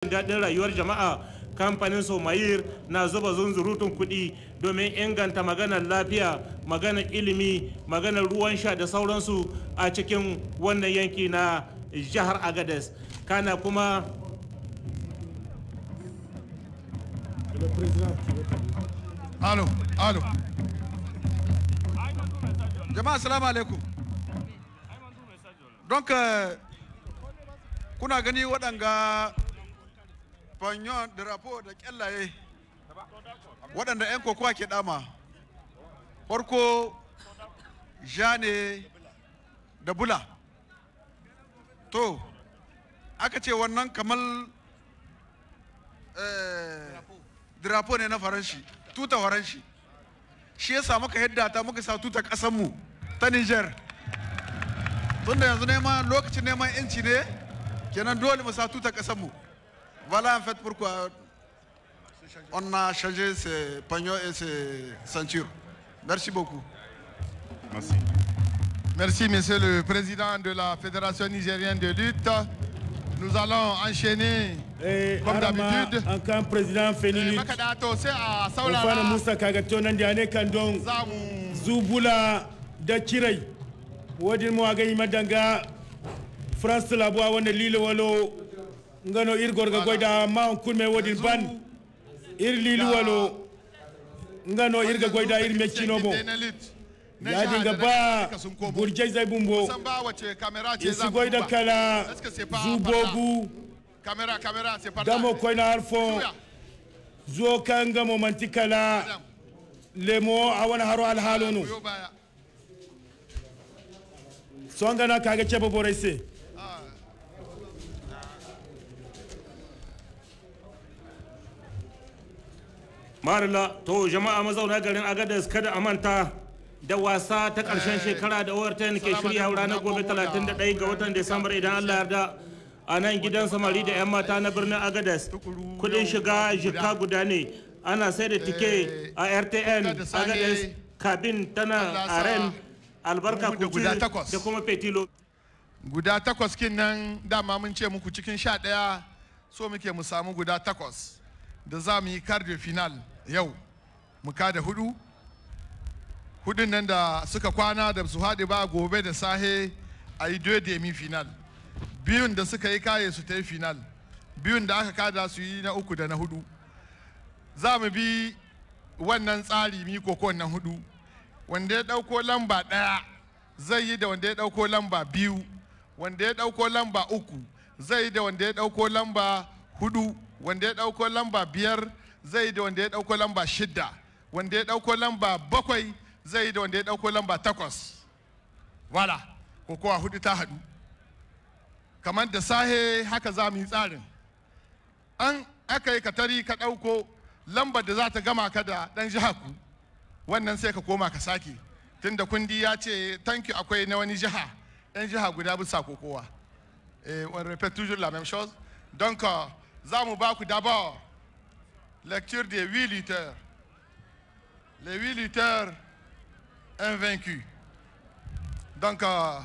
daɗin rayuwar jama'a kamfanin somayir na zuba zunzurutun kuɗi domin inganta maganar lafiya maganar ilimi maganar ruwan sha da sauransu a cikin wannan yanki na jihar agades kana kuma alo alo jama'a salamu alaikum don kuna gani waɗanga fanyon da rafo da kyallaye waɗanda 'yan kokowa ke dama farko ja ne da bula to aka ce wannan kamar eh, drapo ne na faranshi tuta faranshi shi yasa muka yadda ta muka sa tuta ƙasanmu ta niger tunda yanzu neman lokacin neman inci ne kenan dole mu sa tuta ƙasanmu Voilà en fait pourquoi on a changé ces pagnots et ses ceintures. Merci beaucoup. Merci. Merci, Monsieur le Président de la Fédération nigérienne de lutte. Nous allons enchaîner, comme d'habitude. Encore président Félix. ngano ir gorga goyda ma kunme wodin ban ir liluwalo ngano irga goyda ir yadi ga ba burjay zay bumbo isi goyda kala zubogu damo koyna harfo zuo mo manti kala lemo awana haro halonu songana kage chebo boraisi marila to jama'a mazauna garin agadez kada a manta da wasa ta karshen eh. shekara da overton ke shirya ranar gobe 31 ga watan disambar idan allah yarda a nan gidan samari da 'yan mata na birnin agadez kudin shiga jika guda ne ana sai da eh, tike a rtn agadez kabin tana aren albarka kuci da kuma petilo guda takwas kin nan dama mun ce muku cikin sha so muke mu samu guda takwas da za mu yi final yau muka da hudu hudun nan da suka kwana da su haɗe ba gobe da sahe a yi demi final biyun da suka yi kaye su ta yi final biyun da aka kada su yi na uku da na hudu za mu bi wannan tsari mi koko na hudu wanda ya ɗauko lamba ɗaya zai yi da wanda ya ɗauko lamba biyu wanda ya ɗauko lamba uku zai yi da wanda ya ɗauko lamba hudu wanda ya ɗauko lamba biyar zai yi da wanda ya ɗauko lamba shidda wanda ya ɗauko lamba bakwai zai yi da wanda ya ɗauko lamba takwas wala ko kowa hudu ta haɗu kamar da sahe haka za mu yi tsarin an aka yi katari ka ɗauko lambar da za ta gama ka da ɗan jiha ku wannan sai ka koma ka sake tunda kundi ya ce tanki akwai na wani jiha ɗan jiha guda bisa ko kowa eh, on répète toujours la même chose donc euh, za mu ba ku dabawa. Lecture des huit lutteurs. Les huit lutteurs invaincus. Donc, euh,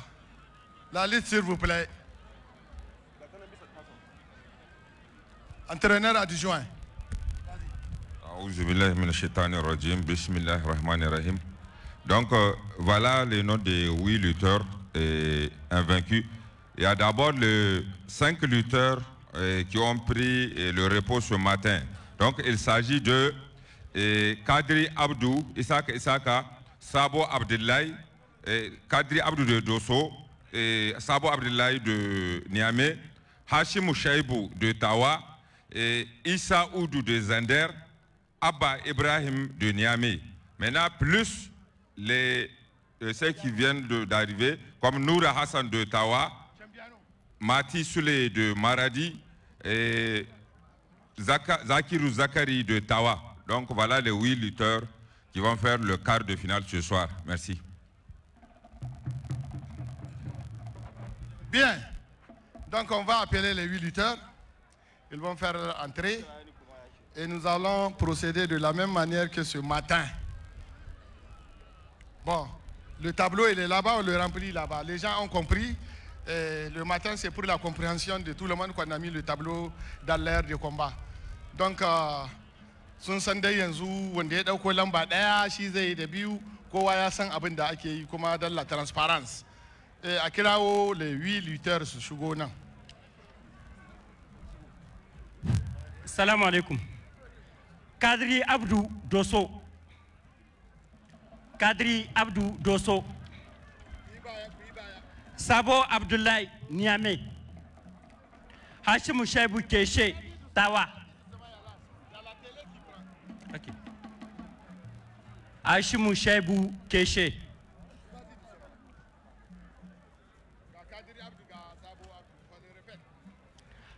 la liste, s'il vous plaît. Entraîneur adjoint. Donc, euh, voilà les noms des huit lutteurs et euh, invaincus. Il y a d'abord les cinq lutteurs qui ont pris le repos ce matin. Donc il s'agit de eh, Kadri Abdou, Isaka Isaka, Sabo Abdullahi, eh, Kadri Abdou de Dosso, eh, Sabo Abdullahi de Niamey, Hashim Shaibou de Tawa, Issa Oudou de Zender, Abba Ibrahim de Niamey. Maintenant, plus les, ceux qui viennent d'arriver, comme Noura Hassan de Tawa, Mati Souley de Maradi, et Zakirou Zakari de Tawa. Donc voilà les huit lutteurs qui vont faire le quart de finale ce soir. Merci. Bien. Donc on va appeler les huit lutteurs. Ils vont faire entrer. Et nous allons procéder de la même manière que ce matin. Bon, le tableau, il est là-bas, on le remplit là-bas. Les gens ont compris. le matin, c'est pour la compréhension de tout le monde qu'on a mis le tableau dans l'air de combat. don ka sun san dai yanzu wanda ya ɗauko lamba ɗaya shi zai da biyu kowa ya san abin da ake yi kuma dalla transparence eh, a kirawo lewi lutar su shigo nan salamu alaikum kadri abdu doso kadri abdu doso sabo abdullahi niame hashimu shaibu keshe tawa Ashimu Shaibu Keshe.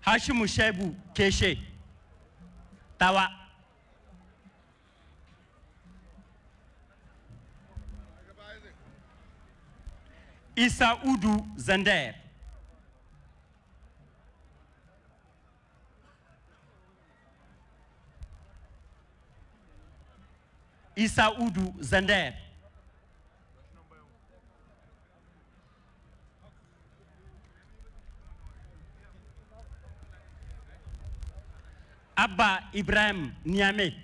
Ashimu Shaibu Keshe. Tawa. Isa Udu Zander. Issa Oudou Zender. Abba Ibrahim Niamé.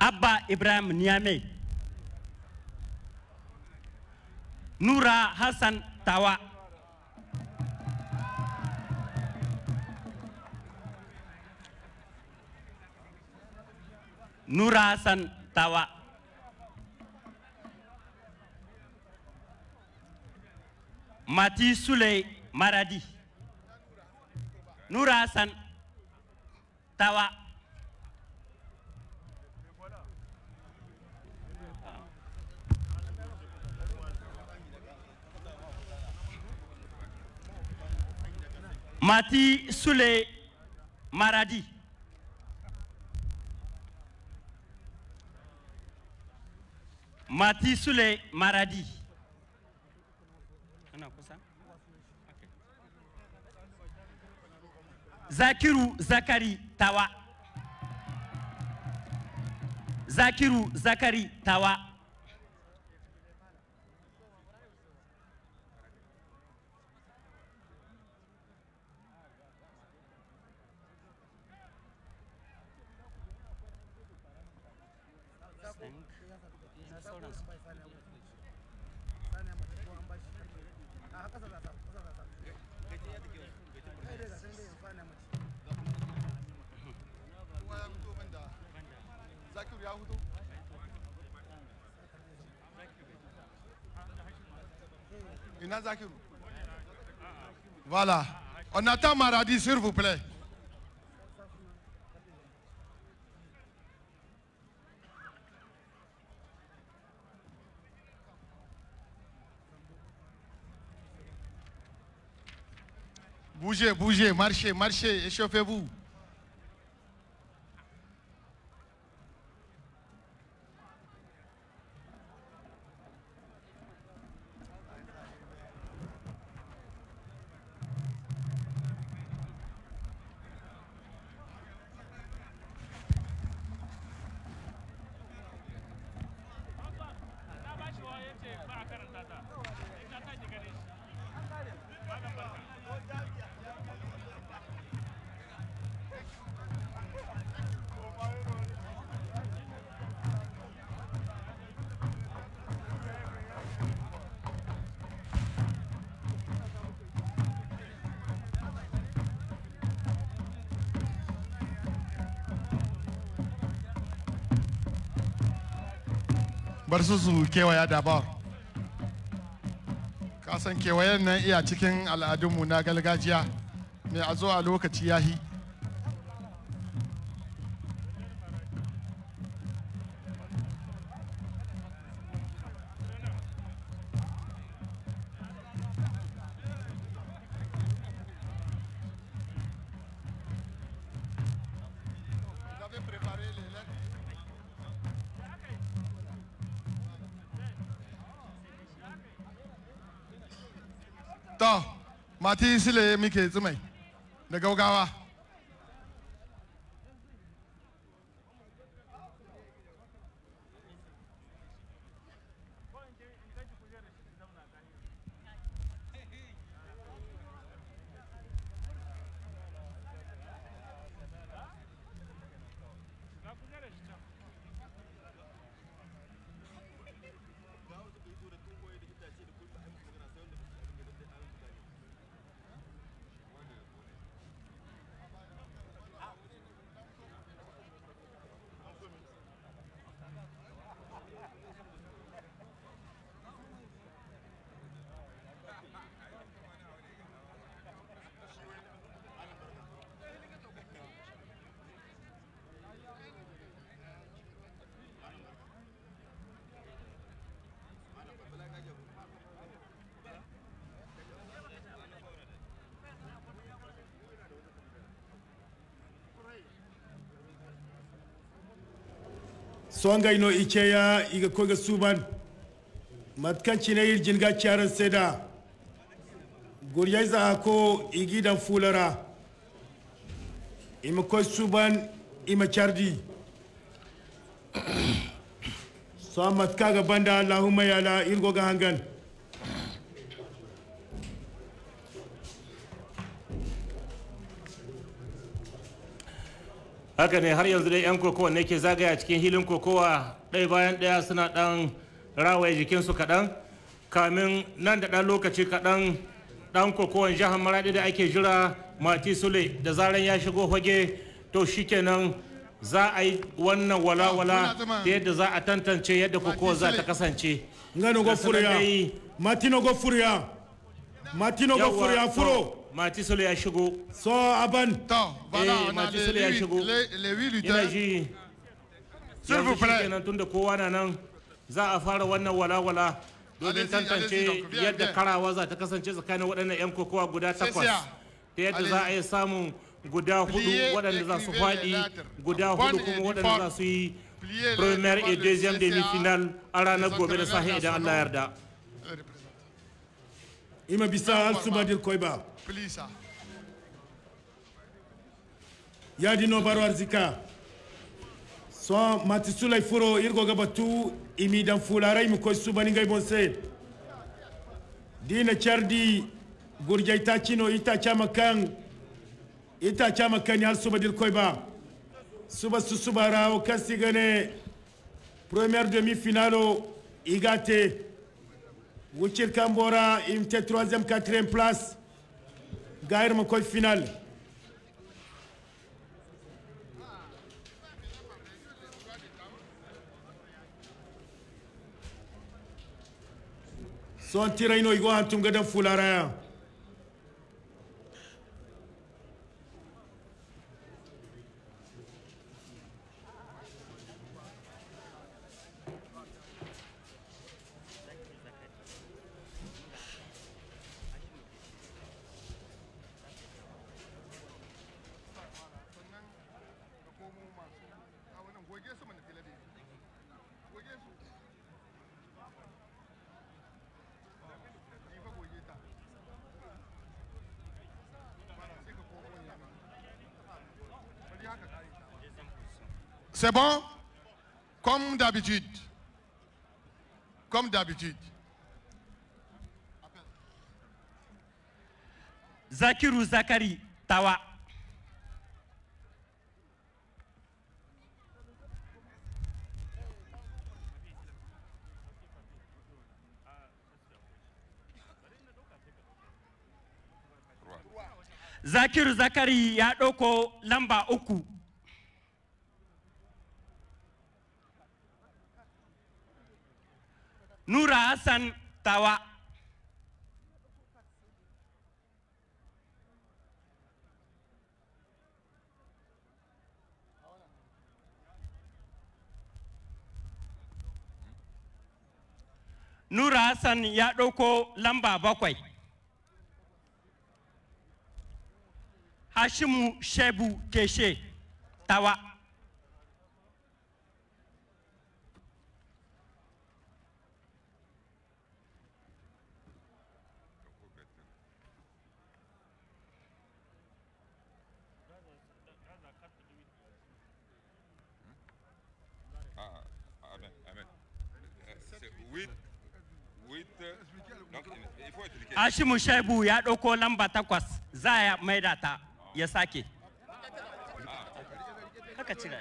Abba Ibrahim Niamé. Noura Hassan Tawa. Hasan Tawa. Mati Sulay Maradi. Hasan Tawa. Mati Sulay Maradi. Maradi. Mati Sule Maradi. Zakiru Zakari Tawa. Zakiru Zakari Tawa. Voilà. On attend Maradi, s'il vous plaît. Bougez, bougez, marchez, marchez, échauffez-vous. bar su su kewaya ba kasan kewayen nan iya cikin al'adunmu na galgajiya mai a zo a lokaci hi fati sile muke tsumai da gaugawa songayno i ceeya iga koyga suuban matkancine yirjinga ciaran seda za a ko igidan fulara ima koy suuban ima cardi so matkaga banda allahumma yala ga hangan haka ne har yanzu dai 'yan kokowa ne ke zagaya cikin hilin kokowa ɗaya bayan ɗaya suna ɗan rawaye jikinsu kaɗan kamin nan da ɗan lokaci kaɗan ɗan kokowan jihar maraɗi da ake jira mati sule da zaran ya shigo hoge to shikenan za a yi wannan walawala da yadda za a tantance yadda kokowa za ta kasance ngano go matino go matino go furo matisolo ya shigo so aban to eh, Mati matisolo ya shigo Le huit lutteurs yana ji vous plaît kenan tunda kowa na nan za a fara wannan walawala domin tantance yadda karawa za ta kasance tsakanin waɗannan 'yan kokowa guda takwas ta yadda za a yi samun guda hudu waɗanda za su faɗi guda hudu kuma waɗanda za su yi premier et deuxième demi-finale a ranar gobe da sahi idan Allah yarda. ima bisa hal subadir koyba ya yadi baro arzika so mati sulay furo irgo gaba tu imi dan fularai mi koy subani ngay bonse dina chardi gurja ita chino ita chama kan ita chama kan hal subadir koyba suba su subara o kasi gane premier demi finalo igate Wuchir Kambora, une peut-être 3e, 4e place. Gaïr Mokoy Son tiraino igo hantum gadan fularaya. C'est bon Comme d'habitude. Comme d'habitude. Zakirou Zakari Tawa. Zakiru Zakari ya lamba Oku. Nura Hassan Tawa. Nura Hassan ya ɗauko lamba bakwai. Hashimu Shebu Keshe Tawa. Ashimu Shaibu ya ɗauko lamba takwas za ya maida ta ya sake. cira.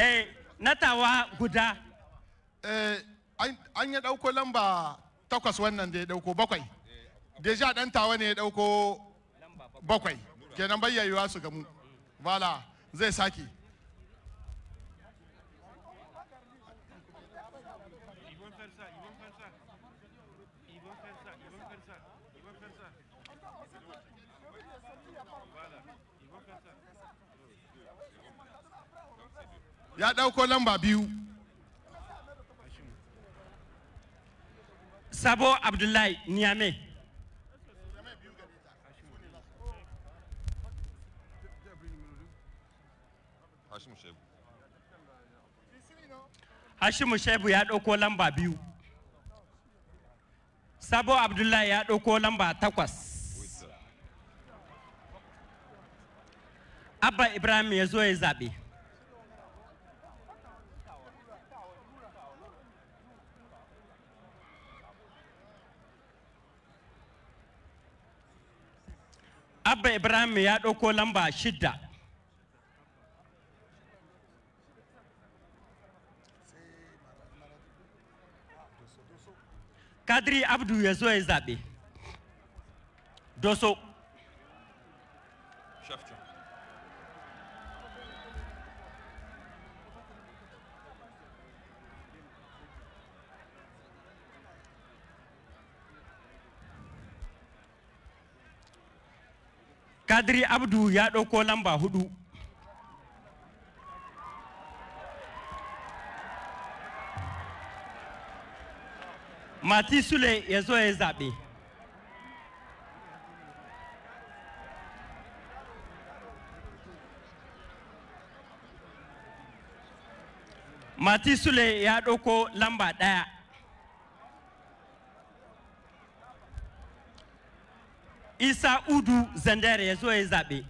Eh, natawa guda. Eh, an ya ɗauko lamba takwas wannan da ya ɗauko bakwai. Deja ɗan tawa ne ya ɗauko bakwai. Kenan bayyayuwa su gamu. Bala zai sake. ya ɗauko lamba biyu sabo abdullahi niame. hashimu shebu ya ɗauko lamba biyu sabo abdullahi ya ɗauko lamba takwas abba ibrahim ya zo ya zaɓe Abba Ibrahim ya ɗauko lamba shidda. Kadri Abdu ya zo ya zaɓe. Doso. Kadri abdu ya ɗauko lamba hudu mati sule ya zo ya zaɓe mati sule ya ɗauko lamba ɗaya Issa Oudou zandar ya zo ya zaɓe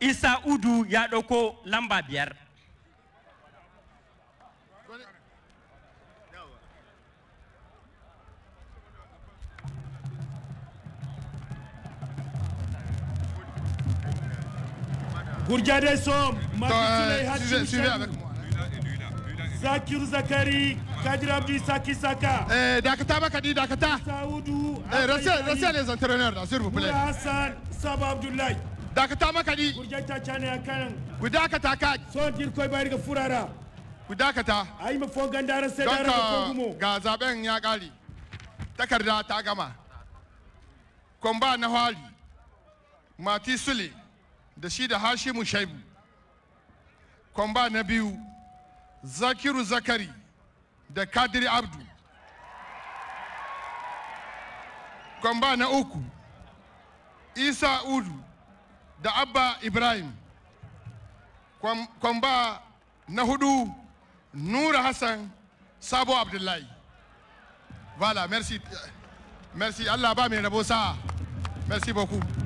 isa udu ya ɗauko lamba biyar Gourdiadé Somme, Marie Soleil Suivez avec moi. zakir zakari kadir abdi saki saka eh dakata Bakadi dakata saudu eh rasel rasel les entraîneurs s'il vous plaît hassan saba abdullahi dakata makadi gurjaita chane Akan. ku dakata ka son dirkoi bayar ga furara ku dakata ai fon gandara da ga gumo ya kare takarda ta gama komba na hali mati sule da shi da hashimu shaibu komba na biyu zakiru zakari da kadiri abdu kwamba na uku isa udu da abba ibrahim kwamba na hudu nura hassan sabo abdullahi voilà merci merci allah ba mai rabo sa merci beaucoup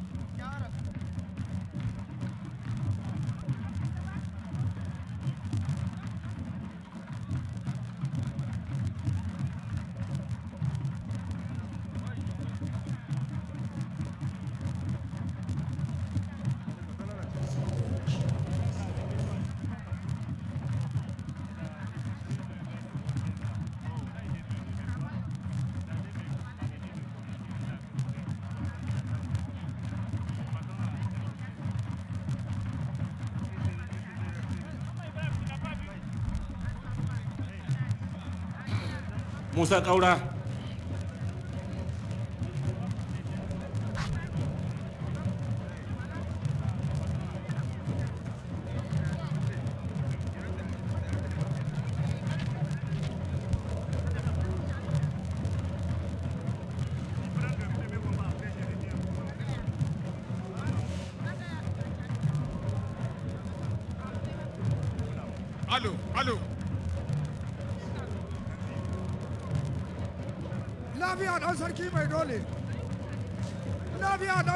musa ƙaura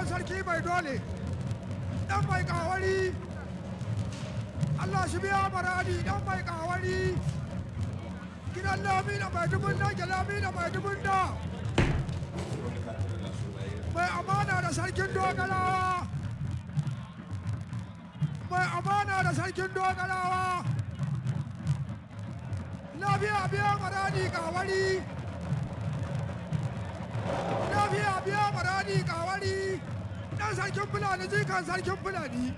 sarki mai dole dan mai kawari Allah shi biya maradi dan mai kawari gidan lami da mai dubun da ke lami da mai dubun da mai amana da sarkin dogarawa mai amana da sarkin dogarawa lafiya biya maradi kawari lafiya biya maradi kawari ɗan sarkin fulani jikan sarkin fulani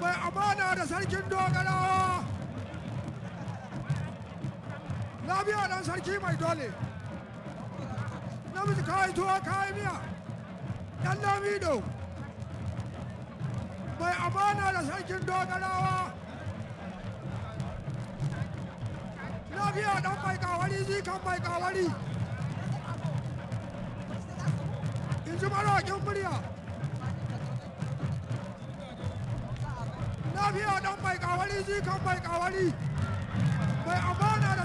mai amana da sarkin dogarawa biya ɗan sarki mai dole namiji kayi tuwa kayi miya dan lamido mai amana da sarkin dogarawa biya ɗan mai kawari jikan mai kawari ji marakin murya lafiya mai mai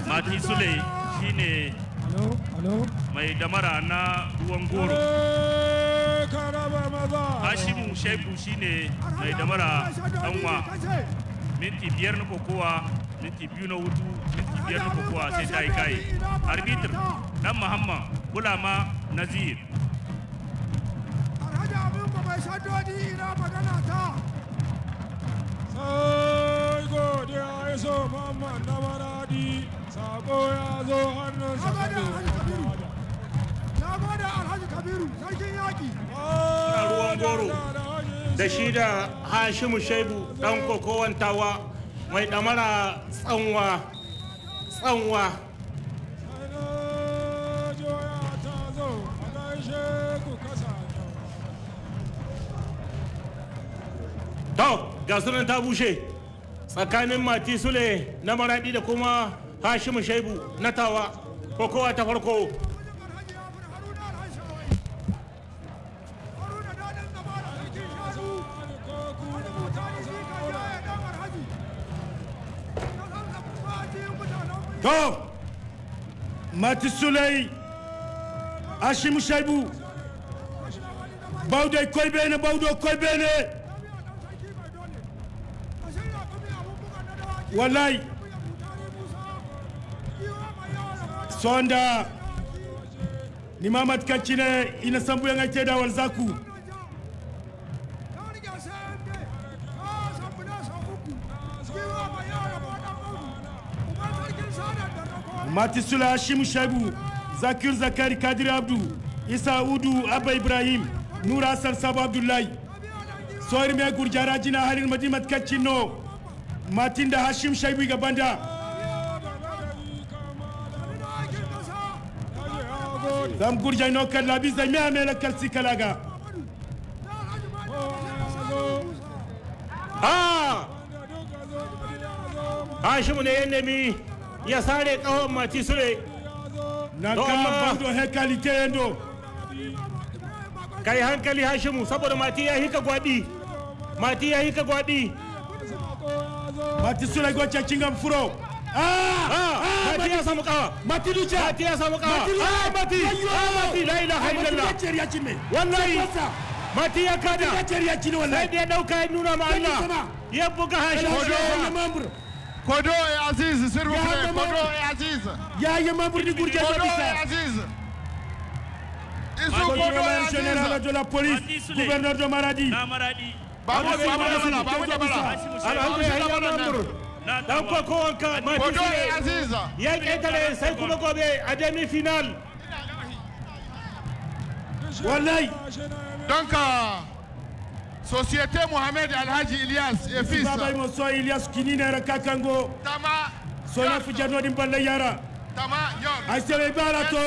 mati sule shine mai damara na ruwan goro hashimu shebu shine mai damara danwa minti biyar na kokowa minti biyu na hutu minti biyar na kokowa sai kai. yi kaye arbitr dan muhammad kulama nazir mai shaddodi ina magana ta sai godiya ya so mamman na maradi sako ya zo hannun sa na gode alhaji kabiru sarkin yaki ruwan goro da shi da hashimu shaibu dan kokowantawa mai ɗamara tsanwa tsanwa to ga sunan ta bushe tsakanin mati sule na maradi da kuma hashimu shaibu na tawa ko kowa ta farko To, Mati Sulei, Ashimu Shaibu, Baude Koibene, Baudo Koibene. wallahi sonda ni mama kancine ina sambu yanga ce walzaku mati sula hashim shaibu zakir zakari kadir abdu isa udu abba ibrahim nura hassan sabu abdullahi soyir me gurjara jina halin madimat kancino da hashim shaibu gabanda zam gurjay no kal labi zay me amela kal sikalaga ah hashimu ne ya nemi ya sare kawon mati Sule. na kama bado hekali kalite yendo kai hankali hashimu saboda mati ya hika gwadi mati ya hika gwadi Mati sura gua cacing am furo. Ah, ah, ah, ah, mati ya sama kau. Mati tu cak. Mati ya sama kau. Mati lah, mati. Mati lah, ilah hilallah. Mati ceria cime. Wallahi. Mati ya kada. Mati ceria cino wallahi. Dia dah ukai nuna mana. Ya buka hasil. Kodo, kodo Aziz, eh, sirup. Kodo Aziz. Ya ya mampu di kurja. Kodo eh, Aziz. Isu kodo eh, Aziz. Kodo Aziz. Kodo Aziz. Kodo Aziz. Kodo Aziz. Kodo Aziz. Kodo Aziz. Kodo Aziz. Kodo Aziz. Kodo Aziz. Kodo Aziz. Kodo Aziz. Aziz. Kodo Aziz. Aziz. Kodo Aziz. Aziz. Kodo Aziz. Aziz. Kodo Aziz. Aziz. Kodo Aziz. Aziz. Kodo Aziz. Aziz. Kodo Aziz. Aziz. Kodo Aziz. Aziz. Kodo Aziz. Aziz. Kodo Aziz. Aziz. Kodo Aziz. Aziz. Kodo Aziz. Aziz. Kodo Aziz. babu da bala babu da bala alhamdulillah ya namuru dan kokowanka matisi aziza ya ketare sai kuma gobe a demi final wallahi donc société mohamed Al-Haji ilyas et fils babay mo so ilyas kininere kakango tama sona fijanoɗi balle yara tama yo ay sebe bala to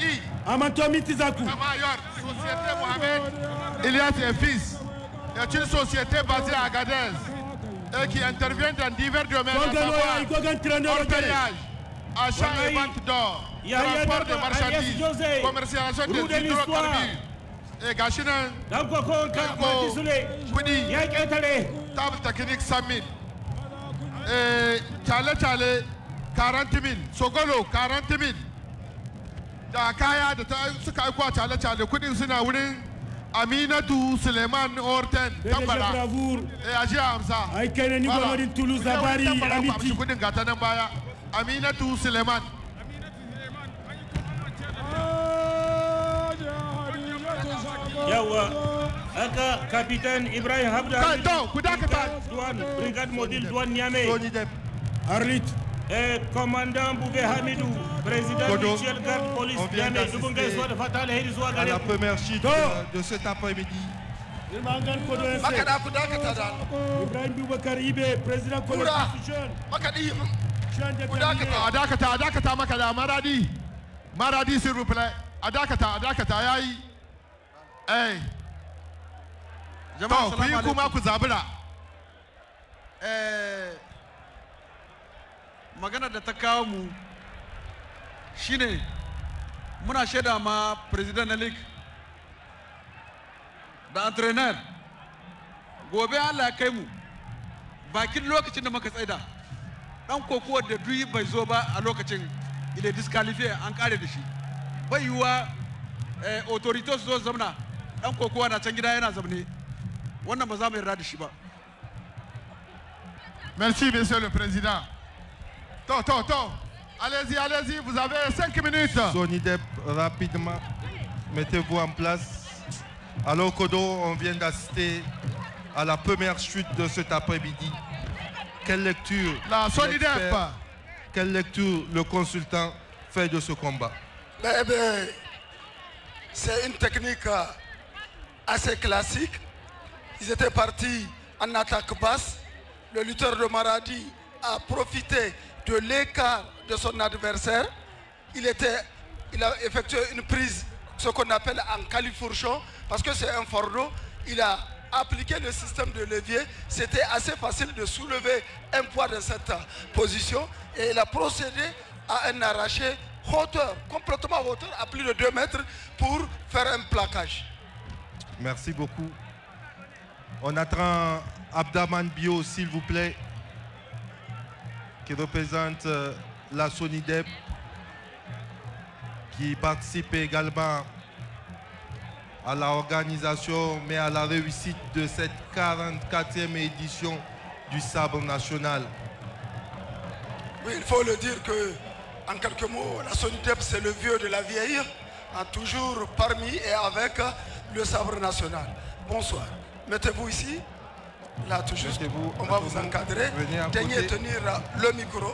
i Amatomi Tizakou. Il y a un fils est une société basée à Agadez et qui intervient dans divers domaines à orpaillage, achat et vente d'or, transport de marchandises, commercialisation des hydrocarbures et Gachinin, table technique 100 000, et Tchale Tchale 40 000, Sogolo 40 000, da kaya da ta suka aiko a chale-chale kudin suna wurin aminatu suleiman orten tambara e a jiya amsa kudin gata nan baya aminatu suleiman yawa aka kapitan ibrahim habdu kudin duwan brigade model duwan nyame arlit e commandant Boubé Hamidou président mutuel garde police Diamé da fata alheri zuwa gare de cet après-midi da Ibrahim Bubakar Ibe président Kodo Fusion a makada maradi maradi s'il vous plaît a dakata a dakata yayi eh jama'a salamu alaikum kuma eh magana da ta kawo mu shine muna shaida ma president na da entrainer gobe allah ya kai mu bakin lokacin da muka tsaida dan kokowar da duyi bai zo ba a lokacin ile disqualify an kare da shi bai yiwa eh, authorities zo zamna dan kokowa na can gida yana zamne wannan ba za mu yarda da shi ba Merci, Monsieur le Président. Attends, Allez-y, allez-y, vous avez 5 minutes. Sonidep, rapidement, mettez-vous en place. Alors Kodo, on vient d'assister à la première chute de cet après-midi. Quelle lecture La Quelle lecture le consultant fait de ce combat eh c'est une technique assez classique. Ils étaient partis en attaque basse. Le lutteur de Maradi a profité de l'écart de son adversaire, il, était, il a effectué une prise, ce qu'on appelle en califourchon, parce que c'est un fardeau. Il a appliqué le système de levier. C'était assez facile de soulever un poids dans cette position. Et il a procédé à un arraché hauteur, complètement hauteur, à plus de 2 mètres, pour faire un plaquage. Merci beaucoup. On attend Abdaman Bio, s'il vous plaît qui représente euh, la SONIDEP, qui participe également à l'organisation mais à la réussite de cette 44e édition du sabre national. Oui, il faut le dire que, en quelques mots, la SONIDEP, c'est le vieux de la vieille, a toujours parmi et avec le sabre national. Bonsoir. Mettez-vous ici. Là, tout on va vous encadrer. Tenez tenir euh, le micro.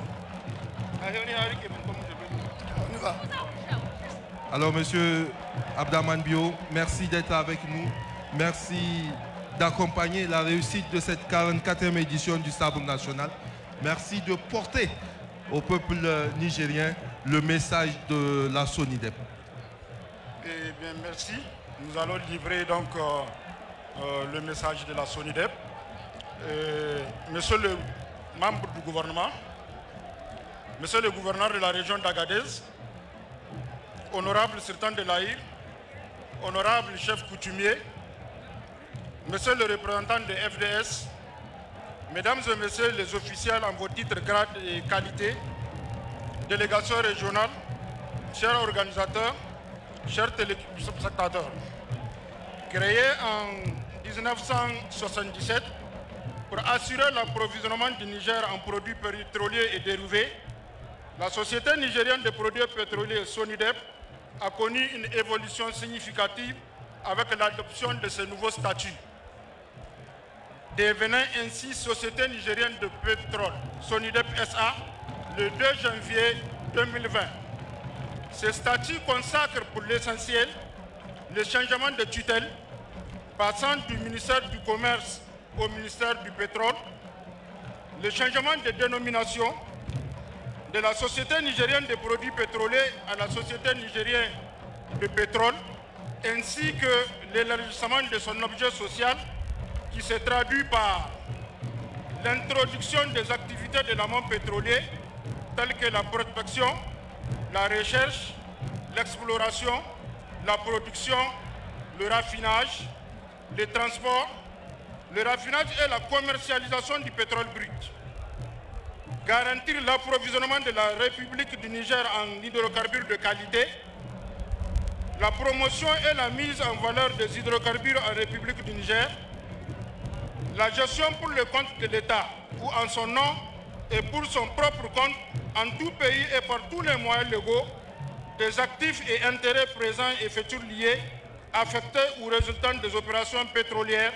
Alors, monsieur Abdaman Bio, merci d'être avec nous. Merci d'accompagner la réussite de cette 44e édition du Sabre national. Merci de porter au peuple euh, nigérien le message de la SONIDEP. Eh bien, merci. Nous allons livrer donc euh, le message de la SONIDEP euh, monsieur le membre du gouvernement, monsieur le gouverneur de la région d'Agadez, honorable Sultan de l'Aïr, honorable chef coutumier, monsieur le représentant de FDS, mesdames et messieurs les officiels en vos titres, grades et qualités, délégation régionale, chers organisateurs, chers téléspectateurs, créé en 1977 pour assurer l'approvisionnement du Niger en produits pétroliers et dérivés, la Société nigérienne de produits pétroliers Sonidep a connu une évolution significative avec l'adoption de ce nouveau statut. Devenant ainsi Société nigérienne de pétrole Sonidep SA le 2 janvier 2020. Ce statut consacre pour l'essentiel le changement de tutelle passant du ministère du Commerce au ministère du pétrole, le changement de dénomination de la Société nigérienne des produits pétroliers à la Société nigérienne de pétrole, ainsi que l'élargissement de son objet social qui se traduit par l'introduction des activités de l'amont pétrolier telles que la protection, la recherche, l'exploration, la production, le raffinage, le transport, le raffinage et la commercialisation du pétrole brut, garantir l'approvisionnement de la République du Niger en hydrocarbures de qualité, la promotion et la mise en valeur des hydrocarbures en République du Niger, la gestion pour le compte de l'État ou en son nom et pour son propre compte en tout pays et par tous les moyens légaux des actifs et intérêts présents et futurs liés, affectés ou résultant des opérations pétrolières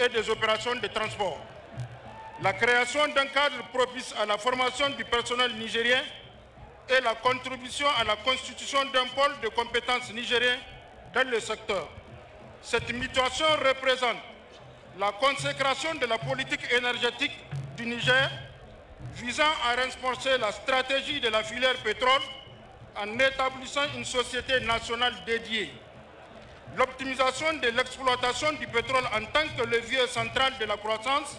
et des opérations de transport. La création d'un cadre propice à la formation du personnel nigérien et la contribution à la constitution d'un pôle de compétences nigérien dans le secteur. Cette mutation représente la consécration de la politique énergétique du Niger visant à renforcer la stratégie de la filière pétrole en établissant une société nationale dédiée l'optimisation de l'exploitation du pétrole en tant que levier central de la croissance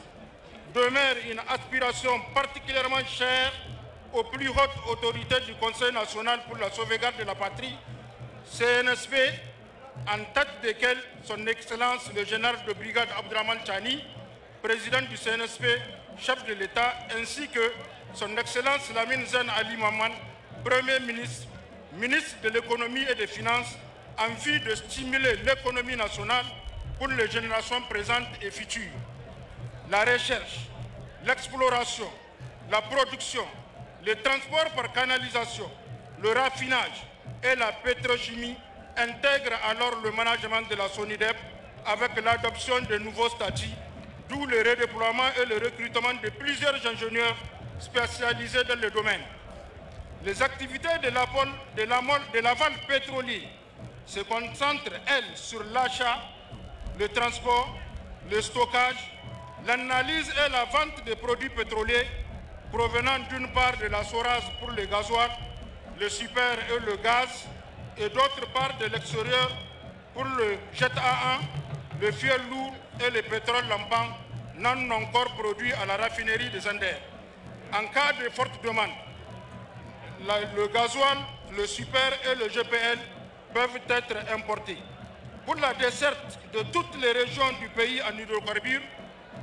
demeure une aspiration particulièrement chère aux plus hautes autorités du Conseil national pour la sauvegarde de la patrie, CNSP, en tête desquelles son Excellence le général de brigade Abdraman Chani, président du CNSP, chef de l'État, ainsi que son Excellence Lamine Zen Ali Maman, Premier ministre, ministre de l'économie et des finances, envie de stimuler l'économie nationale pour les générations présentes et futures. La recherche, l'exploration, la production, le transport par canalisation, le raffinage et la pétrochimie intègrent alors le management de la SONIDEP avec l'adoption de nouveaux statuts, d'où le redéploiement et le recrutement de plusieurs ingénieurs spécialisés dans le domaine. Les activités de la l'aval pétrolier se concentre, elle, sur l'achat, le transport, le stockage, l'analyse et la vente des produits pétroliers provenant d'une part de la SORAS pour le gasoil, le super et le gaz, et d'autre part de l'extérieur pour le jet A1, le fiel lourd et le pétrole lampant non encore produit à la raffinerie des Andes. En cas de forte demande, le gasoil, le super et le GPL peuvent être importés. Pour la desserte de toutes les régions du pays en hydrocarbures,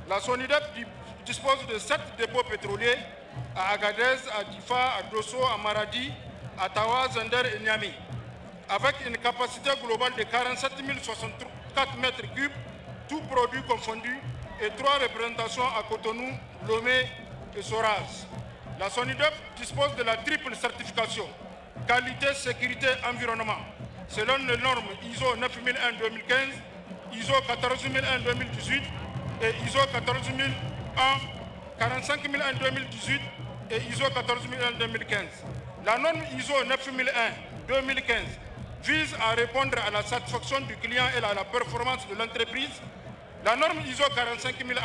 la SONIDEP dispose de sept dépôts pétroliers à Agadez, à Difa, à Dosso, à Maradi, à Tawa, Zender et Niamey, avec une capacité globale de 47 064 mètres cubes, tous produits confondus, et trois représentations à Cotonou, Lomé et Soraz. La SONIDEP dispose de la triple certification, qualité, sécurité, environnement selon les normes ISO 9001-2015, ISO 14001-2018 et ISO 14001, 45001-2018 et ISO 14001-2015. La norme ISO 9001-2015 vise à répondre à la satisfaction du client et à la performance de l'entreprise. La norme ISO 45001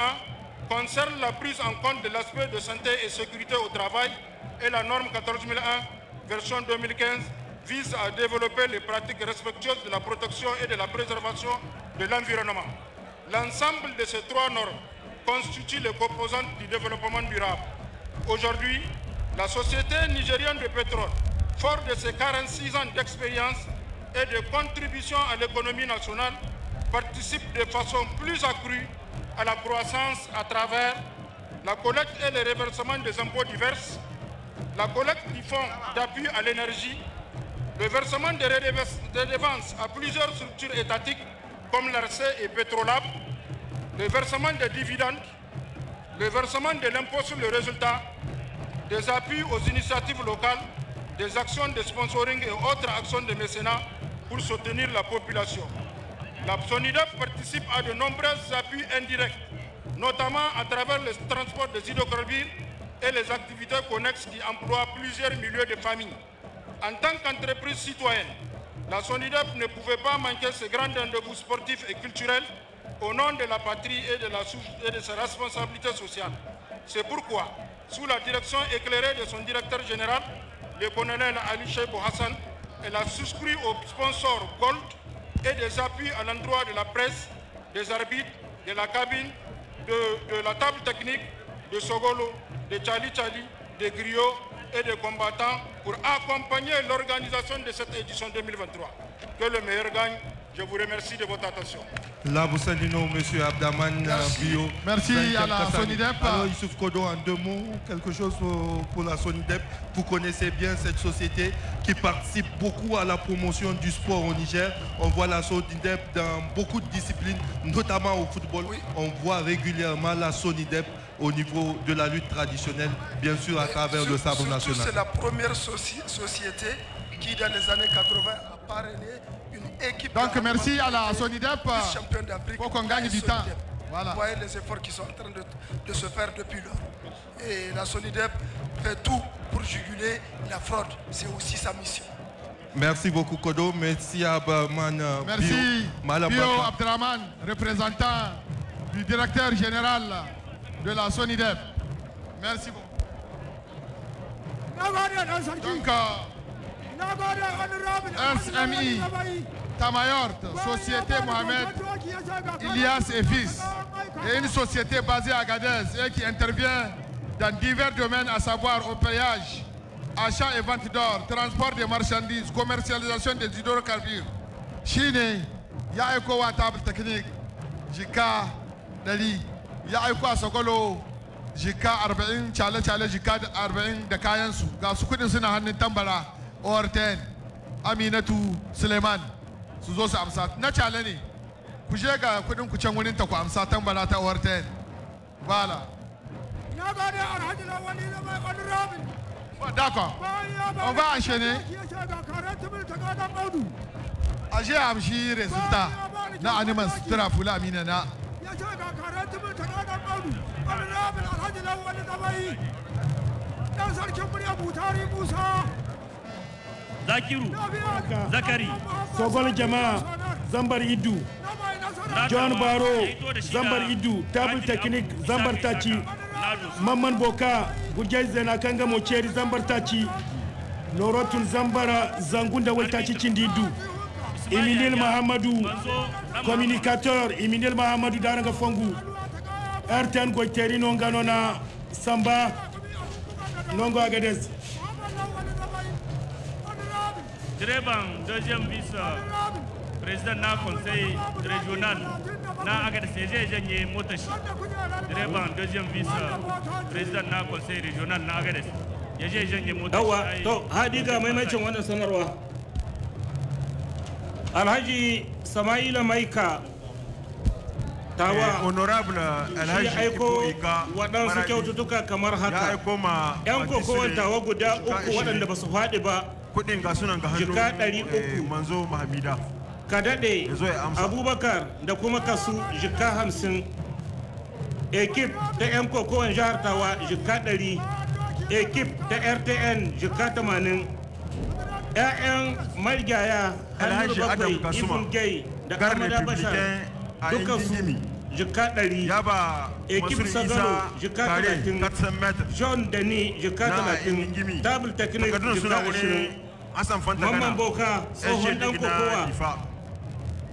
concerne la prise en compte de l'aspect de santé et sécurité au travail et la norme 14001 version 2015 vise à développer les pratiques respectueuses de la protection et de la préservation de l'environnement. L'ensemble de ces trois normes constitue les composantes du développement durable. Aujourd'hui, la société nigérienne de pétrole, fort de ses 46 ans d'expérience et de contribution à l'économie nationale, participe de façon plus accrue à la croissance à travers la collecte et le reversement des impôts divers, la collecte du fonds d'appui à l'énergie, le versement de dépenses à plusieurs structures étatiques comme l'ARCE et Petrolab, le versement des dividendes, le versement de l'impôt sur le résultat, des appuis aux initiatives locales, des actions de sponsoring et autres actions de mécénat pour soutenir la population. La PSONIDEP participe à de nombreux appuis indirects, notamment à travers le transport des hydrocarbures et les activités connexes qui emploient plusieurs milieux de familles. En tant qu'entreprise citoyenne, la SONIDEP ne pouvait pas manquer ce grand rendez-vous sportif et culturel au nom de la patrie et de, la de ses responsabilités sociales. C'est pourquoi, sous la direction éclairée de son directeur général, le colonel Ali Chebou elle a souscrit aux sponsor Gold et des appuis à l'endroit de la presse, des arbitres, de la cabine, de, la table technique, de Sogolo, de Chali Chali, de Griot et des combattants pour accompagner l'organisation de cette édition 2023. Que le meilleur gagne. Je vous remercie de votre attention. Là, vous saluez Monsieur Abdaman euh, Bio. Merci à la SONIDEP. Alors, Youssouf Kodo, en deux mots, quelque chose euh, pour la SONIDEP. Vous connaissez bien cette société qui participe beaucoup à la promotion du sport au Niger. On voit la SONIDEP dans beaucoup de disciplines, notamment au football. On voit régulièrement la SONIDEP au niveau de la lutte traditionnelle, bien sûr à travers le sabre national. C'est la première société qui, dans les années 80, a parrainé une équipe. Donc merci à la Sonidep pour qu'on gagne du temps. Vous voyez les efforts qui sont en train de, se faire depuis lors. Et la Sonidep fait tout pour juguler la fraude. C'est aussi sa mission. Merci beaucoup Kodo, merci à euh, Merci Bio, représentant du directeur général de la SONIDEP. Merci beaucoup. Donc, euh, SMI, Société Mohamed, Ilias et Fils, et une société basée à Gadez et qui intervient dans divers domaines, à savoir au péage, achat et vente d'or, transport des marchandises, commercialisation des hydrocarbures. Chine, ya table technique, Jika, Dali. ya aiko a sokolo jika arba'in cale-cale jika arba'in da kayansu ga su kudin suna hannun tambara or 10 aminatu suleiman su zo su amsa na cale ne ku je ga kudin ku can wurin ta ku amsa tambara ta or 10 bala na gode alhaji wani da mai honorable dakwa on va enchaîner a je amshi resulta na animal strafula amina na zakiru zakari sogol jama'a zambar idu john baro zambar idu table technique zambar taci mamman boka gujai zena Mocheri zambar taci norotun zambara zangun da waltaci cindi idu Iminil Mahamadou communicateur Iminil Mahamadou daranga fongu RTN ko teri no ganona Samba nongo Agadez Direban deuxième vice président na conseil régional na Agadez je janye motashi Direban deuxième vice président na conseil régional na Agadez ya je janye motashi Yawa to hadiga maimacin wannan sanarwa alhaji sama'ila maika tawa eh, honorable alhaji aiko waɗansu kyaututtuka kamar haka yan kokowar tawa guda uku waɗanda ba su faɗi ba kuɗin ga sunan ga hannu jika ɗari eh, uku manzo mahamida ka daɗe abubakar da kuma kasu jika hamsin ekip ta yan kokowar jihar tawa jika ɗari ekip ta rtn jika tamanin 'ya'yan marigaya alhaji adam kasuma garne publicain a ingini jika ɗari ya ba ekip sagaro jika talatin john dani jika talatin tabul technique jika ashirin mamman boka tsohon dan kokowa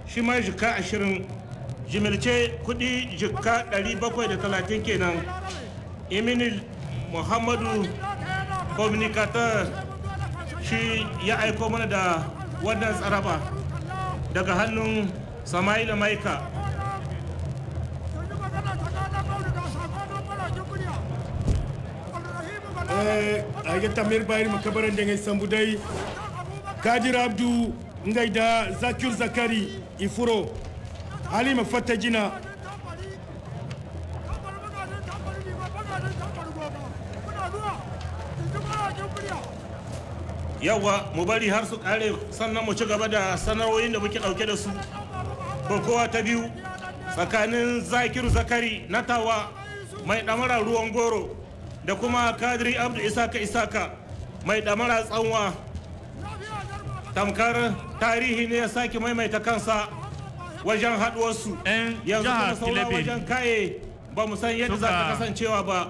shi ma jika ashirin jimilce kudi jika ɗari bakwai da talatin kenan iminil muhammadu communicator shi ya aiko mana da wannan tsaraba daga hannun samaila maika eh, a yi tamir bayan makabaran da sambu dai kadir abdu ngai da zakir zakari ifuro halima fata jina yawa mu bari har su kare sannan mu ci gaba da sanarwoyin da muke dauke da su kokowa ta biyu tsakanin zakiru zakari na tawa mai damara ruwan goro da kuma kadiri abdu isaka isaka mai damara tsanwa tamkar tarihi ne ya sake maimaita kansa wajen haduwarsu yanzu kuma saura wajen kaye ba mu san yadda za ta kasancewa ba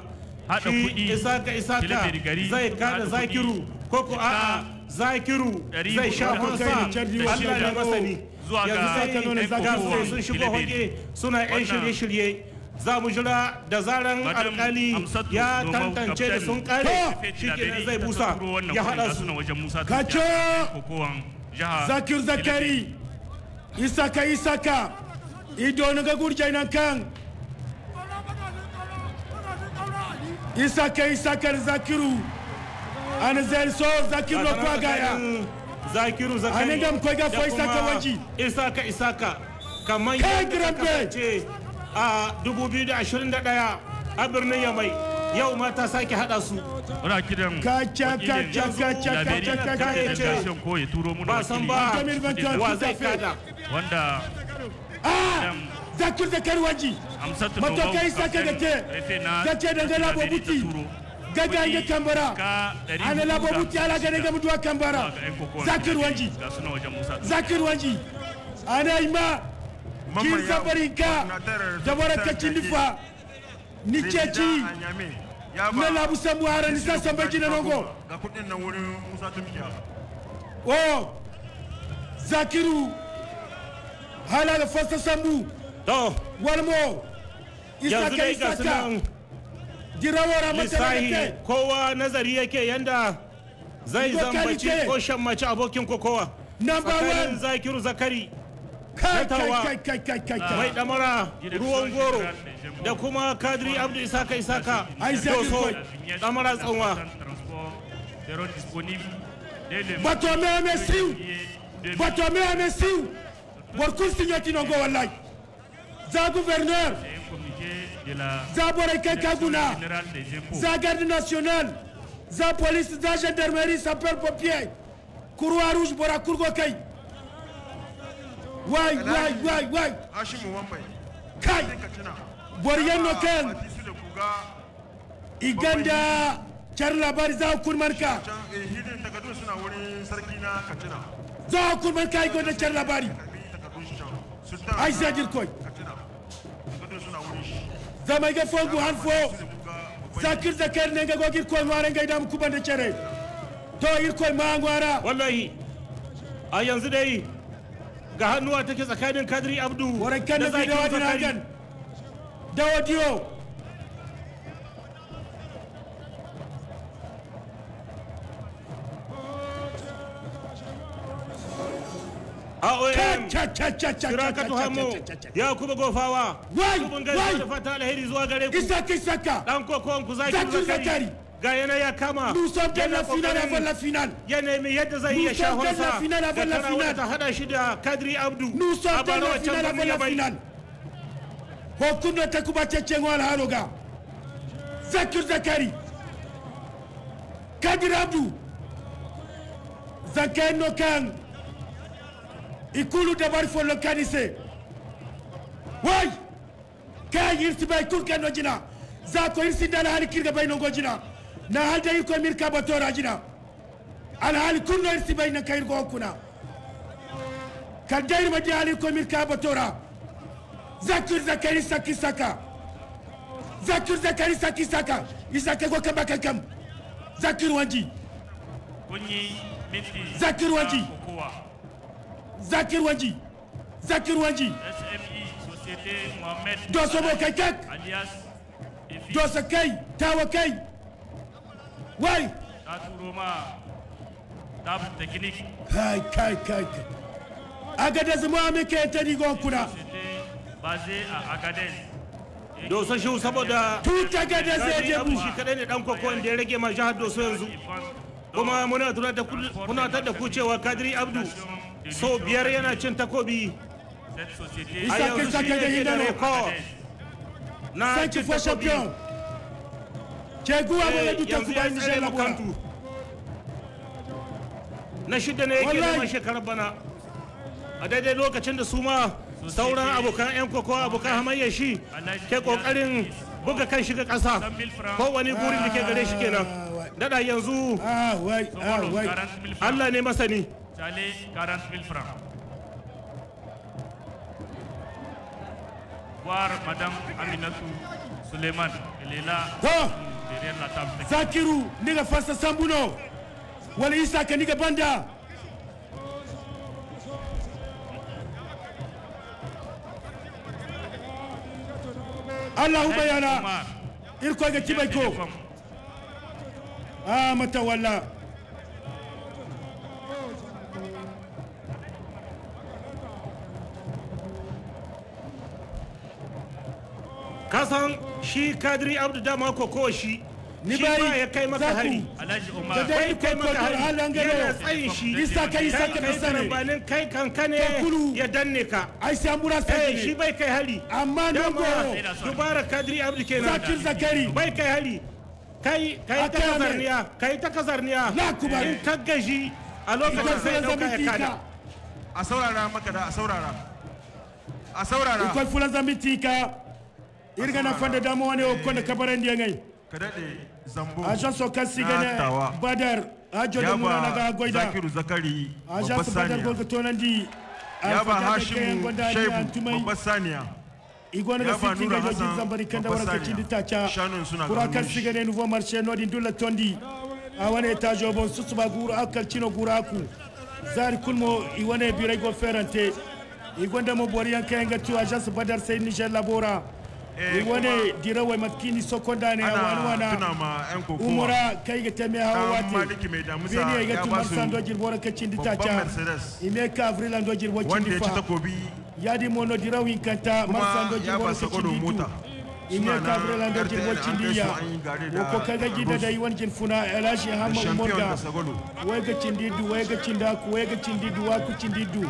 shi isaka isaka zai kada zakiru Koko a a'a zakiru zai sha fansa Allah ya masani yanzu sai zaka zakiru sun shigo hoke suna yan shirye-shirye za mu jira da zaran alkali ya tantance da sun kare shi zai busa ya haɗa su kacho zakir zakari isaka isaka ido na ga gurje nan kan isaka isakar zakiru ana zel so zakiru no kwa gaya zakiru zakai ana dam ko ga fo isaka wanji isaka isaka kaman ya ce a 2021 a birnin yamai yau ma ta sake hada su muna kiran kaca kaca kaca kaca kaca ko ya turo muna ba san ba wa zai kada wanda ah! zakir zakar waji matokai sake da ke zace da gana bobuti gagange kambara ana labo butiala ganenge mutu mutuwa kambara e zakir wanji zakir wanji ana ima kirza barinka dabara kacindifa ni ceci na labu samu hara ni sasa mbaji na nongo o zakiru hala ga fasta sambu walmo isa ka isaka lissahi kowa nazari yake yanda zai zambaci ko shammaci abokin kokowa tsakanin zakiru zakari Katawa mai damara ruwan goro da kuma kadiri abdu isaka isaka doso damara tsanwa batome amesiu batome amesiu borkusti nyoti nongo wallahi za gouverneur za borekai kaguna za garde national za police za gendarmerie sapeur pompier kurwa rouge bora kurgo kai wai wai wai wai kai boryanno kan iganda jar labari za ka eh, za kurmanka iganda jar labari ai zagir koi Zama zamage fongu han fo zakir zakar ne ga gir koy mare ngai dam kuban da cere to ir koy ma ngwara wallahi a yanzu dai ga hannuwa take tsakanin kadiri abdu da zakir zakari da wadiyo AOM Shirakatu Hamo ya kuma gofawa wai wai da fata alheri zuwa gare ku dan kokon ku zaki zakari ga yana ya kama nous sommes dans la finale la finale ya nemi yadda zai iya shahon sa nous sommes dans la finale avant la finale ta hada shi da Kadri Abdu nous sommes dans la finale avant la finale hokuna takubace cengwa la haroga zaki zakari Kadri Abdu Zakeno Kang ikulu dabari follo kanise way ka irsi bay kurkenno jina za ko irsi dala hali kirga bay nongo jina na halda yiko mir ka batora jina ala hali kunno irsi bay na kayir go kuna kal dayir ma di hali ko mir ka batora zakir zakari saki saka zakir zakari saki saka isake go kamba kankam zakir wanji kunyi zakir wanji Zakir Wanji Zakir Wanji SMI e, Société Mohamed Dosobo Kekek alias Dosa Kei. Tawa Kai Wai Roma. Table technique Kai Kai Kai Agadez Mohamed Kei Kentani Société Basé à Agadez doso Jou saboda Tout Agadez da sai je bushi kadai ne dan koko da ya rage ma jihar doso yanzu kuma muna tunatar da ku cewa kadiri abdu sau biyar yana cin takobi a yau shi ne da rekod na cin takobi eh, yanzu ya tsere makantu na shida ne yake zama shekarar bana a daidai lokacin da su ma sauran abokan 'yan koko abokan hamayya shi ke kokarin buga kan shiga ƙasa kowane gurin da ke gare shi kenan ah, dada yanzu ah, ah, Allah ne masani Charlie Karan Wilfram. Voir Madame Aminatou Suleiman, elle est là derrière la table. Zakirou, Niga Fassa Sambuno, Wali Isaka Niga Banda. Allahumma yana irko ga kibaiko ah mata kasan shi kadiri abdu dama ko shi ni ya kai maka hari da dai kai maka hari halan ya tsayin shi isa kai isa ka kai kanka ne ya danne ka ai sai amura sai eh, shi bai kai hari amma ne go dubara kadiri abdu kenan zakir zakari bai kai hari kai kai ta kazarniya kai ta kazarniya la kubar in ka gaji a lokacin sai ya dauka ya kada a saurara maka da a saurara a saurara fulan irga na fanda damo wani okonda kabaran dia ngai kadade zambo ajan so kasi gane badar ajo da muna naga goida zakiru zakari ajan so badar gol tonan di yaba hashimu shaibu babasaniya igwana ga fitin ga jojin zambari kan da waraka cin ditacha kura kan sigane nouveau marché nodi dulla tondi a wane etajo bon susu ba guru akal cino guraku zari kulmo iwane birai go ferante igwanda mo boriyan kayan gatu agence badar sai niger labora Eh, wone dirawai mafkini sokondane ya wanwana umura kaiga teme hawati bini ya tumar sando jirbora kacindi tacha ime ka avril ando jirbo cindi fa yadi mono dirawin kanta marsando jirbora kacindi tu ime ka avril ando jirbo cindi ya wako kaga jida da iwan jin funa elashi hamma umurga wega cindi du wega cindaku wega cindi du waku cindi du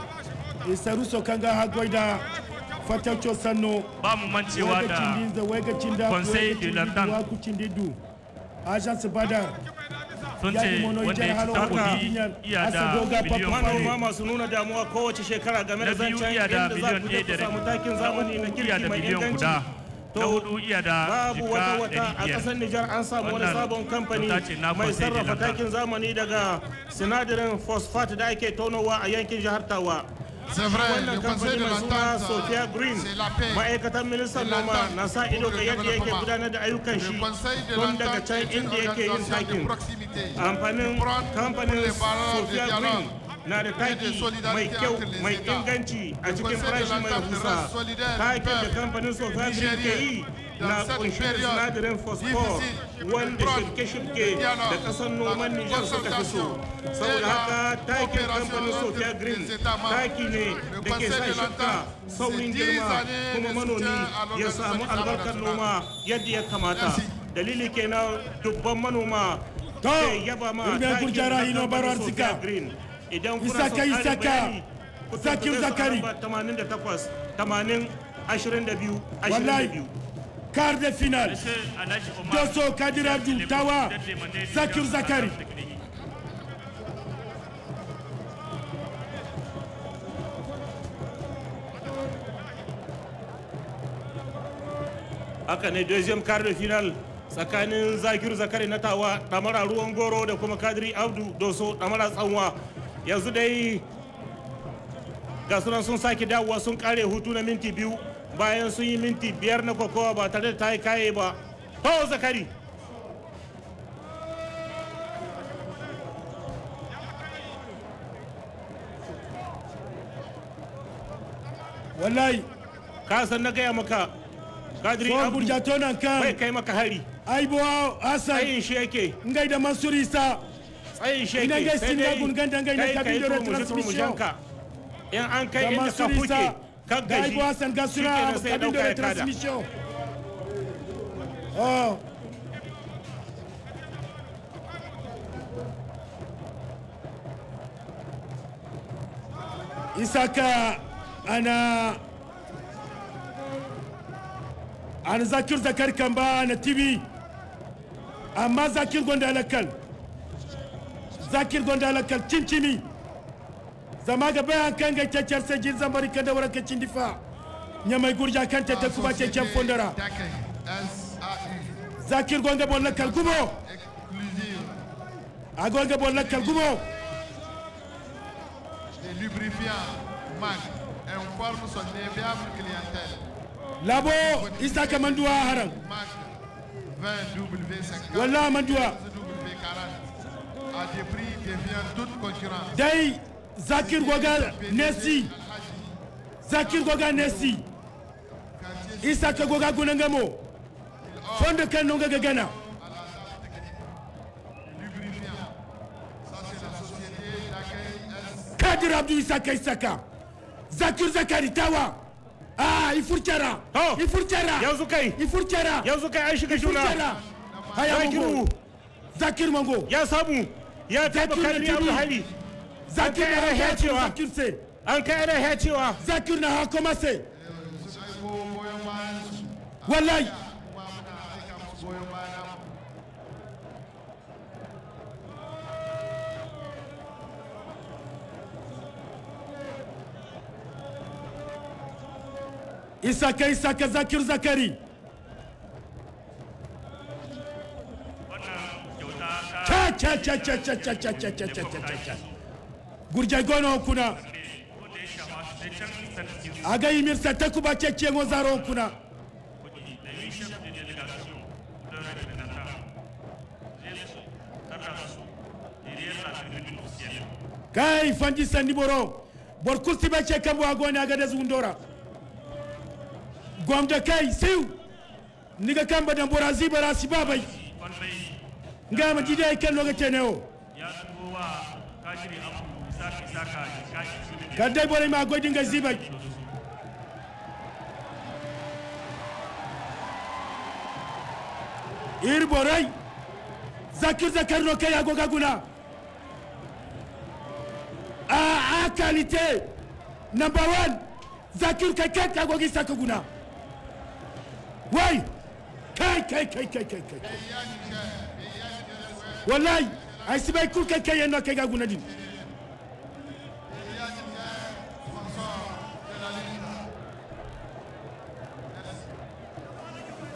isaruso kanga hagoida fataucho sanno ba mu mancewa da conseil de l'entente agence badar sun ce wanda ya ci takobi iya da biliyon ɗaya ma masu nuna damuwa kowace shekara game da zancen yadda za ku ta samu takin zamani na kirki mai inganci ta hudu iya da babu wata wata a ƙasar Nijar an samu wani sabon kamfani mai sarrafa takin zamani daga sinadarin phosphate da ake tonowa a yankin jihar Tawa. wannan kamfani mai suna sofiya green ma'aikatan ministan noma na sa ido ga yadda yake gudanar da ayyukan shi don daga can inda yake yin takin amfanin kamfanin sofiya green na da taki mai kyau mai inganci a cikin farashi mai kusa takin da kamfanin sofia green ke yi na kunshi sinadarin phosphor wanda shirke-shirke da kasan noman nijar suka fi so saboda haka takin kamfanin sofiya green ki ne da ke sa shirka saurin girma kuma manomi ya samu albarkar noma yadda ya kamata dalili kenan dubban manoma ke yaba ma takin kamfanin sofiya green idan kuna son alibari kusan kusan 88 80 22 22 quart de finale Dosso Kadir Abdou Tawa Zakir Zakari haka deuxième quart de finale tsakanin zakiru zakari na tawa damara ruwan goro da kuma kadiri abdu doso tamara tsanwa yanzu dai ga sun sake dawowa sun kare hutu na minti biyu bayan sun yi minti biyar na kokowa ba tare da ta yi kaye ba kawo zakari wallahi ka san na gaya maka kadiri abu bai kai maka hari bo asa ai shi yake ngai da mansur sa ai shi yake sai dai kai kai turmu shi turmu janka yan an kai inda ka fuke kan gaji ga Hassan ga suna abin da oh isaka ana ana zakir zakar kamba na tv amma zakir gonda alakal zakir gonda zama ga bayan kan ga kyakkyar sajin zambar kan da kacin difa ya mai gurja kan ta kuma kyakkyar fondara e. zakir gonga bolla kalgumo a gonga bolla kalgumo les lubrifiants manquent informe son déviable haram wallah manduwa dai. Zakir Gogal Nessi Zakir Goga Nessi Isaka Goga Gunangamo Fonde Kanonga Gagana Kadir Abdou Isaka Isaka Zakir Zakari Tawa Ah, ifurchara oh. ifurchara yanzu kai ifurchara yanzu kai ai shiga juna haya Zakir Mango ya sabu ya tabbata kan Abdul Hali Zakir na hacewa. Zakir An kai na hacewa. Zakir na ha kuma sai. Wallahi. Isaka Isaka Zakir Zakari. Cha cha cha cha cha cha cha cha cha cha cha cha. gurje gono kuna aga yi sata kuba keke ngo zaro kuna kai fanji sandi boro bor kursi ba ce kambo agoni aga da zundora gwamda kai siu niga kamba dan bora babai sibabai ngama jide kan loga teneo ya tuwa kashiri abu Gardai bore ma godin ga zibai. Ir borai. Zakir zakar no kai agoga guna. A a qualité. Number 1. Zakir kai kai agogi saka guna. Wai. Kai kai kai kai kai kai. Wallahi, ai sibai kul kai kai no kai ga guna din.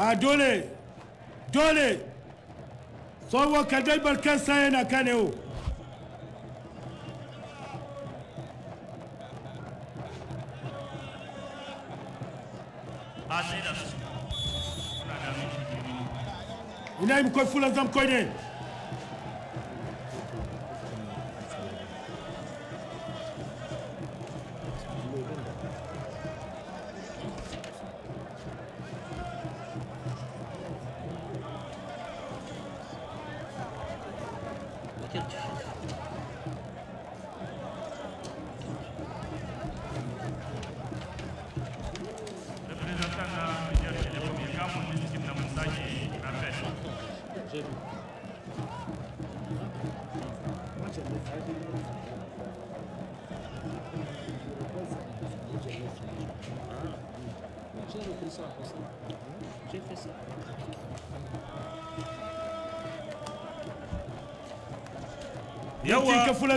a ah, dole dole tsohuwar kadai barkansa yana kanewo ina yi mkoi fula zam ne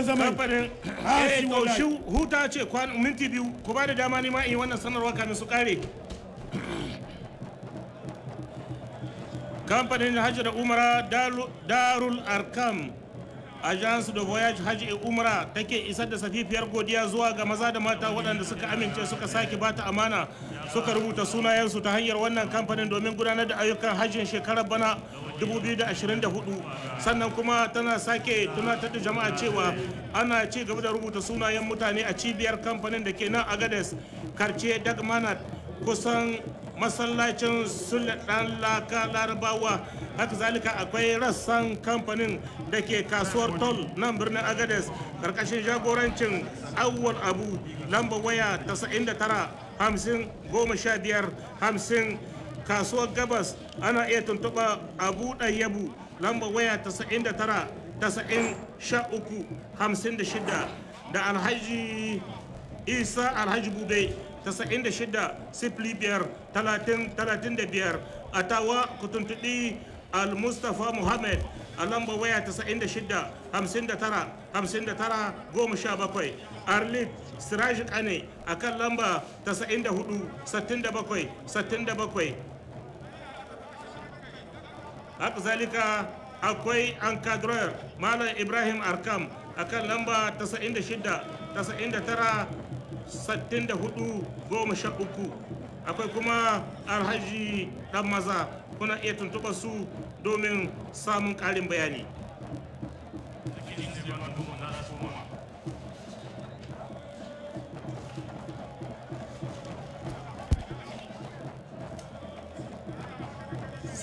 zama kamfanin eh, ah, eh, huta ce kwan minti biyu ku ba da dama ne in wannan sanarwa kamin su kare kamfanin hajji da umara darul arkam agence de voyage hajji e umara take isar da safifiyar godiya zuwa ga maza da mata waɗanda suka amince suka sake bata amana suka rubuta sunayensu ta hanyar wannan kamfanin domin gudanar da ayyukan hajjin shekarar bana 2024 sannan kuma tana sake tunatar da jama'a cewa ana ci gaba da rubuta sunayen mutane a cibiyar kamfanin da ke nan agades karce dagmanat kusan masallacin sulaɗan laka larabawa haka zalika akwai rassan kamfanin da ke kasuwar tol nan birnin agades karkashin jagorancin awwal abu lamba waya 99 hamsin goma sha biyar hamsin kasuwar gabas ana iya tuntuɓa abu yabu lambar waya tasa'in da tara tasa'in sha uku hamsin da shida da alhaji isa alhaji bude tasa'in da shida sifili biyar talatin talatin da biyar atawa ku tuntuɗi almustafa mustapha muhammad a lambar waya tasa'in da shida hamsin da tara hamsin da tara goma sha bakwai arlit siraj kane a kan lamba 94 67 67 haka zalika akwai an kadroyar malam ibrahim arkam a kan lamba 96 99 64 13 akwai kuma alhaji dan maza kuna iya tuntuɓa su domin samun ƙarin bayani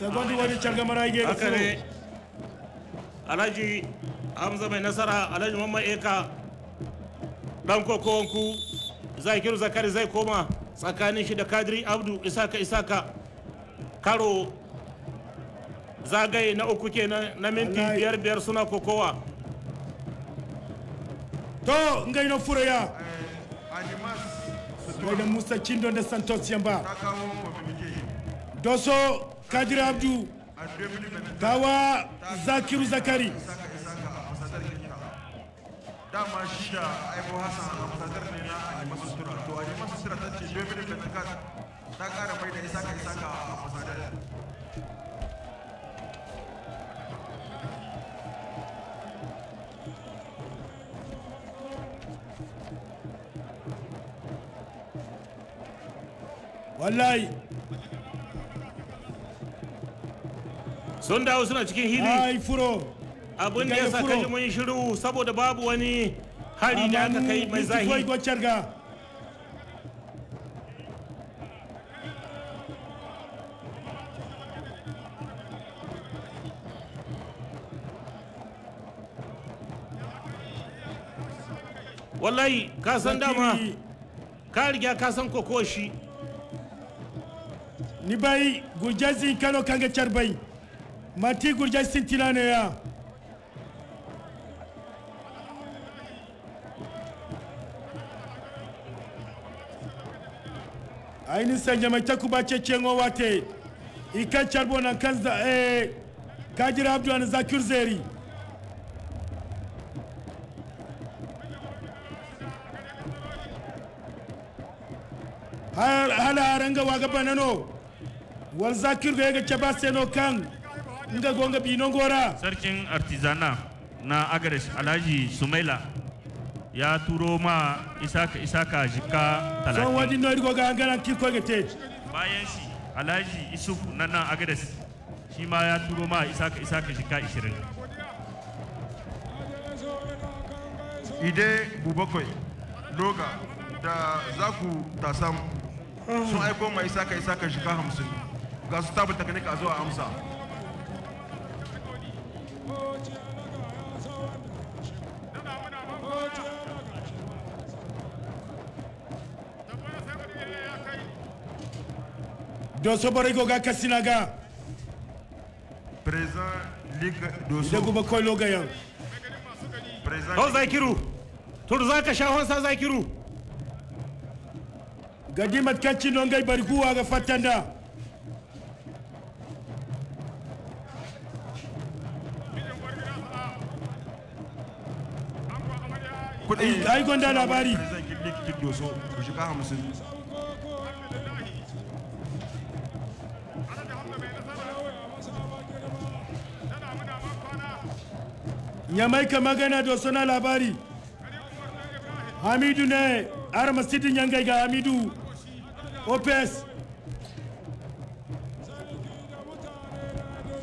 sagwadi wani canga marage haka ne alhaji hamza mai nasara alhaji mamma eka dan kokowanku zakiru zakari zai koma tsakanin shi da kadiri abdu isaka isaka karo zagaye na uku kenan na minti biyar biyar suna kokowa to ngai na fureya wai eh, da musa cindo da santos yamba doso kadiri abdu gawa zakiru zakari dama shi da hassan a ne na a masu sura to a masu sura ta ce ta kara mai da a wallahi sun dawo suna cikin hili abin da sa kaji mun shiru saboda babu wani hari da aka kai mai zahi wallahi ka san dama ka riga ka san kokoshi ni bai gujazi kano kanga charbai mati gurja sintila ne ya aini sanja mai takuba ce cengo wate ikan carbo na kan za eh kajira abdu an zakir zeri hala aranga waga banano wal zakir ga yaga caba seno kan nda gonga bino ngora. sarkin artizana na agres alhaji sumaila ya turo ma isaka isaka jika talatin son wajin noir goga ga ngana ki gete bayan shi alhaji isufu na nan agres shi ma ya turo ma isaka isaka jika 20 ide bubakwai loga da zaku tasam sun aiko ma isaka isaka jika hamsin ga su tabbata ne ka zo a amsa doso bari goga kasinaga présent lig doso da guba koy loga yan to zakiru tur zaka sha honsa zakiru gadimat kacci non gai bari kuwa ga fatanda kuɗi eh, ai labari ku shiga hamsin magana da suna labari hamidu ne armastidin yan ga hamidu opes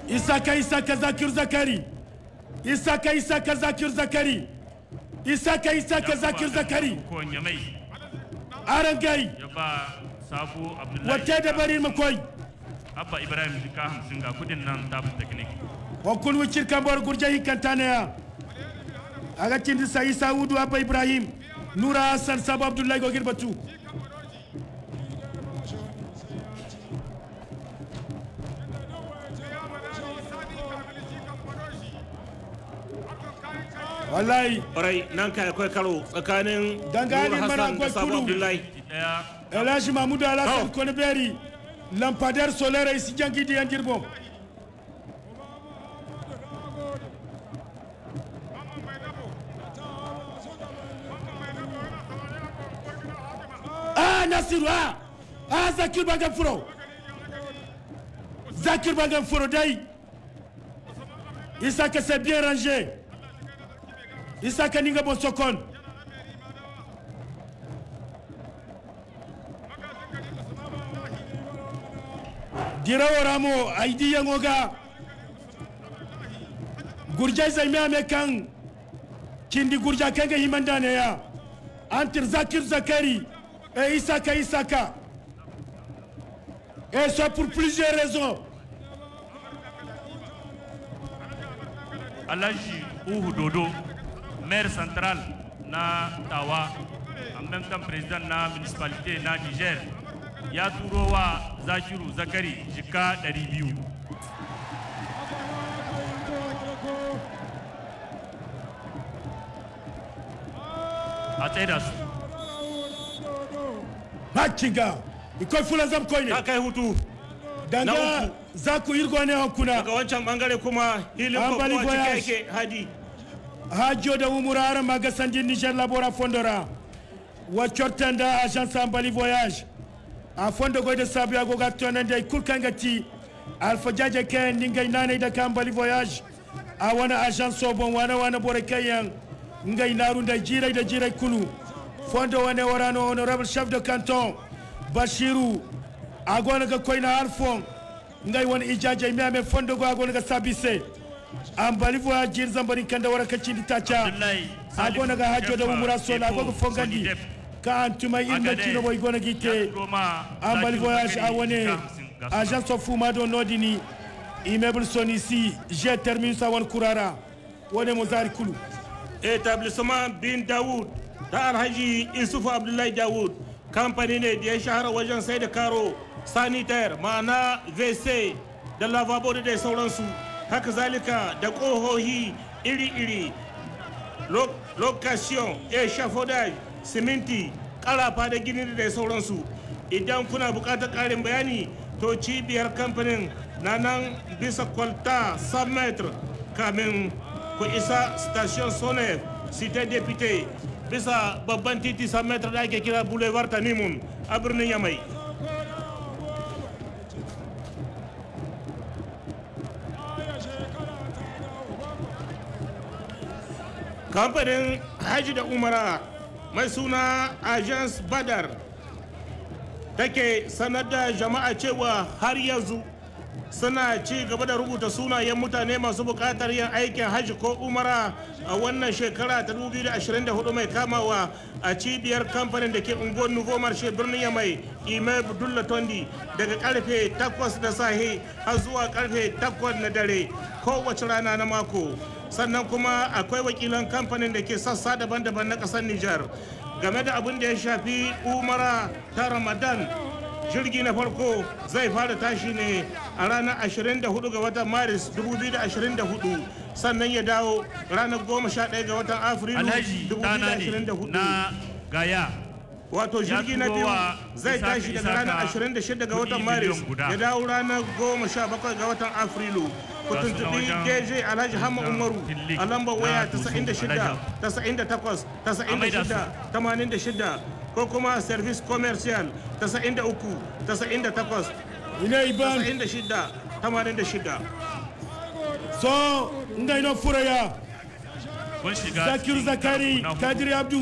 isaka isaka zakir zakari isaka isaka zakir zakari isaka isaka zakir zakari aran gai wata da bari makoi abba ibrahim duka hamsin ga kudin nan tabin teknik wakul wikir kambar gurje hikanta ne ya aga cindi sa isa wudu abba ibrahim nura hassan sabu abdullahi gogir batu wallahi ƙwarai nan kai akwai karo tsakanin dangane mara akwai kudu elashi mahmudu alhassan koniberi lampadar solera isi jangi diyan girbo ah nasiru ah ah zakir bagan furo zakir bagan furo dai il que c'est bien rangé isa kaninga bo sokon dirawo ramo aidi yangoga gurja zaime ame kan kindi gurja kenge himandane ya antir zakir zakari et isaka isaka et ça pour plusieurs raisons alaji uhu dodo maire central na tawa en même temps président na municipalité na niger ya turo wa zakiru zakari jika 200 a tsaye da fula zam ikon koi ne kai hutu danga za irgo yi gwanewa kuna wancan bangare kuma hili kwakwa cika hadi hajo da mourara maga sandin niger labora fondora wo da agence embali voyage a fondo goyde saabuyago ga tonande kurkanga ti alpha diadia ke ndingay naneyda ka embali voyage a wona agence o bon wana wana ɓore keyen ngay jirai da jirai kulu fondo wone worano honorable chef de canton bashiru a gonaga koyna alfon ngay won idiadia miyame fondo go a gonaga sabise ambali voya jiri zambari kanda wara kacindi tacha ago ga hajo da mumura sola agogo fongandi ka antuma inda cino boy gona gite ambali voyage awone agence of fumado nodini immeuble sonisi je sa awon kurara wone mo zari kulu établissement bin daoud ta alhaji isufu abdullahi daoud kamfani ne da ya shahara wajen sai da karo sanitaire ma'ana vc de lavabo de dai sauransu haka zalika da ƙohohi iri-iri location eshafoda eh, siminti ƙarafa da gini da sauransu idan kuna buƙatar ƙarin bayani to cibiyar kamfanin na nan bisa kwalta submeter kamin ku isa station sonef cité député bisa babban titi submeter da ake kira boulevard tanimun a birnin yamai kamfanin haji da umara mai suna agence badar take sanar da jama'a cewa har yanzu suna ci gaba da rubuta sunayen mutane masu bukatar yin aikin haji ko umara a wannan shekara ta 2024 mai kamawa a cibiyar kamfanin da ke unguwar nuvo marshe birnin yamai imai budulla tondi daga karfe 8 da sahi har zuwa karfe 8 na dare kowace rana na mako sannan kuma akwai wakilan kamfanin da ke sassa daban-daban na kasar Nijar game da abin da ya shafi umara ta Ramadan jirgi na farko zai fara tashi ne a ranar 24 ga watan maris 2024 sannan ya dawo ranar 11 ga watan afrilu 2024 na gaya wato jirgi na biyu zai tashi daga ranar 26 ga watan maris ya dawo ranar 17 ga watan afrilu ku tuntuɓi keje alhaji hama umaru a lambar waya 96 98 96 86 ko kuma service commercial 93 98 96 86 so furaya zakiru zakari kadiri abdu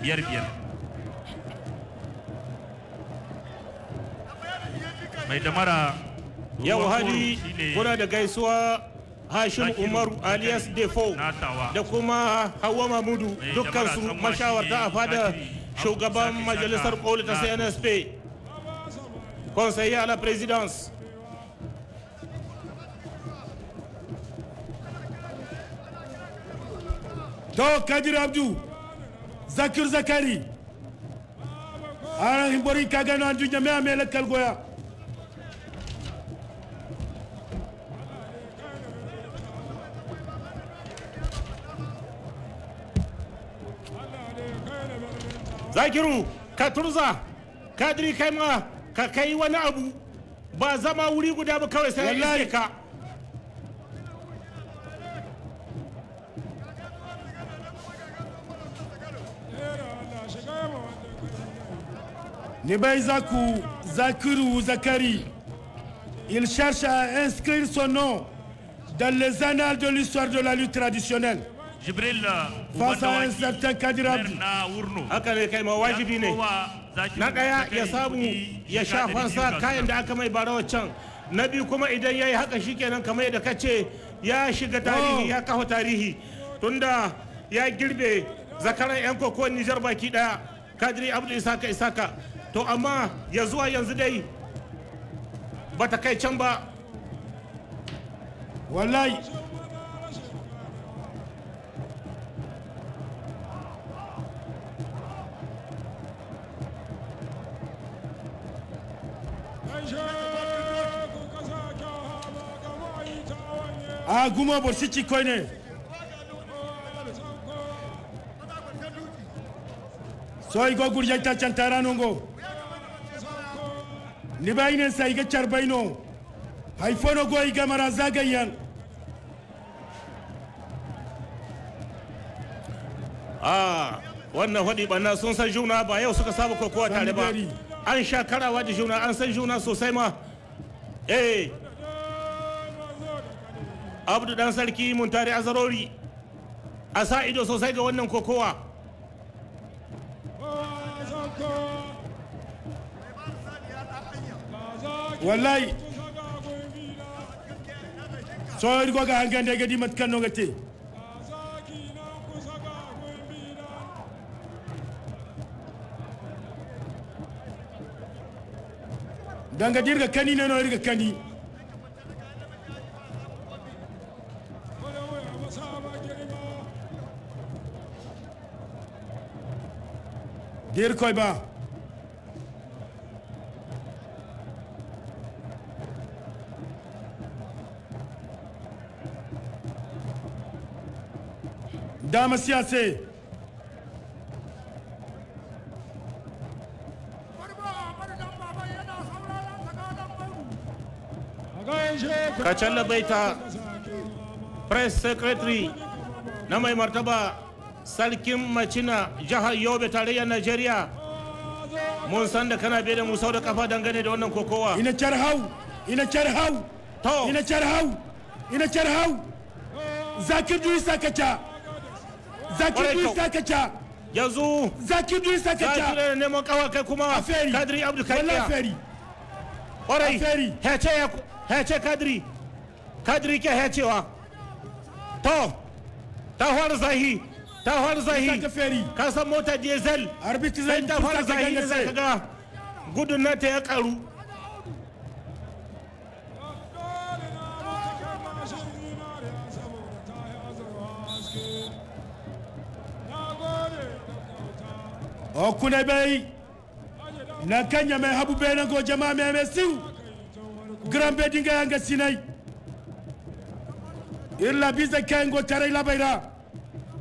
biyar mai damara yau hali kuna da gaisuwa hashim umar alias defo da kuma hawa mamudu dukkansu mashawarta a fada shugaban majalisar koli ta cnsp conseiller à la présidence to kadir abdu zakir zakari aran himbori kagano andu nyame amele kalgoya zakiru ka Kadri, Kaima, kai ma ka kai wani abu ba zama wuri guda Zakari, il cherche à inscrire son nom dans les annales de l'histoire de la lutte traditionnelle. jibril fasa zartar kajira haka ne kai ma wajibi ne na ɗaya ya samu ya sha fasa kayan da aka mai bara can na biyu kuma idan ya yi haka shikenan kamar yadda kace ya shiga oh. tarihi ya kafa tarihi tunda ya girbe zakaran yan kokowar nijar baki ɗaya kadiri abdu isaka isaka to amma ya zuwa yanzu dai bata kai can ba wallahi agumo borsici koyne soygo gurjayta cantaranongo nibayinen sayga carbayno hay fono goyiga mara yan. a ah, wannan hudi banna sun san juna ba yau suka saba kokowa tare ba an sha karawa da juna an san juna sosai ma eh abdu dan sarki muntari azarori a sa ido sosai ga wannan kokowa wallahi soori ko ga hangande gadi mat kanno gatte dangadirga kani na nano irga kani Geri koy Dama siyasi. Kacalla bai ta press secretary na mai martaba sarkin macina jihar yobe tarayyar najeriya mun san da kana bai da musau da kafa dangane da wannan kokowa ina hau. ina hau. to ina hau. ina hau zakir duyi sakaca zakir duyi sakaca yanzu zakir duyi sakaca zakir da neman kawa kai kuma kadri abdu kai wallahi feri kwarai hece hece kadri kadri ke hecewa to ta fara zahi ta fara zahi ka san mota diesel sai ta fara zahi ne za ga gudun nata ya karu okuna bai na kanya mai habu bai na goje ma mai mai siu gran bedinga yanga sinai irla biza kengo tare labaira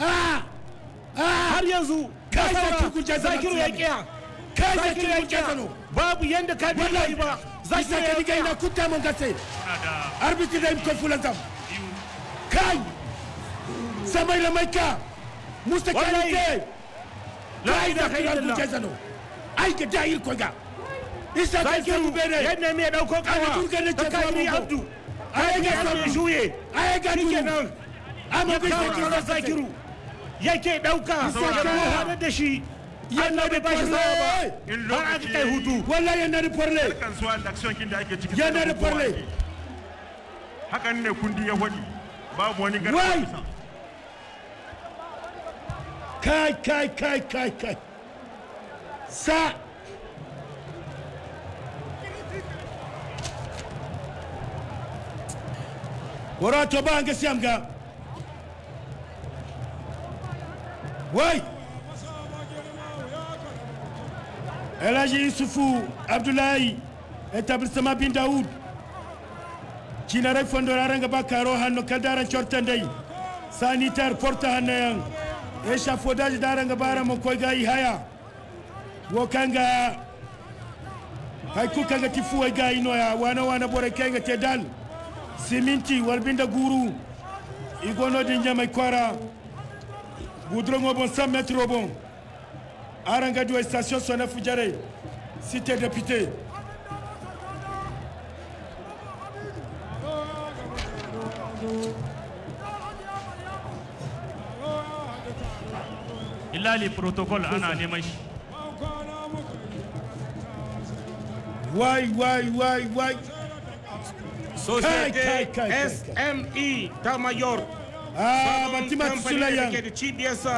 har yanzu kai babu yadda ka bi yi ba zakiru ya kiya ina kutta mun gase arbitri da imkon fulantam kai samai la ka mustakalite la ilaha illallah jazano ai ga da'ir koga isa zakiru bere yanda me dauko kawa kai abdu ai ga sabu shuye ai ga amma bai zakiru yake ɗauka ya da shi annabi ba shi ba har an waay El Hadji Youssoufou Abdoulaye établissement Bin Daoud cina rek fondoraranga ba karo hanno kaldaran cortandey sanitaire porte hannayan échafaudage daranga baramo koy gayi haya wo kanga hay kukkanga tifuwoy gayinoya wana wana ɓore kenga te dal siminti walbinda guru igonodi jamay kora Goudron bon 100 mètres au bon. Arangadou station Sona Foudjaré, cité député. a les protocoles ana les maïs. Wai wai wai wai. Société SMI Tamayor a batima sulayan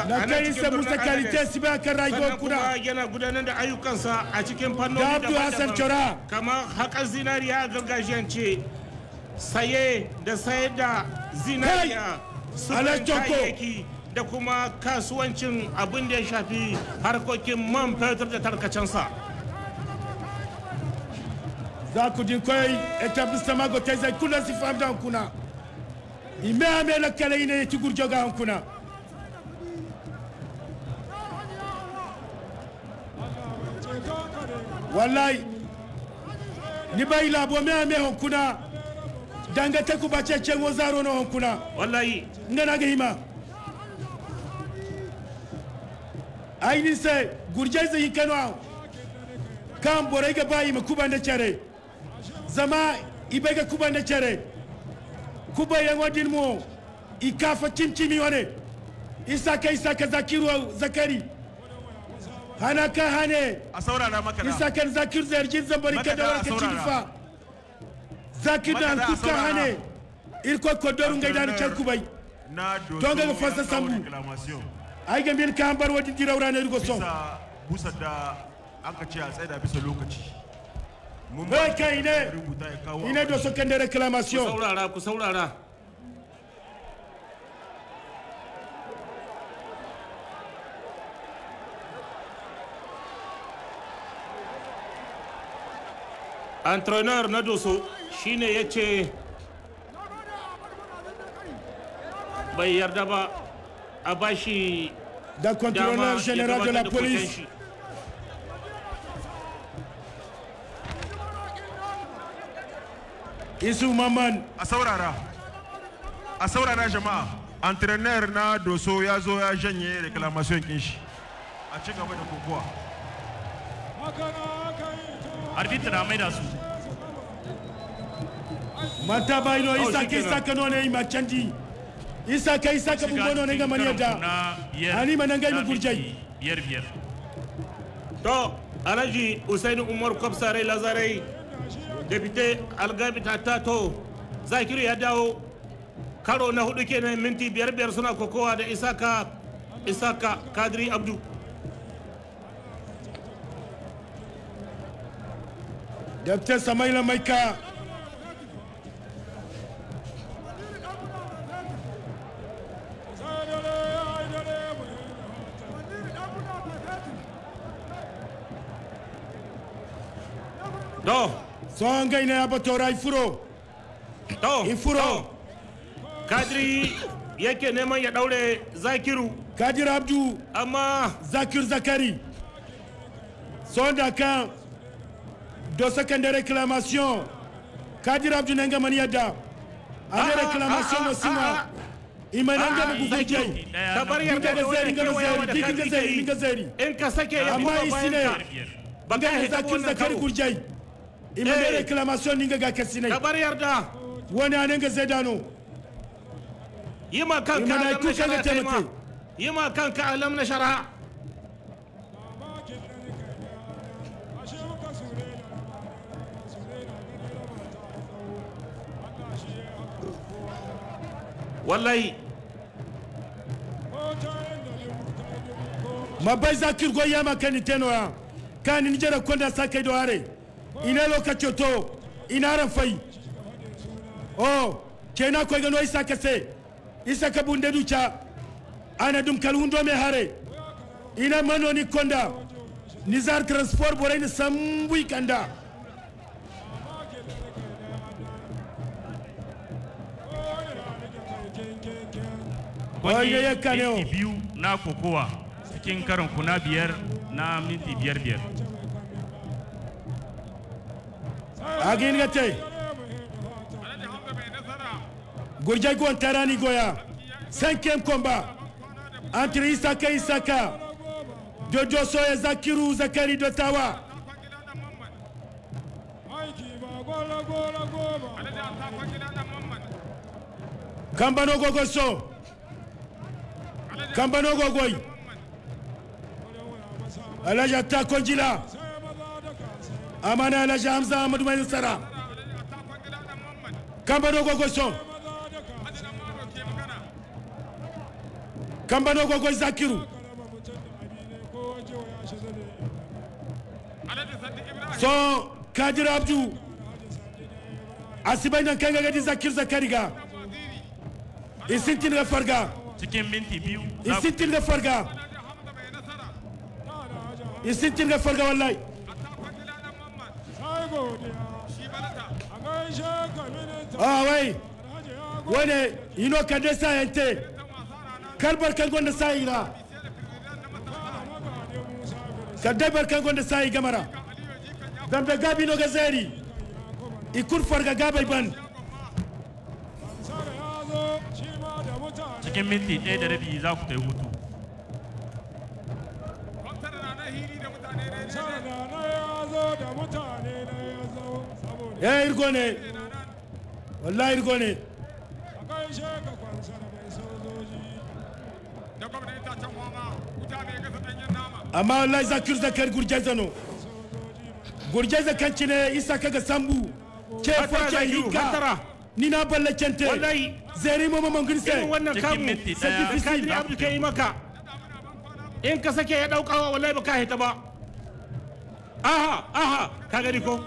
da kai sa musa kalite si ba kan rayuwar kuna yana gudanar da ayyukansa a cikin fannoni da Hassan Chora kamar haƙar zinariya a gargajiyance saye da sayar da zinariya sukan kayayyaki da kuma kasuwancin abin da ya shafi harkokin man fetur da tarkacensa za ku ji kwai etablissement gote zai kuna sifar da kuna imame lakkala ina yeti gurjoga hankuna wallahi ni bayila bo me ame hankuna dangate ku bace cengo zaro no hankuna wallahi ngana ga hima aini se gurjai zai kano aw kan borai ga bayi ma kuban da cere zama ibai ga kuban da cere kuba yango mo ikafa cimcimi wane isaka isaka zakiru zakari hana ka hane a saurara da isakan zakir zargin zambari ka dawar ka cinfa zakir da hankuka hane irko kodorun gaida da can kubai don ga fasa sambu ai ga min ka hambar wajen jirawra na irgo busa da a bisa lokaci haka ine ine da sokan da reclamation ku saurara na doso shine ya ce bai yarda ba a bashi da contrôleur général de la police isu maman a saurara a saurara jama'a entrepreneur na doso ya zo ya janye reclamation kin shi a ci gaba da kokowa arbitra na maida su mataba ino isa ke none ima ke isaka nona ga mani yadda ani mananga ima gurjai biyar biyar to alaji usaini umar kwabsare lazarai Depute algabi tattato zakiru ya dawo karo na hudu kenan minti biyar biyar suna kokowa da isaka isaka kadiri abdu Depute samaila maika No. songa ina ya tora ifuro to ifuro kadri yake neman ya daure zakiru kadir abdu amma zakir zakari sonda kan do seconde reclamation. kadir abdu nanga mani yadda ade ah, ah, reclamation ah, no sima ima nanga mu kufuje tabar yarda da zeri ngana zeri dikin da zeri dikin da zeri in ka sake ya amma isine baka zakir zakari kurjai ima da reclamation ninga ga kasinai kabar yarda wani ninga zai dano yima kanka shara. da kuka ga taimake yima kanka alam na shara wallahi mabai zakir goyama kani tenoya kani nijera konda sakai do are ina lokacin to ina rafai oh kena koy gano isa kase isa ka bunde ducha ana dum kal hundo me hare ina mano ni konda nizar transport bore ni sambui kanda Kwanye ya kaneo. na kokowa cikin karin kuna biyar na minti biyar biyar. agin gate gurjay gon tarani goya cinquième combat entre isaka isaka jojo soya zakiru zakari tawa. kambano gogoso kambano gogoy alaja ta konjila amana shi hamza ahmadu mai nasara kambano gogoshon kambano gogo zakiru so kadir abdu asibai nan kan gagadi zakir zakariga isintin ga farga cikin minti biyu isintin ga farga isintin ga farga wallahi a wai wane yino kande sayante karbar kan gonda sayira kadde bar kan gonda sayi gamara dambe gabi no gazeri ikun farga ban cikin minti ɗaya da rabi za ku ta yi hutu da mutane eh irko ne wallahi irko ne amma wallahi za kirza kar gurjeza no gurjeza ne isa kaga sambu ke foke hika ni na balla kente wallahi zeri mama mangin sai irin kamu sai kafiri abdu kai maka in ka sake ya daukawa wallahi baka hita ba aha aha ka gani ko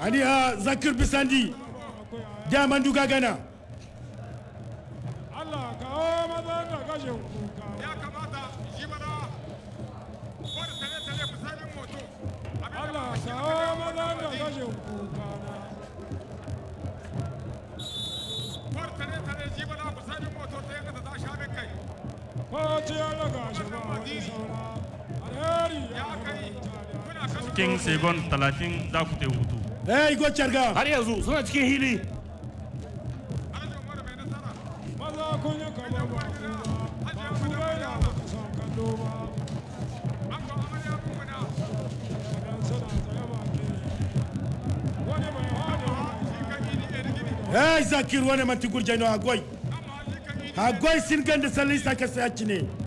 ani a zakir bisandi daman duga gana Allah ka o maza ya kamata shi moto Allah ka o maza shi moto ta sha kai ko Allah ga shi ba ya kai cikin segon 30 za ku ta hutu eh igo har yanzu suna cikin hili Hey, Zakir, wani matigur jaino agwai. sin ganda ka sayaci ne.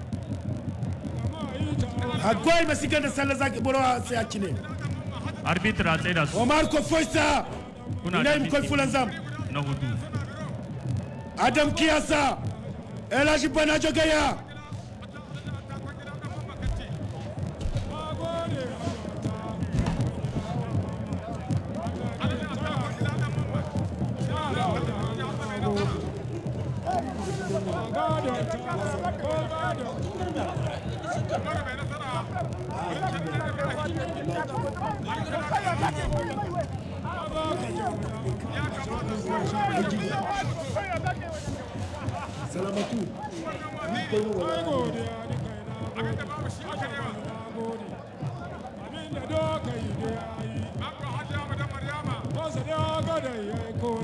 a goyi da sallar zaki boro sai a cine a su omar kofoisa inayin kwaifulan zam na hudu adam kiyasa elashi banajo gaya Guarda, guarda, salamatu ni kai wa godiya ni kai na abin aka nema gode abin da lokacin yau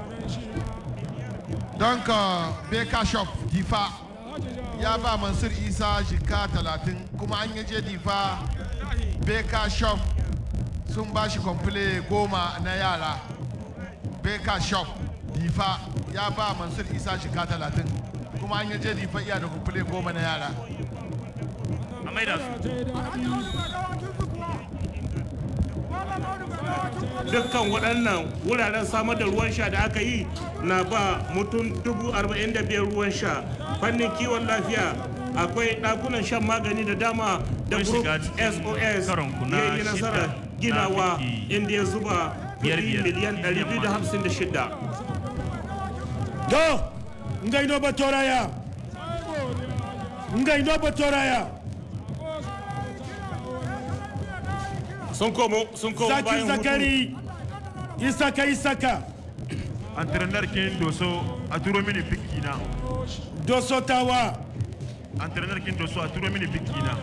donc euh, BK shop difa ya ba mansur isa shika talatin kuma an yaje difa BK shop sun ba shi kwamfule goma na yara beka shop difa ya ba mansur isa shika talatin kuma an yaje difa iya da kwamfule goma na yara a maida su dukkan waɗannan wuraren samar da ruwan sha da aka yi na ba mutum dubu arba'in da biyar ruwan sha fannin kiwon lafiya akwai ɗakunan shan magani da dama da group sos ya yi nasara ginawa inda ya zuba miliyan 256 to da no batoraya ngai batoraya sun komo sun komo bayan zakari isaka isaka entraîneur kin doso a turo mini biki na doso tawa entraîneur kin doso a turo mini biki na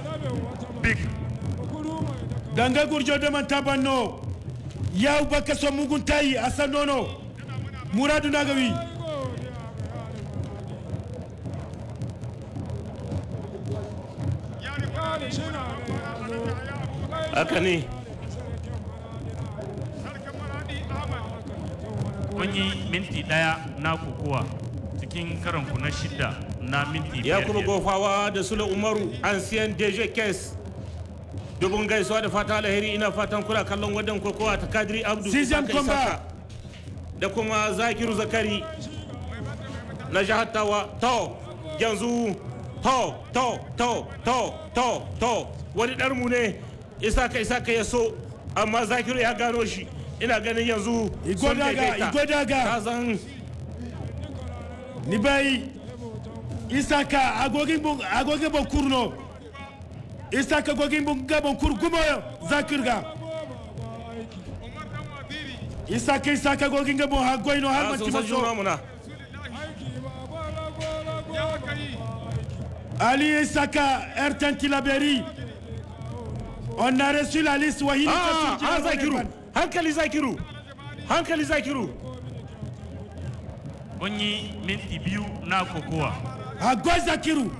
big danga gurjo da man tabanno yau baka so mugun tayi asan nono muradu nagawi Akani. ne kunyi minti daya na kukuwa cikin karan ku na shida na minti biyar ya kuma gofawa da sule umaru ancien deje kes dubun gaisuwa da fata alheri ina fatan kuna kallon wadan kokowa ta kadiri abdu da kuma zakiru zakari na jihar tawa to yanzu to to to to to to wani ɗarmu ne isaka isaka ya so amma zakiru ya gano shi ina ganin yanzu sun ni bai isaka agogin bonkur no isaka agogin bonkur gumo zakirga isaka isaka agogin gabon hagwai no har manci maso Ali Isaka, Ertan Tilaberi. On a reçu la liste Ah, ah, hankali zakiru hankali zakiru kun minti biyu na kokowa a gwai zakiru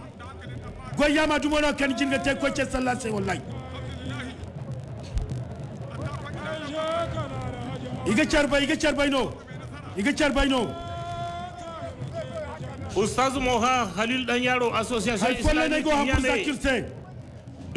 go ya madu mona kan jinga ta kwace sallah sai wallahi iga charbai iga charbai no iga charbai no ustaz moha halil dan yaro association islamic ne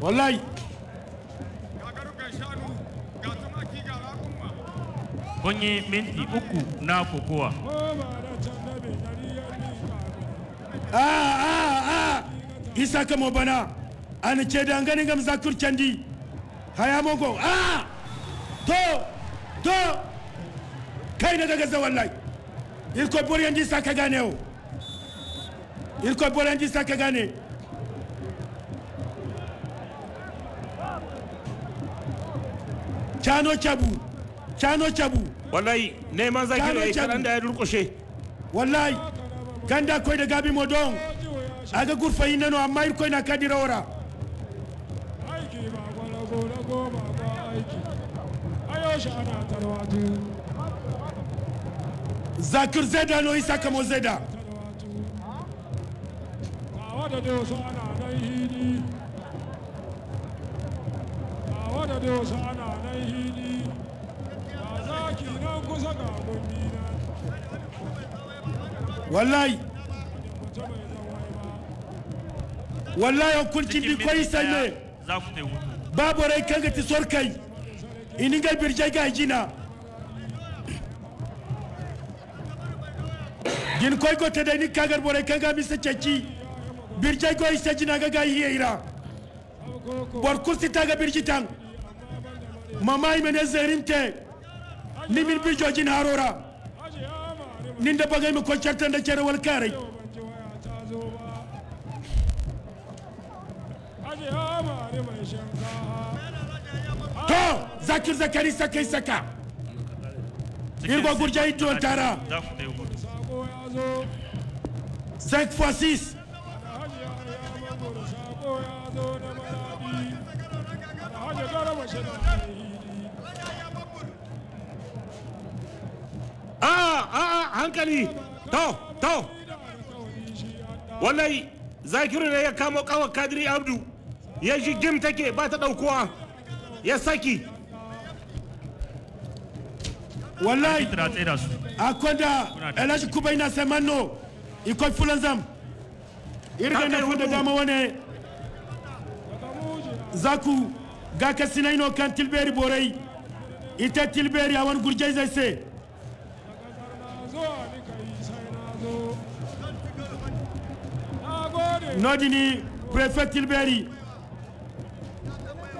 wallahi kun yi minti uku na kokowa ah, ah, ah. isa kama bana an ce dangane gam zakur candi haya mogo a to to kai na daga zawallai irko bori yanzu sa ka gane o ilko bori yanzu sa cano cabu cano cabu wallahi neman zaki ne kalan da ya durkushe wallahi ganda koy da gabi modon aga gurfa yinano amma ir na kadira ora zakir zeda no isa kamo zeda ana wadda dosa ana nan hili da zaki nan kusa ga gumbi na wallahi wallahi hukuncin bi kwai sanye babu rai kan gati sorkai ini ga birje ga jina gin koi ko te dani kagar bore kaga mi se ceci birje ko isa jina ga ga hiira bor birji tang mama imene zerimte nimin bijojin harora nin da bagai mu koncertan da cerewal to zakir zakari sakai saka irgo gurja ito tara 5 fois 6 Oh, yeah, a ah, a ah, ah, hankali to to wallahi zakiru ne ya kamo kawar kadiri abdu ya ji gim take ba ta daukuwa ya saki wallahi akwada elashi kuba ina sema no iko fulan zam irga na funda dama wane zaku ga kasina ino kan tilberi borai ita tilberi awan gurjai zai sai ni préfet tilberi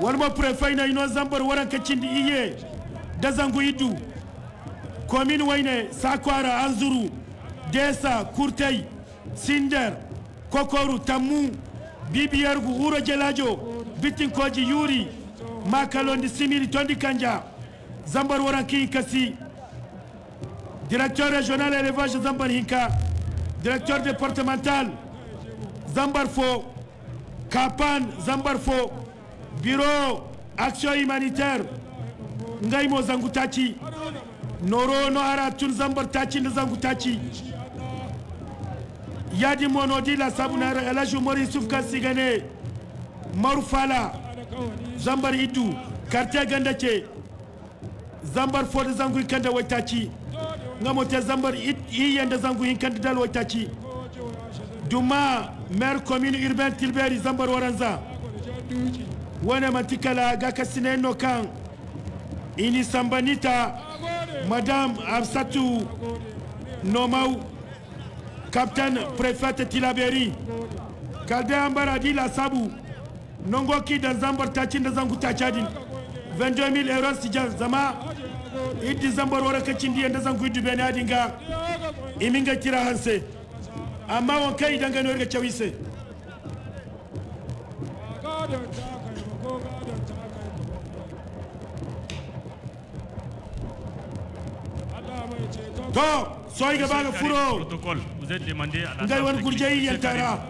walmo préfet na ino zambor wara kacindi iye dazangu idu commune wayne sakwara anzuru desa kurtei sinder kokoru tammu bibiyargu uro jelajo bitinkoji yuri makalondi simiri tondi kanja zambar waranki kasi directeur régional élevage zambar hinka directeur départemental Zambarfo, Kapan Zambarfo, Bureau Action Humanitaire, Ngaimo Zangutachi, Noro Nohara Tun Zambartachi Nzangutachi, Yadi Monodi La Sabunara Elajou Mori Soufka Sigane, Marufala, Zambar Itu, Kartia Gandache, Zambar Ford Zangu Kanda Waitachi, Ngamote Zambar Iyanda Zangu Kanda Dal Wetachi, juma maire commune urbain tilberi zambar waranza wona matikala ga kasinenno kan ini sambanita madame absatu nomau captain préfète tilaberi kalde ambara di la sabu ki dan zambar taci da zangu tacadin 22000 euros sijan zama iddi zambar wara kacin da zangu iddu benadinga iminga kira hanse amma wanka idan gano ga cewise to soy gaba ga furo ngai wani gurjeyi yantara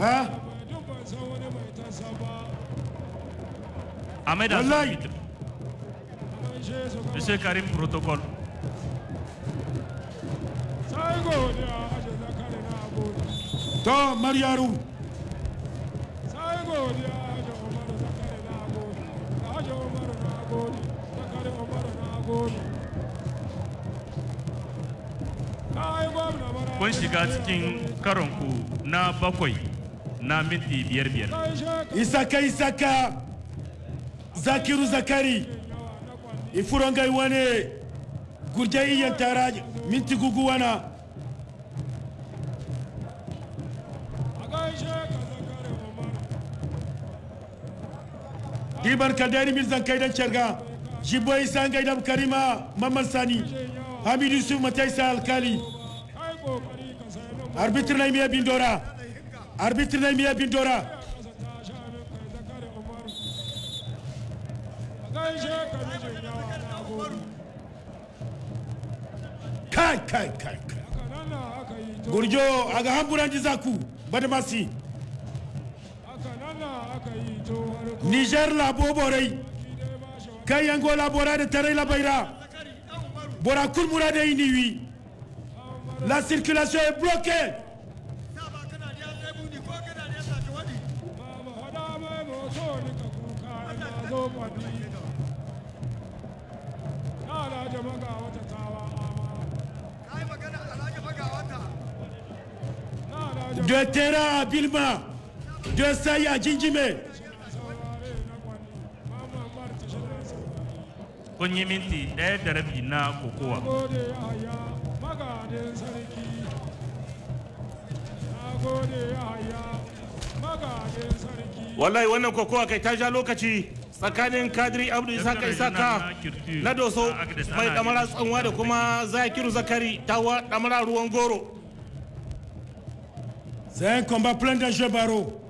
ha? Amai Monsieur Karim protocol. To Maryaru. Kun shiga cikin karonku na bakwai na minti biyar biyar. Isaka Isaka Zakiru Zakari. ifurangay wane gurja iyan taraj minti gugu wana dibar kadari mirzan kaidan carga jibbo isa gaidam karima mamman sani hamidu yusuf mataisa alkali arbitre nay miya bindora arbitre nay miya bindora kai kai kai gurjo aga hamburan jizaku, ku niger la boborai kai yango la bora de terre la baira bora kumura murade iniwi la circulation est bloquée de Terra à Bilma, de Saï à Djindjime. Kun yi minti ɗaya da na kokowa. Wallahi wannan kokowa kai ta ja lokaci. tsakanin kadiri abdu isaka isaka na doso mai damara tsanwa da kuma zakiru zakari ta a ruwan goro C'est un combat plein d'enjeux, Baro,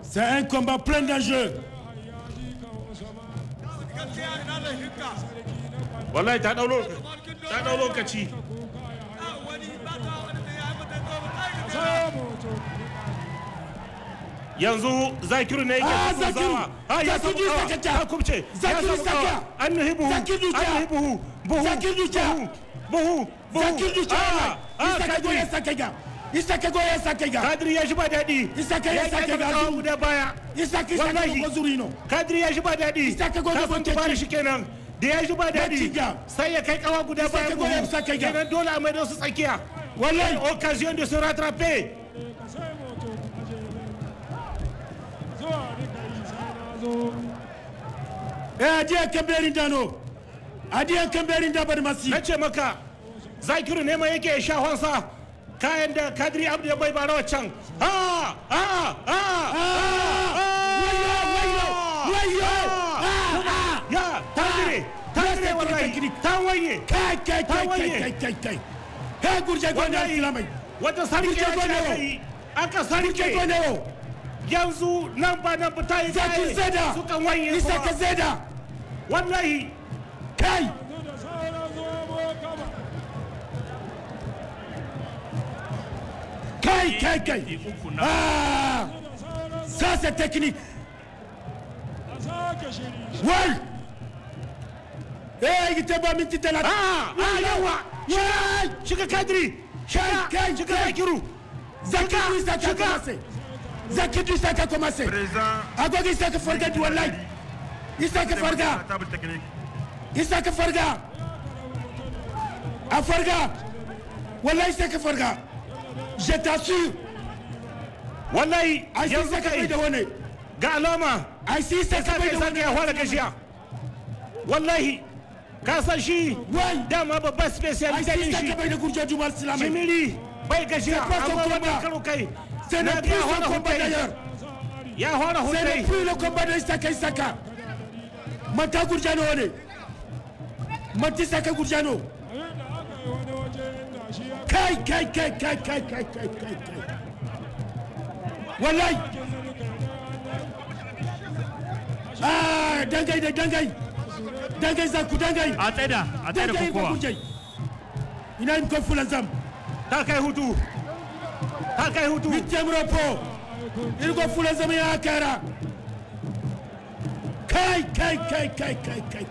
C'est un combat plein d'enjeux. wallahi ta ɗau ta l'eau, Kachi. yanzu zakiru ne yake ah, zakiru ah, zakiru saka zakiru isa ka goya, ya sake ga kadiri ya shi ba daɗi isa ka ya sake ga zuwa guda baya isa ka isa ka ya shi ba daɗi isa ka go da sun tafi shi da ya shi sai ya kai kawa guda baya sake ga kenan dole a maido su tsakiya wallahi occasion de se rattraper eh adiya kamberin dano adiya kamberin da masi nace maka zakiru ne ma yake sha sa kayan da kadiri abdu ya bai bara wacan aka sarki yanzu nan ba nan fita yi zaki zeda sukan kuma wallahi kai Kai, kai, kai. Ah! Ça, c'est technique. Ouais. Eh, il était bon, mais tu là. Ah, ah, là, ouais. Ouais. Chika Kadri. Kai, kai, Chika Zakiru. Zakiru, ça t'a commencé. Zakiru, ça t'a commencé. Présent. Agog, il s'est forgé du online. Il que forgé. Il que forgé. A forgé. Wallah, il s'est forgé. je t'assure wallahi yanzu kai da wani ga alama ai sai sai da wani ya fara gashiya wallahi ka san shi dama babban specialist din shi shimiri bai gajiya amma wani karo kai sai na ga fara hukai ya fara hukai sai na filo komba da saka saka mata gurjano ne mati saka gurjano kai kai kai kai kai kai kai kai kai wallahi ah dangai da dangai dangai za ku dangai a tsada a tsada ku kowa ina yin kofu kai hutu ta kai hutu mitem ropo in kofu lanzam ya kara kai kai kai kai kai kai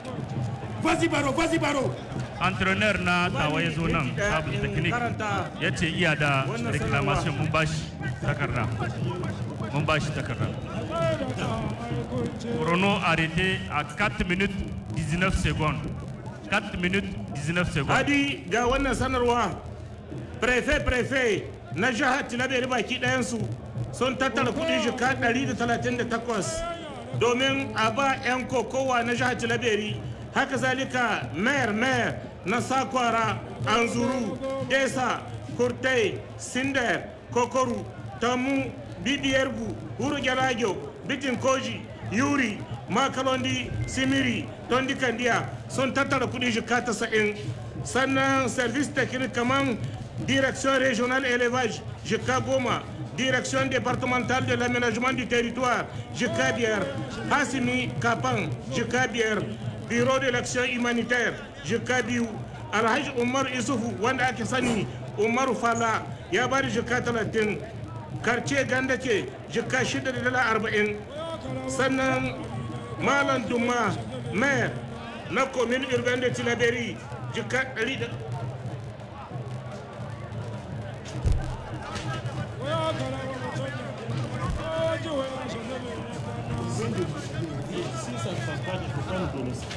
vas-y Baro vas-y Baro entrepreneur na tawaye zonan zo nan technique ya ce iya da reclamation mun bashi takarda mun bashi takarda Renault arrêté à 4 minutes 19 secondes 4 minutes 19 secondes hadi ga wannan sanarwa prefe prefe na jihar tilaberi baki su sun tattara kudin shika 138 domin a ba 'yan kokowa na jihar tilaberi haka zalika mayor mayor nasakwara anzuru esa kurtei sinder kokoru tamu Bidiergu, huru jarajo yuri makalondi simiri tondi Son Sontata tattara kudi Sana service technique direction régionale élevage Jikaboma direction départementale de l'aménagement du territoire Jikabier Hassimi kapan bureau de l'action humanitaire jika biyu alhaji umar isufu wanda ake sani umaru fala ya ba da jika talatin karce ganda ke jika shida da dala arba'in sannan malam duma mayor na komin irgan da tilaberi jika dari da Thank you.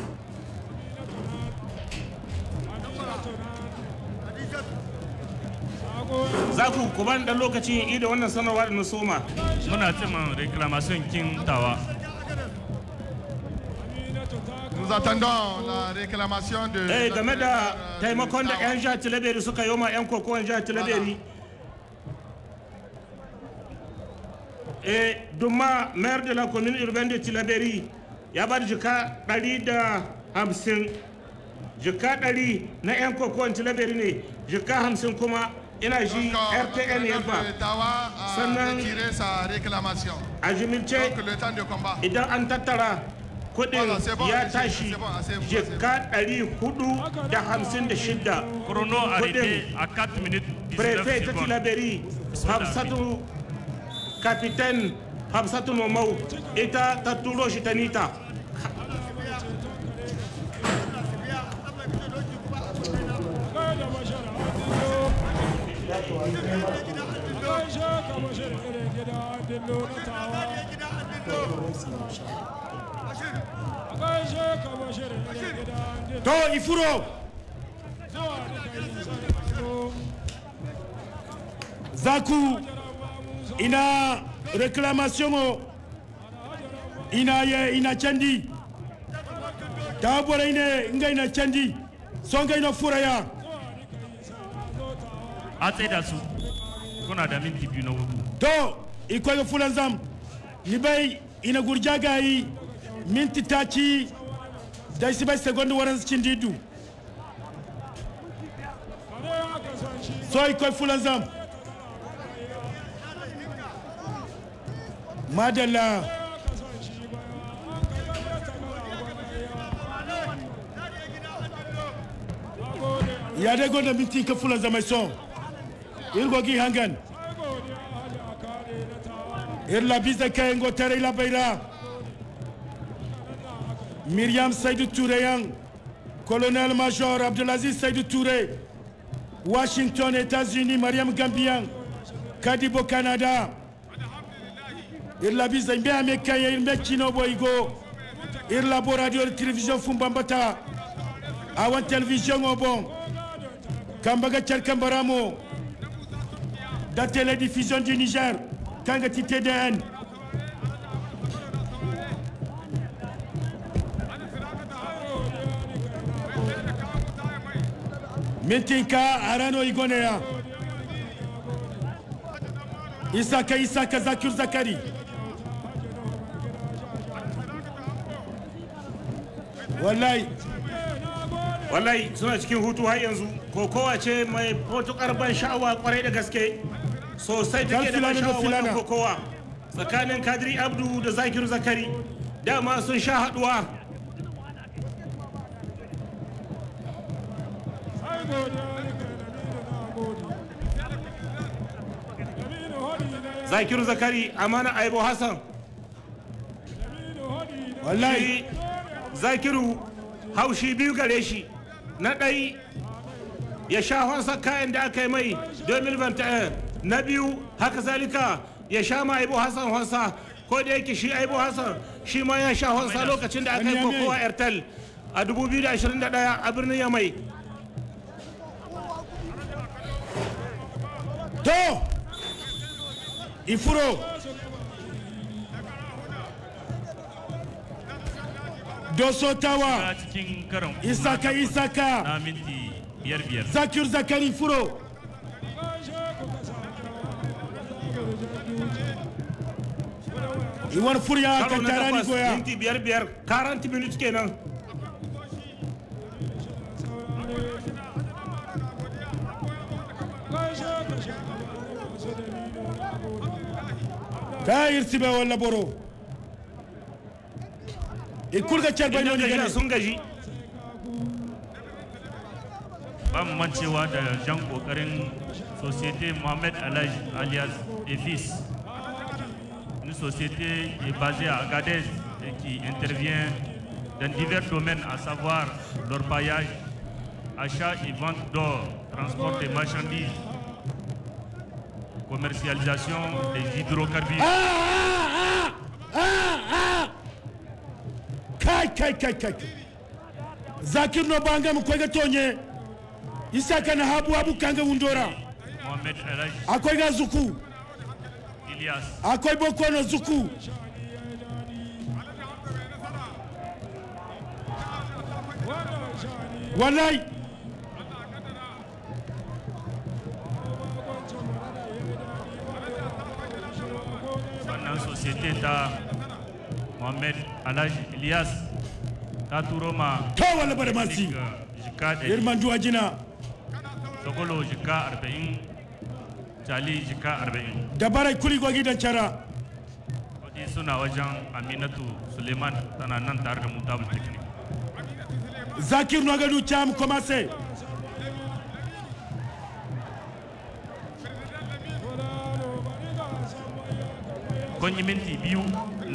za ku kuma ban dan lokacin yi da wannan sanarwa da na soma muna cin reclamation kin tawa Nous attendons la réclamation de. Eh, game da taimakon da 'yan jihar Tilaberi suka yi ma 'yan kokowar jihar Tilaberi. Eh, Duma, maire de la commune urbaine de Tilaberi, ya bar jika ɗari da hamsin. Jika ɗari na 'yan kokowar Tilaberi ne, jika hamsin kuma ina ji rtn ya ba sannan a jimilce idan an tattara kudin ya tashi jika 456 kudin prefet ta tilaberi hafsatu kapitan hafsatu mamau ita ta turo shi ta nita to ifuro zaku ina reclamation ina ye ina candi tabora ine nga ina candi songa ina furaya a da su kuna da minti biyu na hudu to iko ga fulan zam ni bai ina gurja gayi minti ci da shi bai segondi waran cikin didu so iko fulan zam madalla ya dai gonda minti ka fulan zama son irgogi hangan irla bize tare tereyla bayra Miriam Seydou Yang. colonel major Abdelaziz Seydou Touré Washington États-Unis Mariam Gambian Kadibo Canada irla bize mbe ame kaye irme kino boigo irla bo radio télévision fumbambata awan télévision obon kambaga cer kambaramo de télédiffusion du Niger, Kangati TDN. Mintinka Arano Igonea. Isaka Isaka Zakir Zakari. Wallahi. Wallahi suna cikin hutu har yanzu ko ce mai matuƙar ban sha'awa kwarai da gaske sosai take da bashawa wannan kokowa tsakanin kadiri abdu da zakiru zakari dama sun sha haduwa zakiru zakari amana aibo hassan wallahi zakiru haushi biyu gare shi na ɗai ya sha kayan da aka yi mai 2021 na biyu haka zalika ya sha ma aibu hassan honsa ko da yake shi aibu hassan shi ma ya sha honsa lokacin da aka yi kokowa airtel a 2021 a birnin yamai to ifuro dosotawa isaka isaka zakir zakari furo Iwar Furya kan tarani goya. Minti biyar biyar. 40 minutes kenan. Tahir Sibe walla boro. Ikurga Charba ne gani. Sun gaji. Ban mancewa da jan kokarin Societe Mohamed Alhaji alias Efis. société qui est basée à Agadez et qui intervient dans divers domaines, à savoir l'orpaillage, achat et vente d'or, transport des marchandises, commercialisation des hydrocarbures. Ah, ah, ah, ah, ah. kai, kai, kai, Zakir no banga mukwega tonye Isaka na habu habu kanga undora Mohamed Elaj Akwega zuku akwai boko na zuku wallahi wannan societe ta mohamed alhaji ilyas ta turo ma kawai labar masu girman juwa jina sakolo jika arba'in. tali jika arba'in da barai kuligogi da cara suna wajen aminatu suleiman tana nan tare da zakir nogadu cham komase kun yi minti biyu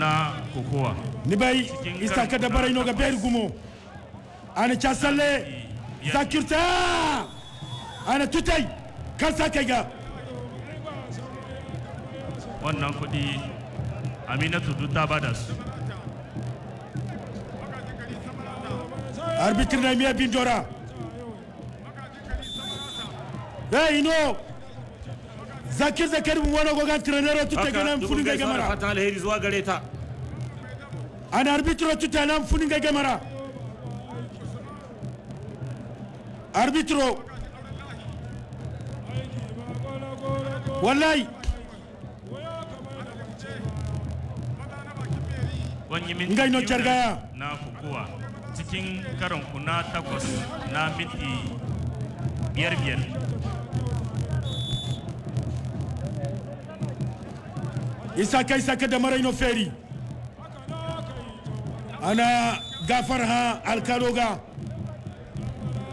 na kokowa ni bai isa ka da barai noga bayar gumo ana casalle ta ana tutai kar sa kai ga wannan kuɗi aminatu duk ta bada su arbitre na miya bin jora da ino zakir zakir mun wani gogan trainer tu ta ganan funin ga gamara fata alheri zuwa gare ta an arbitre tu ta nan funin ga gamara arbitro wallahi ngai no jargaya na kukuwa cikin karon ku na takwas na minti biyar biyar isaka isaka da no feri ana gafar ha ga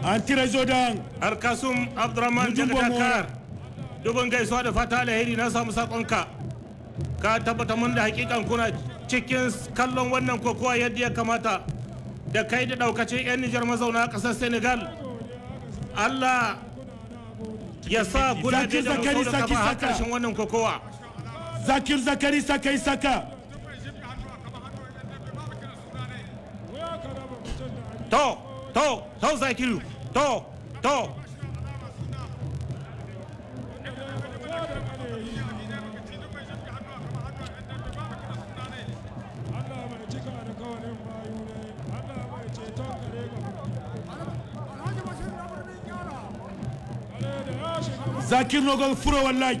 an tira zodan arkasum abdurrahman jaga dakar dubin gaisuwa da fata alheri na samu sakonka ka tabbata mun da hakikan kuna cikin kallon wannan kokowa yadda ya kamata da kai da daukacin 'yan Nijar mazauna ƙasar Senegal. Allah ya sa gudaje da mutu da kama har wannan kokowa. Zakir Zakari Sakai Saka. To, to, to Zakiru, to, to, zakir nogon furo wallahi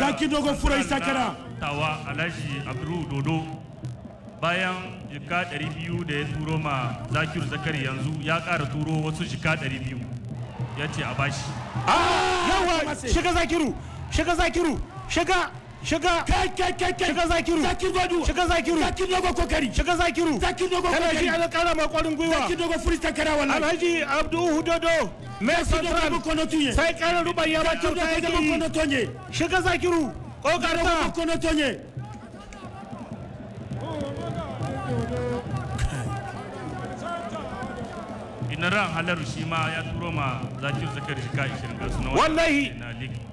zakir nogon furo isa kana tawa alhaji abdu dodo bayan jika 200 da ya turo ma zakir zakari yanzu ya ƙara turo wasu jika 200 ya ce a bashi ah! yawa shiga zakiru shiga zakiru shiga shiga kai kai kai kai shiga zakiru zakiru dodo shiga zakiru zakiru dogo kokari shiga zakiru zakiru dogo kokari alhaji ala kara ma kwarin gwiwa zakiru dogo furista kara wallahi alhaji abdu hudodo me central sai kara ruban ya ba kyauta yake shiga zakiru kokarin ba kono tonye na ran shi ma ya turo ma zakiru zakar shiga 20 wallahi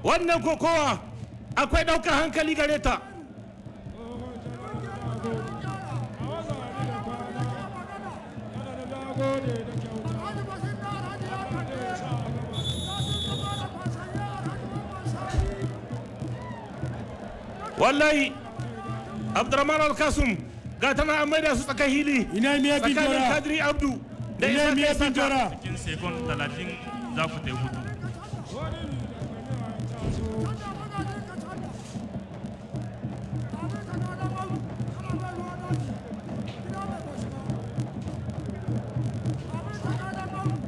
wannan kokowa akwai ɗaukar hankali gare ta wallahi abdurrahman alkasum ga tana an maida su tsakai hili tsakanin kadri abdu da isa kai saka cikin sekon talatin za ku ta hutu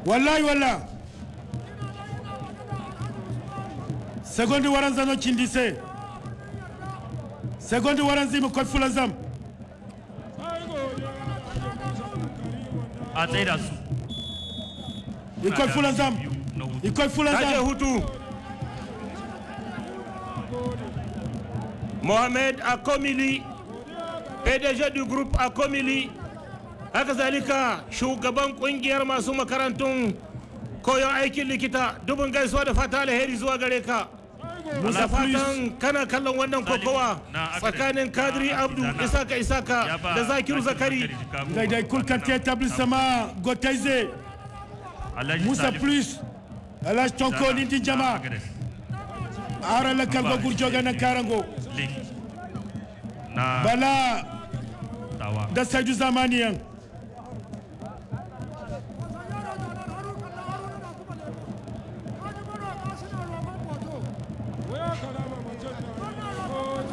wallahi wallah Seconde waranza no chindise. Seconde segondi waranzimo koye fula zam a teyɗa mohamed akomili pdg du groupe akomili haka zalika shugaban kungiyar masu makarantun koyon aikin likita dubin gaisuwa da fata alheri zuwa gare ka musa fatan kana kallon wannan kokowa tsakanin kadri abdu isaka isaka da zakiru zakari daidai kulkantar sama gotaize musa plus alhaji tonko nindi jama ara lakar go gurjo ganan karango bala da saidu zamaniyan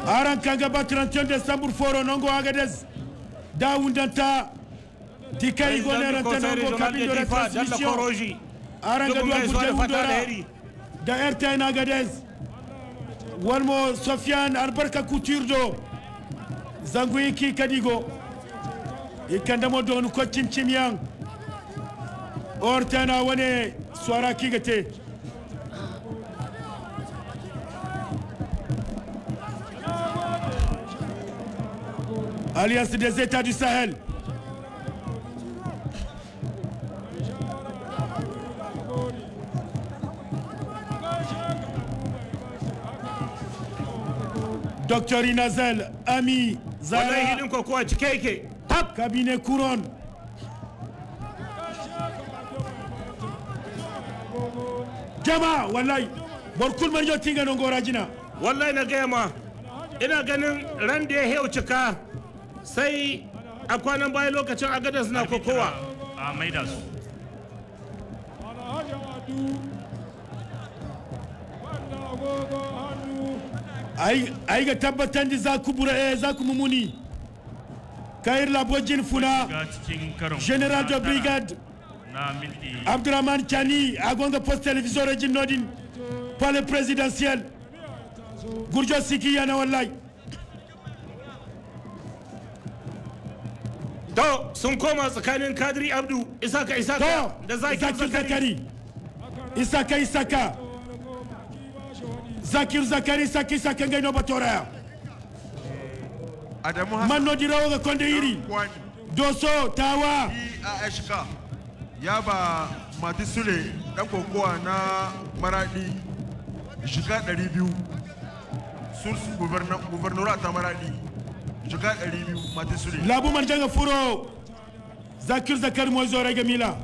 aran Kangaba ba 31 décembre foro nongo agadez dawundanta dikay gone ranta nongo kabindo re transmission aran ga duwa kuje hundora da rtn agadez walmo sofiane albarka couture do ki kadigo ikandamo don ko cimcimyan ortana wone swara kigate Alliance des États du Sahel. Docteur Inazel, Ami, Zara, Cabinet Couronne. Jama, wallahi, barkul man yotinga nongora jina. Wallahi na gaya ma, ina ganin ran da ya heucika sai a kwanan baya lokacin agadar suna kokowa a maida su ai ga tabbatar da za ku bura eh za ku mumuni kair labojin funa general de brigade abdurrahman chani gonga post television region nodin palais présidentiel gurjo siki yana wallahi to sun koma tsakanin kadiri abdu isaka isaka da zakir zakari isaka isaka zakir zakari saki isaka ngai no batoraya adamu hasan manno dirawo ga konde iri doso tawa ashka ya ba mati sule dan kokowa na maradi shiga 200 sun gouverneur ta maradi jika 200 mata sule labu man janga furo zakir zakar mo zo rage mila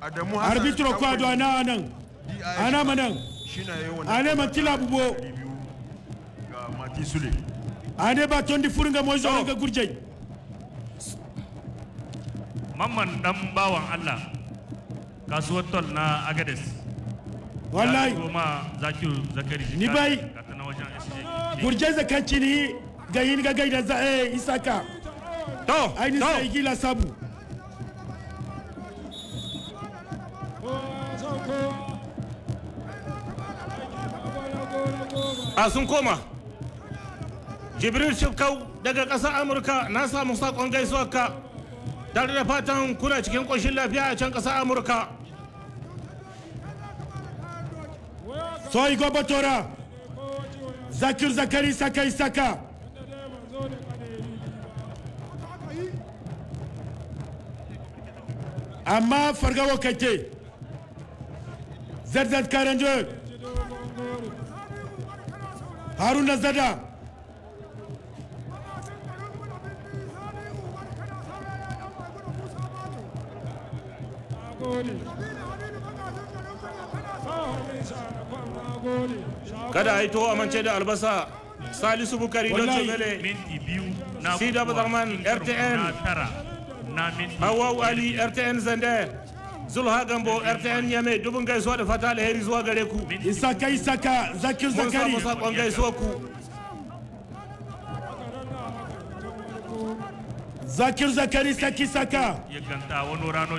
adamu hasan arbitro ko ado ana anan ana manan shina yawan ale man tilabu bo ga mati ane ba tondi furunga mo zo rage gurjai mamman dan bawan Allah kasuwar tol na agades wallahi goma zakir zakari ni bai gurje zakanci ni gayi ni gagai da za yi eh, isaka to ainihin ni sai gila sabu a sun koma jibril shifkau daga ƙasar amurka na samu saƙon gaisuwa ka tare da fatan kuna cikin ƙoshin lafiya a can ƙasar amurka soyi gobatora zakir zakari saka isaka amma fargawa kake zarzat karanje haruna zada kada a yi toho amince da albasa salisu bukari don cogale sida badarman rtn hawau ali rtn zande zulha gambo rtn yame dubin gaisuwa da fata zuwa gare ku isaka isaka zakari ku zakir zakari saki saka ya ganta wani rano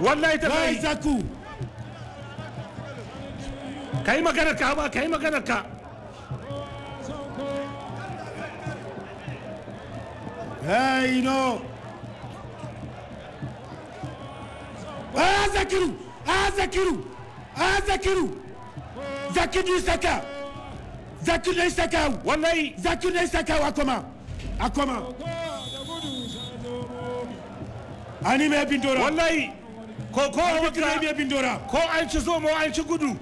wallahi ta kai zaku kai magana ka ba kai magana ka hey no a ah, azakiru azakiru zakiru ah, ah, saka zakiru saka wallahi zakiru saka wa kuma akoma ani me bindora wallahi ko ko abubakar ya bindora ko an ci zomo an ci gudu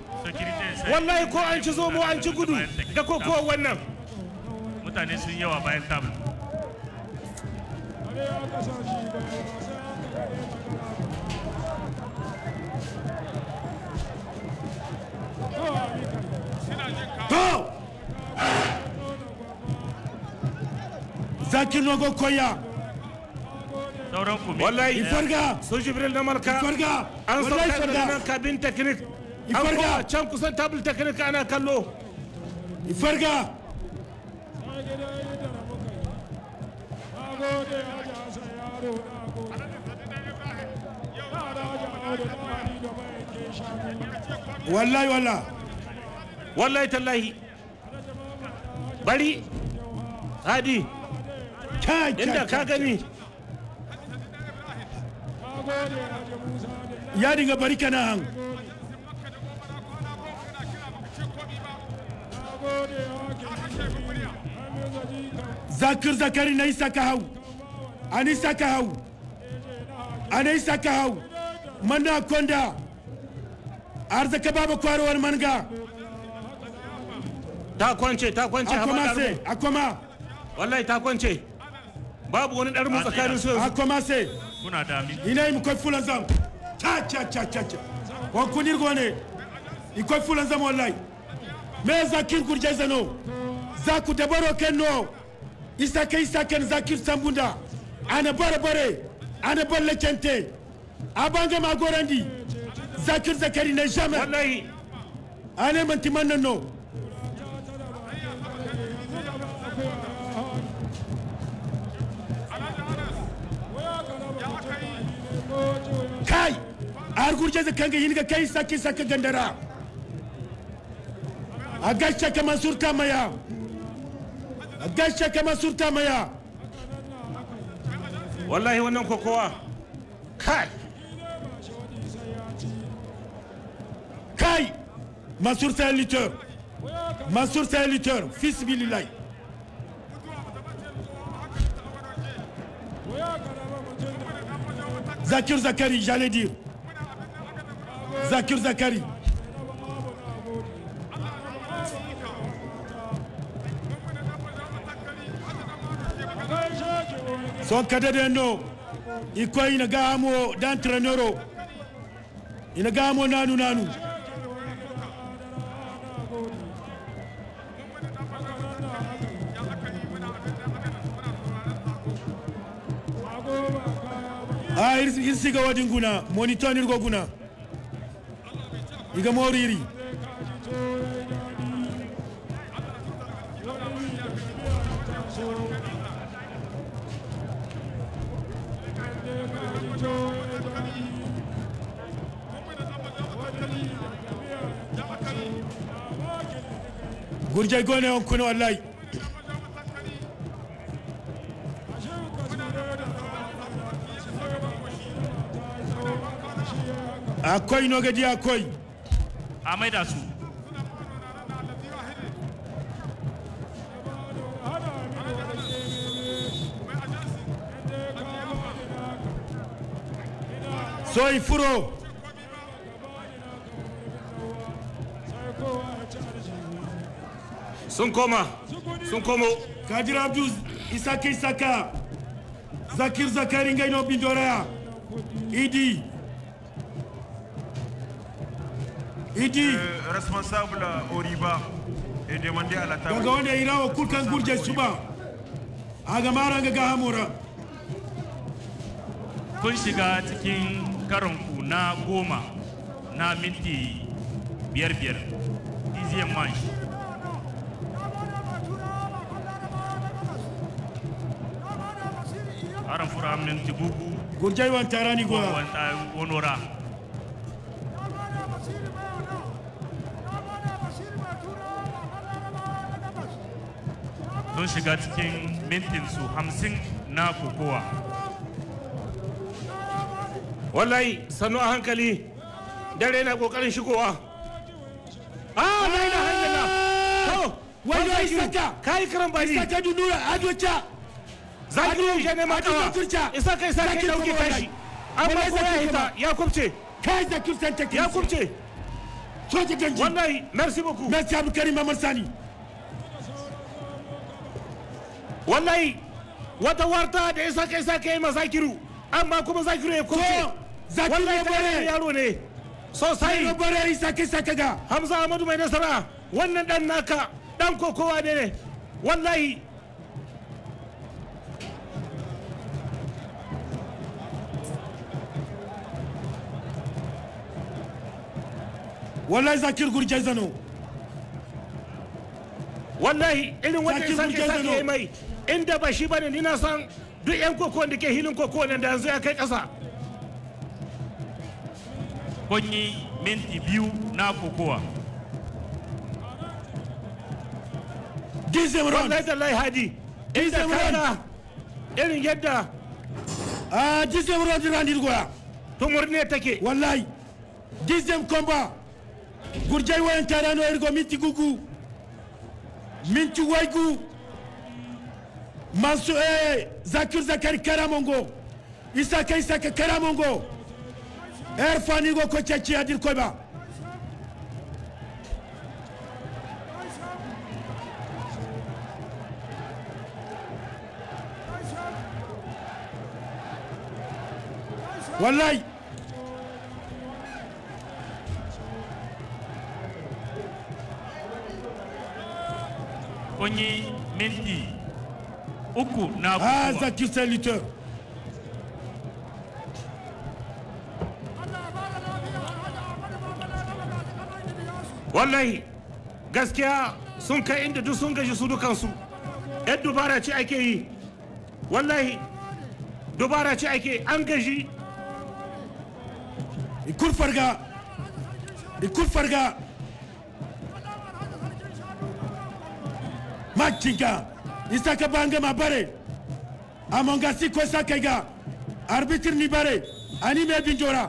wallahi ko an ci zomo an ci gudu ga koko wannan mutane sun yawa bayan tabul Zakir Nogo Koya sauran ku wallahi farga su jibril na malka farga an sauka da nan kabin teknik can kusan tabul teknik ana kallo farga wallahi wallahi wallahi tallahi bari hadi inda ka gani ya dinga bari kana han zakir zakari na isa ka hau an isa ka hau an isa ka hau manna konda arzaka baba kwarowar manga ta kwance ta kwance akoma se akoma wallahi ta kwance babu wani ɗarmu tsakanin su akoma se kuna dami ina imko fula zangu cha cha cha cha cha wakunirgone iko fula zangu wallahi meza kirgur jazano zaku dabaro kenno isake isake zakir sambunda ana bare bare ana balle chente abange magorandi zakir zakari ne jamais wallahi ana mantimanno kai argurje zakanga yinga kai saki gandara kama surta maya kama surta maya wallahi wannan kokowa kai kai Zakir Zakari, j'allais dire. Zakir Zakari. son kadadendo iko ina gamo dan trenero ina gamo nanu nanu a ah, irsiga wajen guna monitonirgo guna iga moriri gurjai gone on kuna wallahi akwai gaji akwai a maida su soy furo sun koma sun komo kajira abdu isaka isaka zakir zakari ngaino bindoraya idi il idi euh, responsable au riba et demander à la table ganga wanda ira au kulkan gurje suba aga maranga ga hamura kun shiga cikin karin ku na goma na minti biyar biyar dizien manche aram fura amnen tibugu gurjai wan tarani go wan ta onora sun shiga cikin mintinsu hamsin na kokowa wallahi sannu a hankali dare na kokarin shigowa ah la ilaha illallah to wai isaka kai karan bari isaka dunura adocha zaki ne ma adocha isaka isaka kai dauke tashi amma ko ya hita ya kubce kai da kubce ya kubce soje ganji wallahi merci beaucoup merci abukari mamar sani wallahi wata warta da ya sake sake ma zakiru amma kuma zakiru ya kuma wallahi bare yaro ne sosai bare ya sake sake ga hamza ahmadu mai nasara wannan dan naka dan kokowa ne wallahi wallahi zakir gurje zano wallahi irin wanda isa sake mai inda ba shi bane ni na san duk yan kokon da ke hilin kokon da yanzu ya kai ƙasa kun minti biyu na kokowa dizem ron wallahi lai hadi dizem ron irin yadda ah, a dizem ron goya. dirgoya tumur ne take wallahi dizem komba gurjai wayan tarano irgo minti gugu minti waigu masu é eh, eh, eh. zakir Zakir karamongo isaka isaka karamongo Erfanigo fanigo ko cecci adir koyba wallahi ogni menti uku na kuwa haza kisa liteur wallahi gaskiya sun kai inda duk sun gaji su dukansu yan dubara ce ake yi wallahi dubara ce ake an gaji ikur farga ikur farga makinka isaka bange mabare amongasi kosa kega arbitre ni bare ani me binjora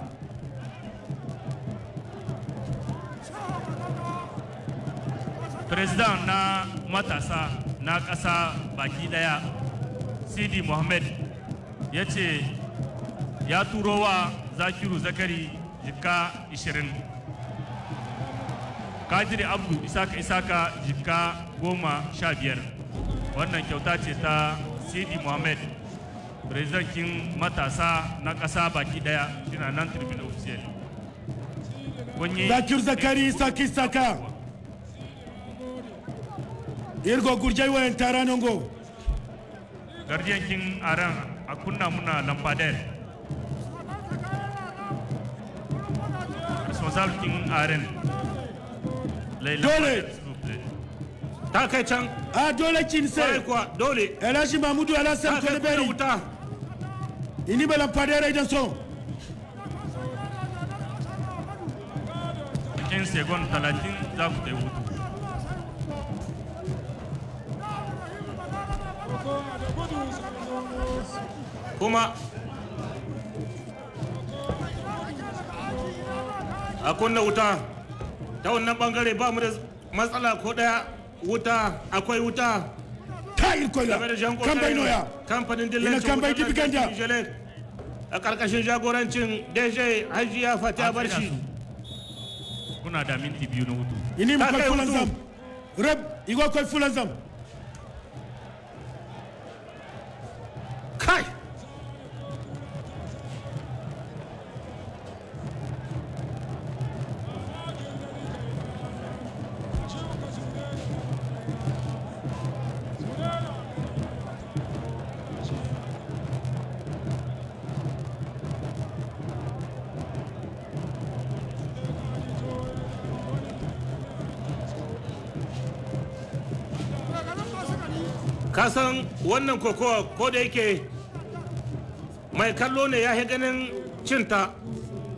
president na matasa na kasa baki daya sidi mohammed ya ce ya turo wa zakiru zakari jika 20 kadiri abdu isaka isaka jika goma sha biyar wannan kyauta ce ta sidi mohammed kin matasa na kasa baki ɗaya ina nan tribune officiel zakir zakari saki saka irgo gurjai wayan tara nongo gardiyankin aran a kunna muna lambader responsable kin aran dole ta kai can a dole kinse kuwa dole elashi mamudu alasan toliberi ini bala padere idan so cikin segon talatin za ku ɗaya kuma a kunna wuta ta wannan bangare ba mu da matsala ko ɗaya wuta akwai wuta ta irkola kan bai noya kamfanin dillancin kan bai dibiganda a karkashin jagorancin dj haji ya fata barshi kuna da minti biyu na hutu ini mu kai fulan zam rab igo kai fulan zam kai kasan wannan kokowa ko da yake mai kallo ne ya ganin cinta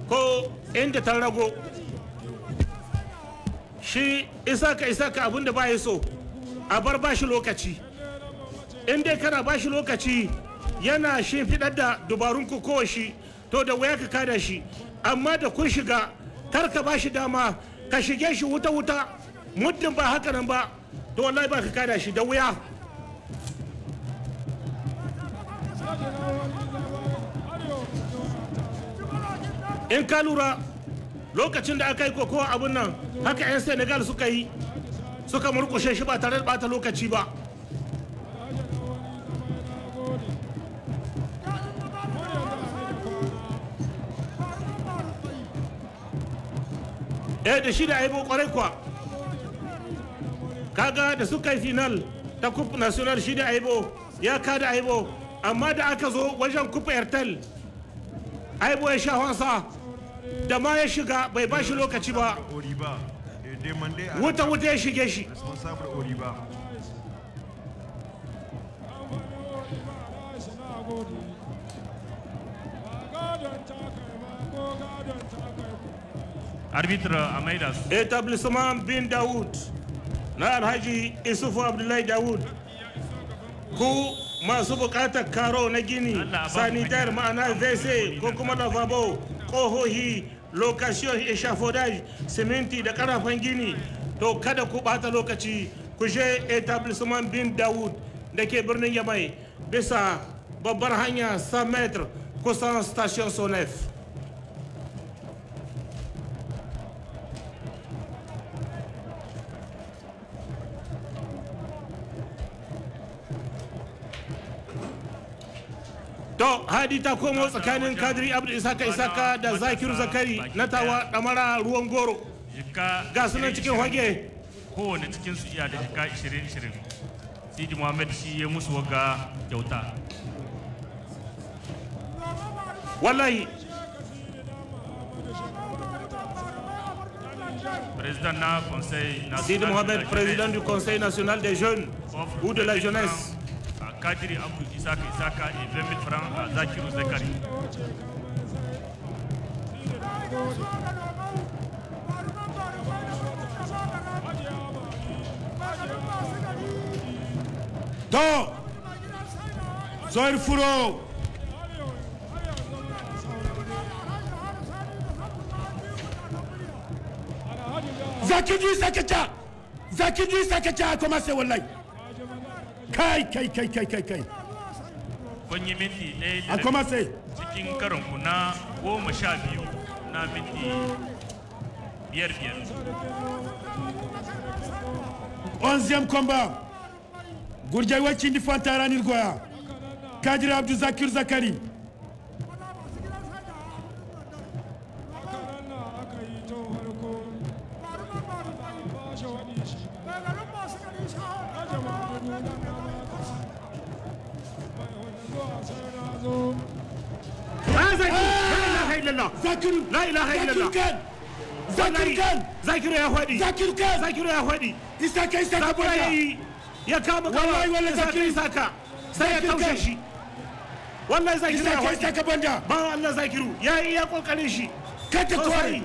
ko inda ta rago shi isaka isaka abinda ba ya so a bar bashi lokaci in dai kana bashi lokaci yana shi fidar da dubarun kokowa shi to da waya ka kada shi amma da kun shiga kar ka bashi dama ka shige shi wuta-wuta muddin ba haka nan ba to wallahi ba ka kada shi da wuya in ka lura lokacin da aka yi kokowa abun nan haka 'yan senegal suka yi suka murkushe shi ba tare da bata lokaci ba e da shi da yi kwarai kwa kaga da suka yi final ta kup national shi da aibo ya ka da aibo amma da aka zo wajen kupa airtel aibo ya sha wasa da ma ya shiga bai ba shi lokaci ba wuta wuta ya shige shi arbitre bin daoud na alhaji isufu abdullahi daoud ku masu bukatar karo na gini sanitar ma'ana vc ko kuma lavabo Kohohi lokacin eshafotage siminti da karafan gini to kada ku bata lokaci ku je etablissement bin dawud da ke birnin yamai bisa babbar hanya 100 metres kusan station sonef to hadi ta komo tsakanin kadiri abu isaka isaka da zakiru zakari na tawa damara ruwan goro ga sunan cikin hage kowane cikin su iya da jika 20-20 siji muhammad shi ya musu waga kyauta wallahi président na conseil national sidi mohamed président du conseil national des jeunes ou de la jeunesse Kadiri Abdou Isaka sakica et 20 000 francs à Zekari. Zoir Furo! a commencé kai kai kai kai kai kai kun yi minti ɗaya kai kuma sai cikin kai ku na goma sha biyu na minti biyar biyar kai kai gurjai wacin kai kai goya kai kai zakir zakari ya zaki ah! la ilaha illallah zakiru la ilaha illallah zakiru ya faɗi zakir kan zakiru ya faɗi isa kai ya kama kawa wallahi wallahi zakiru isa ka sai ya taushe shi wallahi zakiru ya faɗi isa ka banda ba Allah zakiru ya yi ya kokarin shi kada kawai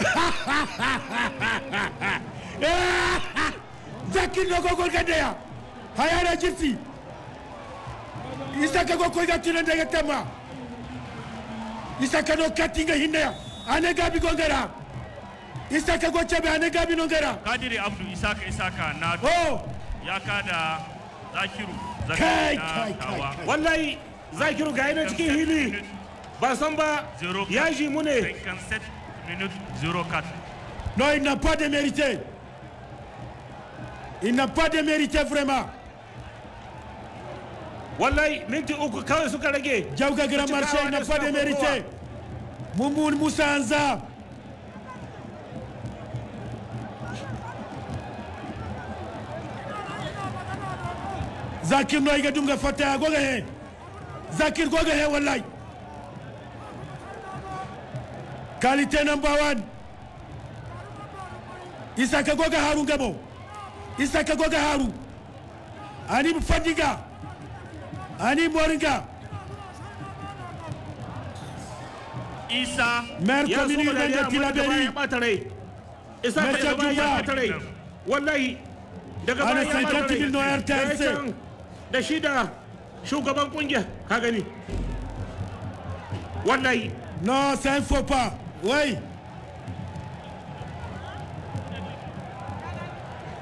zakir no go gol hayana ko da ya isakano katinga ya ane gabi gongera isaka gochebe ane gabi nongera kadiri abdu isaka isaka na oh. ya kada zakiru kai kai kai wallahi zakiru ga yana cikin hili ba san ba ya ji mu ne non il n'a pas de mérité il n'a pas de mérité vraiment wallahi minti uku kawai suka rage jaukagira marche n'a pas de mérité mumun musanza zakir no ga dunga fataya goga he zakir goga he wallahi qualité number one isaka goga haru ngabo isaka goga haru anim fadiga Ali Borinka. Isa. Maire commune urbaine de Tilaberi. Isa mai gaba ya ɓata rai. Wallahi daga baya ya ɓata rai. Da shi da shugaban kungiya ka gani. Wallahi. Non, c'est un faux pas. Oui.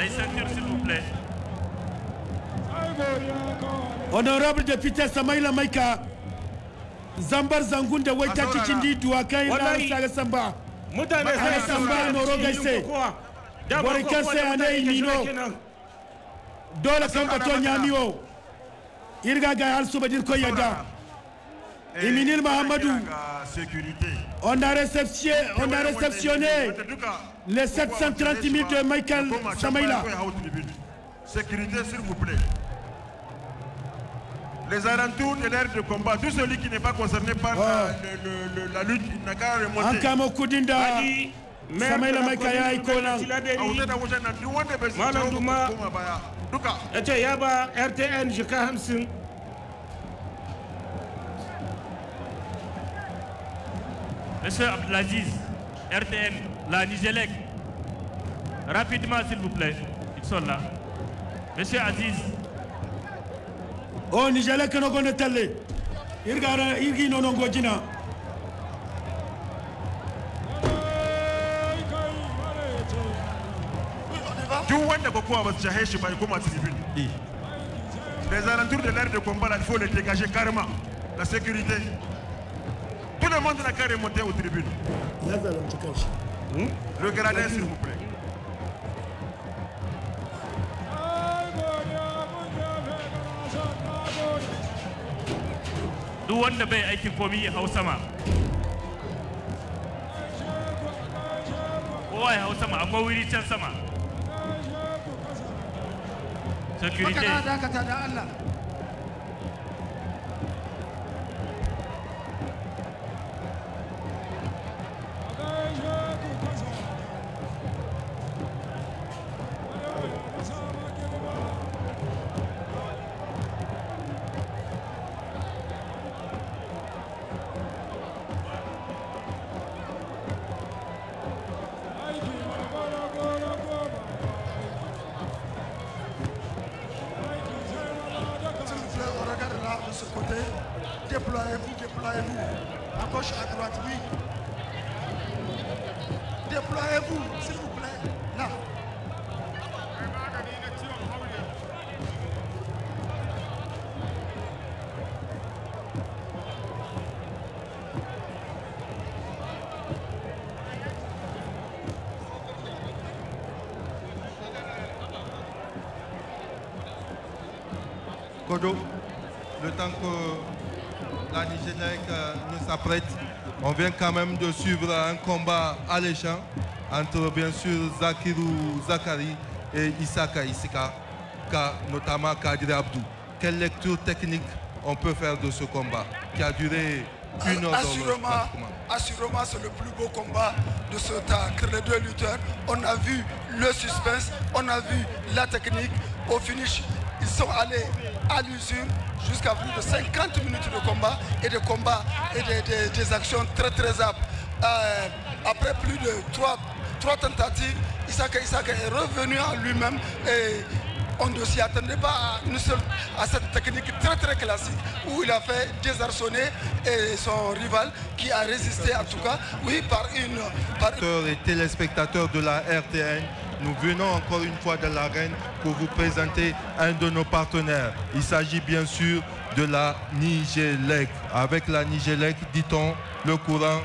Les ceintures, s'il vous plaît. Honorable député Maika, zambar zangun da wai ta cikin diduwa kan yi ranar sare samba. Mutane sai samba noro gaise. Warken sai a nai nino. Dole kan baton ya miwo. Irga ga har su badir ko yadda. Eh, Iminil Mahamadou. a a Les 730 000 de Michael Samaïla. Sécurité, s'il vous plaît. Les alentours de l'air de combat, tout celui qui n'est pas concerné par la, oh. le, le, la, lutte, il n'a qu'à remonter. Ankamo Koudinda, Samaïla Maikaya Ikona. Malam Douma, Ete Yaba, RTN, Jika Hamsin. Monsieur Abdelaziz, RTN la Nigélec. Rapidement, s'il vous plaît. Ils sont là. Monsieur Aziz. Oh, Nigélec, nous avons télé. Irgara, irgi non non gojina. Duk le ko kuwa beaucoup à votre shi ba à la tribune. Les alentours de l'air de combat, il faut les dégager carrément. La sécurité. Tout le monde n'a qu'à remonter aux tribunes. Le gradin, s'il vous plaît. Duk wanda bai aikin komi ya hau sama. Kowa ya hau sama, akwai wuri can sama. Security. Maka dakata da prête, On vient quand même de suivre un combat alléchant entre bien sûr Zakirou Zakari et Isaka Isika, notamment Kadir Abdou. Quelle lecture technique on peut faire de ce combat qui a duré une heure Assurément, assurément c'est le plus beau combat de ce temps les deux lutteurs. On a vu le suspense, on a vu la technique. Au finish, ils sont allés à l'usure jusqu'à plus de 50 minutes de combat et de combat et des actions très très âpres. Euh, après plus de trois, tentatives, Isaac est revenu à lui-même et on ne s'y attendait pas à, cette technique très très classique où il a fait désarçonner et son rival qui a résisté en tout cas, oui, par une... Par... Les téléspectateurs de la RTN nous venons encore une fois de l'arène pour vous présenter un de nos partenaires. Il s'agit bien sûr de la Nigélec. Avec la Nigélec, dit-on, le courant...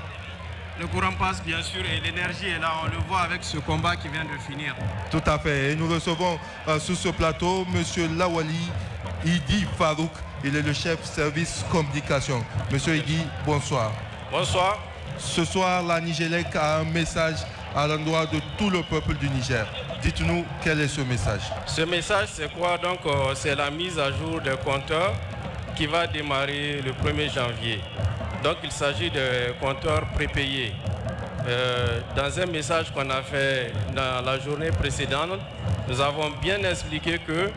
Le courant passe bien sûr et l'énergie est là, on le voit avec ce combat qui vient de finir. Tout à fait. Et nous recevons euh, sur ce plateau M. Lawali Idi Farouk. Il est le chef service communication. Monsieur Idi, bonsoir. Bonsoir. Ce soir, la Nigélec a un message à l'endroit de tout le peuple du Niger. Dites-nous quel est ce message. Ce message, c'est quoi Donc, euh, c'est la mise à jour des compteurs qui va démarrer le 1er janvier. Donc, il s'agit de compteurs prépayés. Euh, dans un message qu'on a fait dans la journée précédente, nous avons bien expliqué que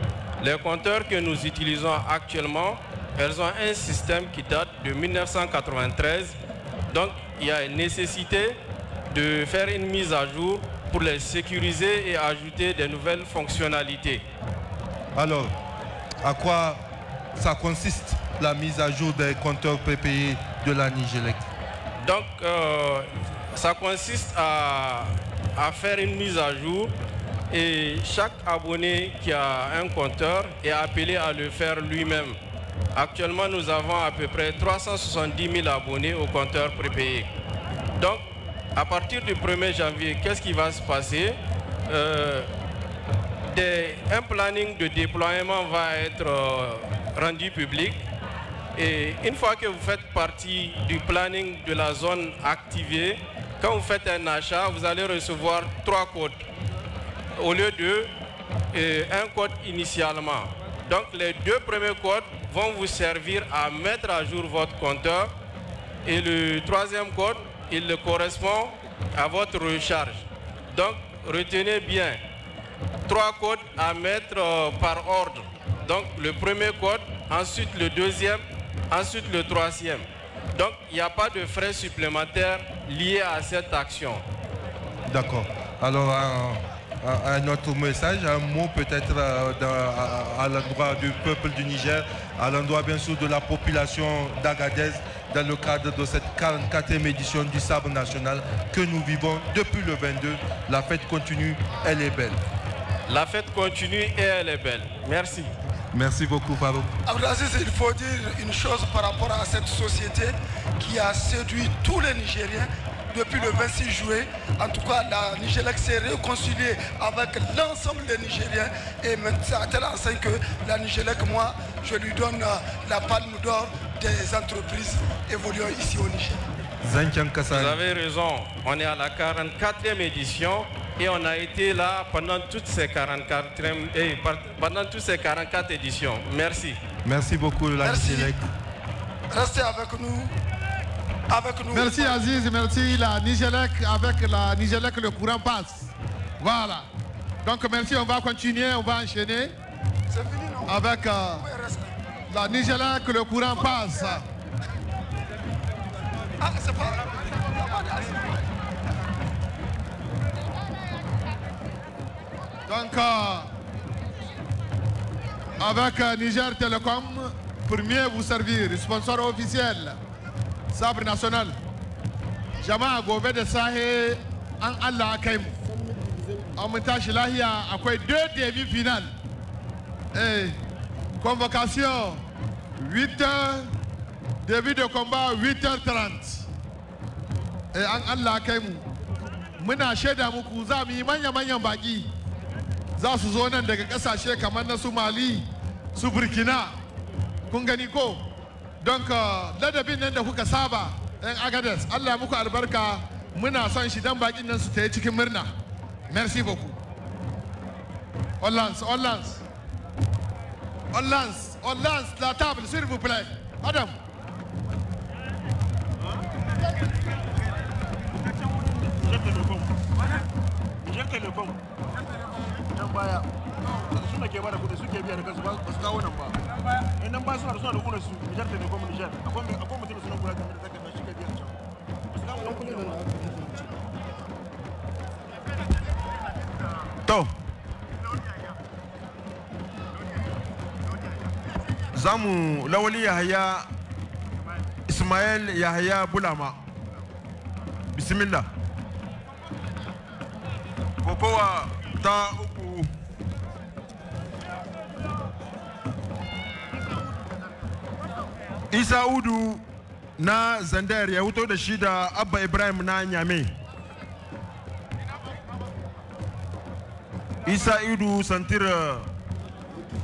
les compteurs que nous utilisons actuellement, elles ont un système qui date de 1993. Donc, il y a une nécessité de faire une mise à jour pour les sécuriser et ajouter des nouvelles fonctionnalités. Alors, à quoi ça consiste la mise à jour des compteurs prépayés de la Nigelec Donc, euh, ça consiste à, faire une mise à jour et chaque abonné qui a un compteur est appelé à le faire lui-même. Actuellement, nous avons à peu près 370 000 abonnés au compteur prépayés. Donc, à partir du 1er janvier, qu'est-ce qui va se passer euh, Un planning de déploiement va être euh, rendu public. Et une fois que vous faites partie du planning de la zone activée, quand vous faites un achat, vous allez recevoir trois codes au lieu de euh, un code initialement. Donc les deux premiers codes vont vous servir à mettre à jour votre compteur et le troisième code il correspond à votre recharge. Donc, retenez bien trois codes à mettre euh, par ordre. Donc, le premier code, ensuite le deuxième, ensuite le troisième. Donc, il n'y a pas de frais supplémentaires liés à cette action. D'accord. Alors, euh, un autre message, un mot peut-être euh, à, l'endroit du peuple du Niger, à l'endroit bien sûr de la population d'Agadez dans le cadre de cette 44e édition du Sabre national que nous vivons depuis le 22. La fête continue, elle est belle. La fête continue et elle est belle. Merci. Merci beaucoup, Farouk. il faut dire une chose par rapport à cette société qui a séduit tous les Nigériens depuis le 26 juillet. En tout cas, la Nigélec s'est réconciliée avec l'ensemble des Nigériens. Et maintenant, à tel enseigne que la Nigélec, moi, je lui donne euh, la palme d'or des entreprises évoluant ici au Niger. Vous avez raison, on est à la 44e édition et on a été là pendant toutes ces 44, et eh, pendant toutes ces 44 éditions. Merci. Merci beaucoup, la Nigélec. Restez avec nous. Merci Aziz, merci la Nigelec. Avec la Nigelec, le courant passe. Voilà. Donc merci, on va continuer, on va enchaîner. C'est fini, non Avec euh, la Nigelec, le courant passe. Ah, Donc, euh, avec euh, Niger Telecom, pour mieux vous servir, sponsor officiel. sabre national jama'a gobe da sahe an allah kai mu an mun tashi lahiya akwai deux demi final eh convocation 8 h début de combat 8h30 eh, an allah kai mu muna shaida muku za mu yi manya-manyan baki za su zo nan daga kasashe kamar na su mali su burkina kun gani ko don ka ladabin nan da kuka saba yan agadas allah muku albarka muna son shi dan bakin nan su ta yi cikin murna merci beaucoup Hollande, Hollande, Hollande, Hollande, la table, s'il vous plaît. Adam. Jette le bon. Jette le bon. Yan baya. Suna ke bada kudi suke biya da kansu ba su kawo nan ba. nan ba da suna da kuna su Nijar za mu lawali Yahaya Ismail Yahaya Bulama. Bismillah. Kokowa ta uku. isa udu na zander ya wuto da shi da abba ibrahim na nyame isa udu santir uh,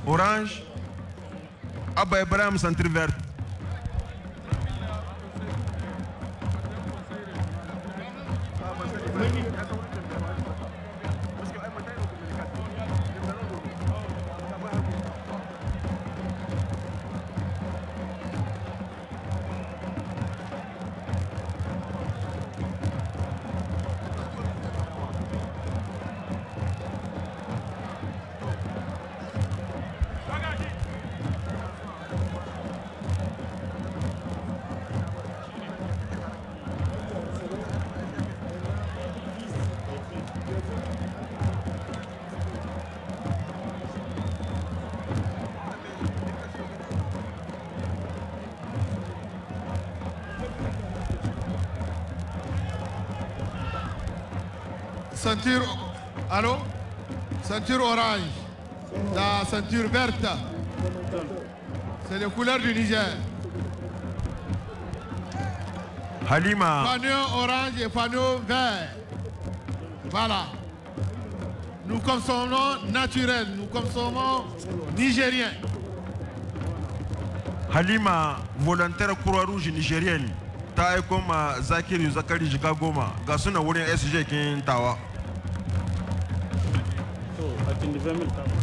orange abba ibrahim santir vert Thank you. ceinture, allô Ceinture orange, la ceinture verte. C'est les couleurs du Niger. Halima. Panneau orange et panneau vert. Voilà. Nous consommons naturel, nous consommons nigérien. Halima, volontaire Croix-Rouge nigérienne, ta comme Zakiri Zakari Jikagoma, Gasuna Wolin SG Kintawa. in development.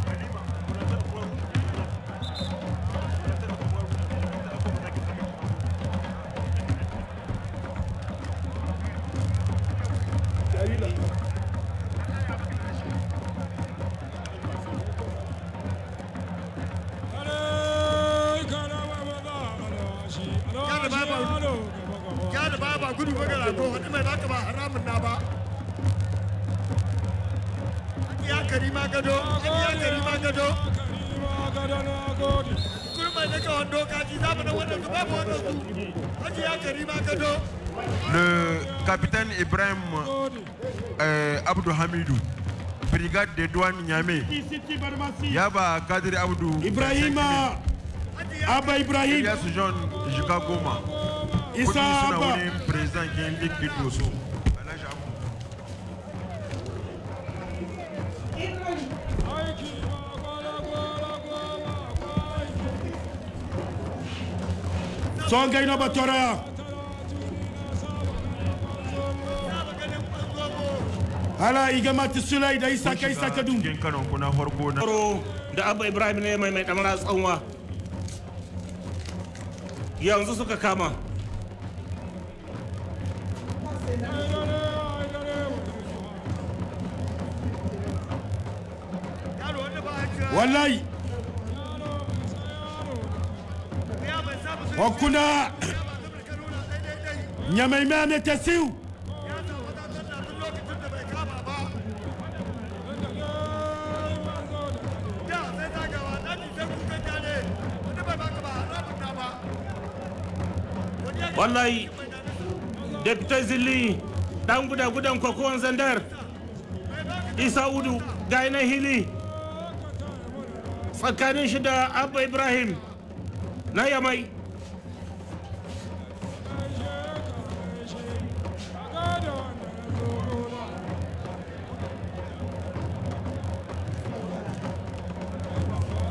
Brigade de Douane Nyame, Yaba Kadri Abdou. Ibrahima Aba Ibrahim. Uh, Elias John Jikagoma. Issa Aba. Président qui indique du dossier. Songa inobatora. hala mati sulai da isa kai saka dum jin kano kuna farko na da abba ibrahim ne mai mai damara tsanwa yanzu suka kama wallahi mai nyamaimame tasiu wallahi deputy zilli dan guda-gudan kokowan zandar isa udu ga hili tsakanin shi da abba ibrahim na yamai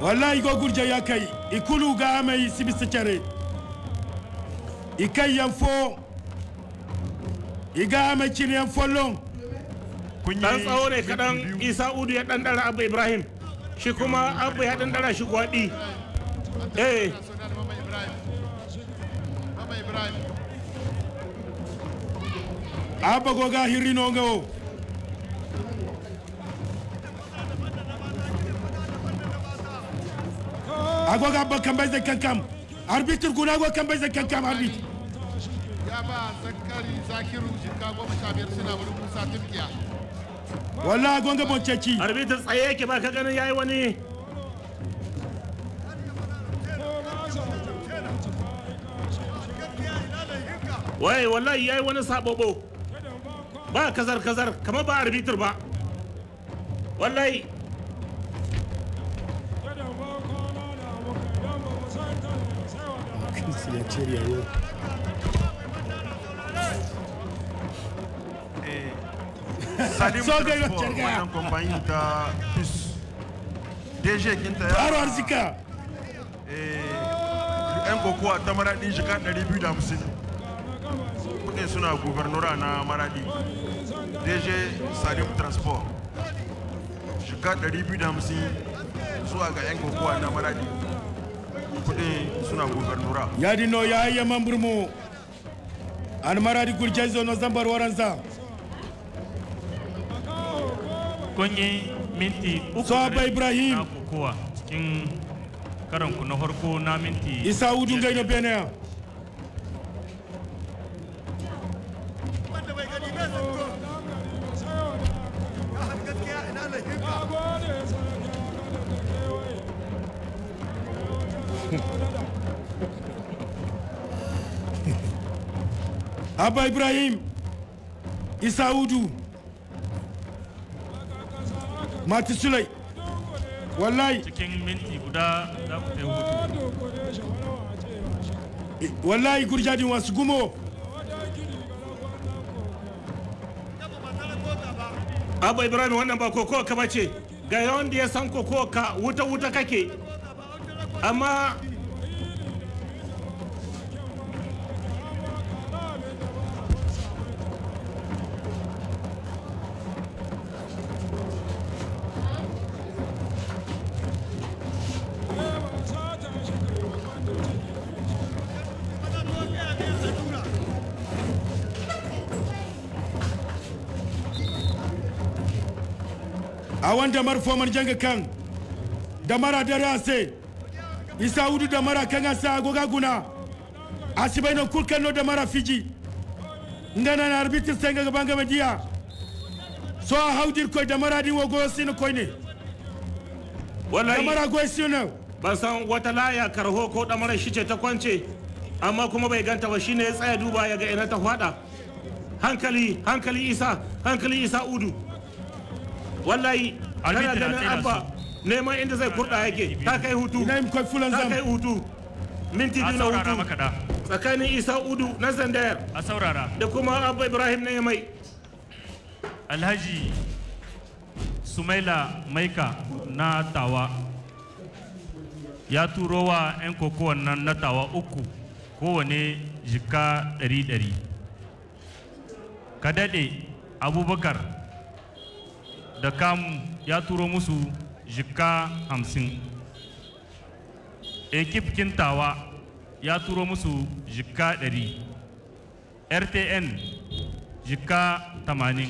wallahi gogurje ya kai ikulu ga mai sibisi ikan yanfo yan amakin yanfolon dan tsawo ne kadan isa udu ya dandara abu ibrahim shi kuma abu ya dandara shi gwadi eh abba goga hirino ngawo agoga abba kan bai zai kankam arbitre guna go kan kankam arbitre Zakiru jika goma Wallah gonga tsaye yake ba ka ganin yayi wani. Wai wallahi yayi wani sabobo. Ba kazar kazar kamar ba arbitar ba. Wallahi ya cire yau Salim Transport wannan kamfani ta PIS DG Kinta ya Baro arzika yan eh, kokowa ta maradi shiga 250 kudin suna gubernura na maradi DG Salim Transport shiga 250 zuwa ga yan kokowa na maradi kudin suna gubernura ya dino ya yi yamman burmo an maradi gurjen zono zambar waran waransa kun minti uku sahaba ibrahim kowa cikin karan ku na farko na minti isa udun bene ya Abba Ibrahim, Isa Udu. mati sulai wallahi cikin minti guda za ku kai hutu wallahi gurjadin wasu gumo abu ibrahim wannan ba koko ka bace ga yawan da ya san koko ka wuta wuta kake amma awon damar foman janga kan da mara dare rase isa udu mara kan asa agoga guna asibai na kurkan no mara fiji ngana na arbitin sai ga banga jiya so a haudir da mara din wo gosi no koy ne wallahi mara gosi no ban san wata laya karho ko mara shi ce ta kwance amma kuma bai ganta ba shine ya tsaya duba ya ga ina ta fada hankali hankali isa hankali isa udu wallahi kana ganin abba neman inda zai kurda yake ta kai hutu ta kai hutu minti biyu na hutu tsakanin isa udu na zandayar a saurara da kuma abba ibrahim na mai alhaji sumaila maika na tawa ya turo wa 'yan kokowar nan na tawa uku kowane jika ɗari-ɗari ka daɗe abubakar da kamu ya turo musu jikka hamsin ekip kintawa ya turo musu jikka ɗari rtn jikka tamanin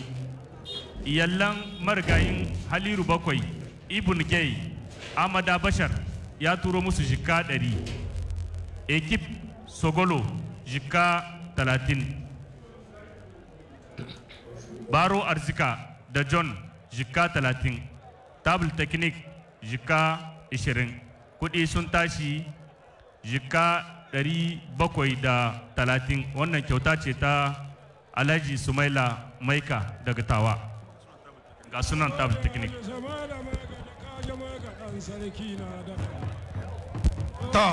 iyallan marigayin haliru bakwai ibn gay amada bashar ya turo musu jikka ɗari ekip sogolo jikka talatin baro arzika da john jika talatin table technique jika ishirin kudi sun tashi jika dari bakwai da talatin wannan kyauta ce ta alhaji sumaila maika daga tawa ga sunan table technique to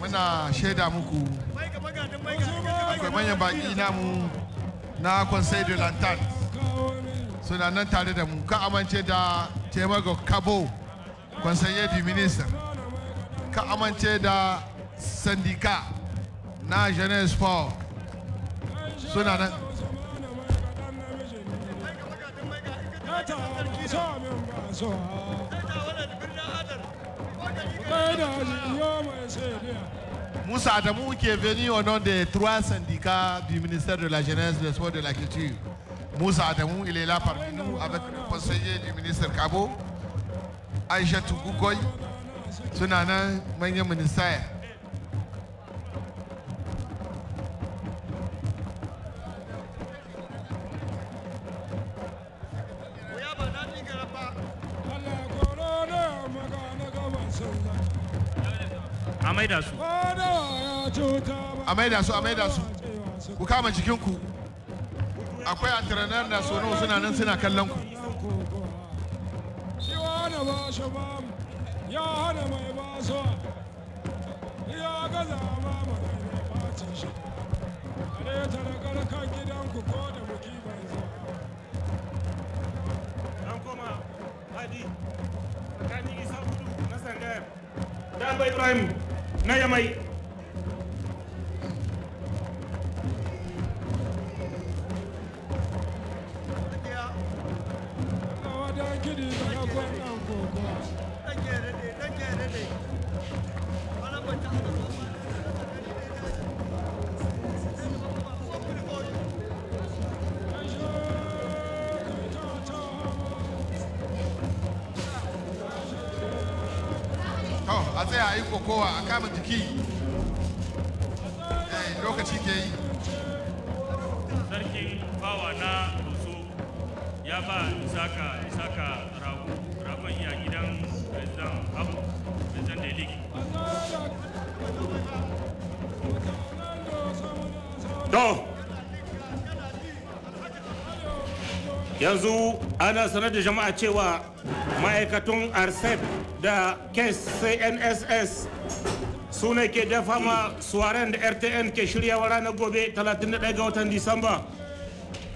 muna shaida muku akwai manyan baƙi namu na conseil de lantarki. suna nan tare da mu ka amince da taimago kabo conseiller du ministre ka amince da syndicat na jeunesse sport suna nan Moussa Adamou qui est venu au nom des trois syndicats du ministère de la Jeunesse, de l'Espoir et de la Culture. Moussa Adamou, il est là parmi nous avec le conseiller du ministre Kabo, Aïcha Tougoui, Sunana Manya ministère. Amaida su, a maida su, ku kama jikinku. akwai antrenar da sono suna nan suna kallon ku ya hana mai basuwa ya gaza ma mai ya bace shi kare ta da karkan gidanku ko da buki bai zo an koma hadi tsakanin isa hudu na sangayar damba ibrahim na yamai kiri a tsaya a a kama jiki eh, lokaci ke yi sarki bawa ya ba isaka isaka rago ragon gidan president abu president da yanzu ana sanar da jama'a cewa ma'aikatun arsef da kes cnss su ne ke dafa ma suwaren da rtn ke shiryawa ranar gobe 31 ga watan disamba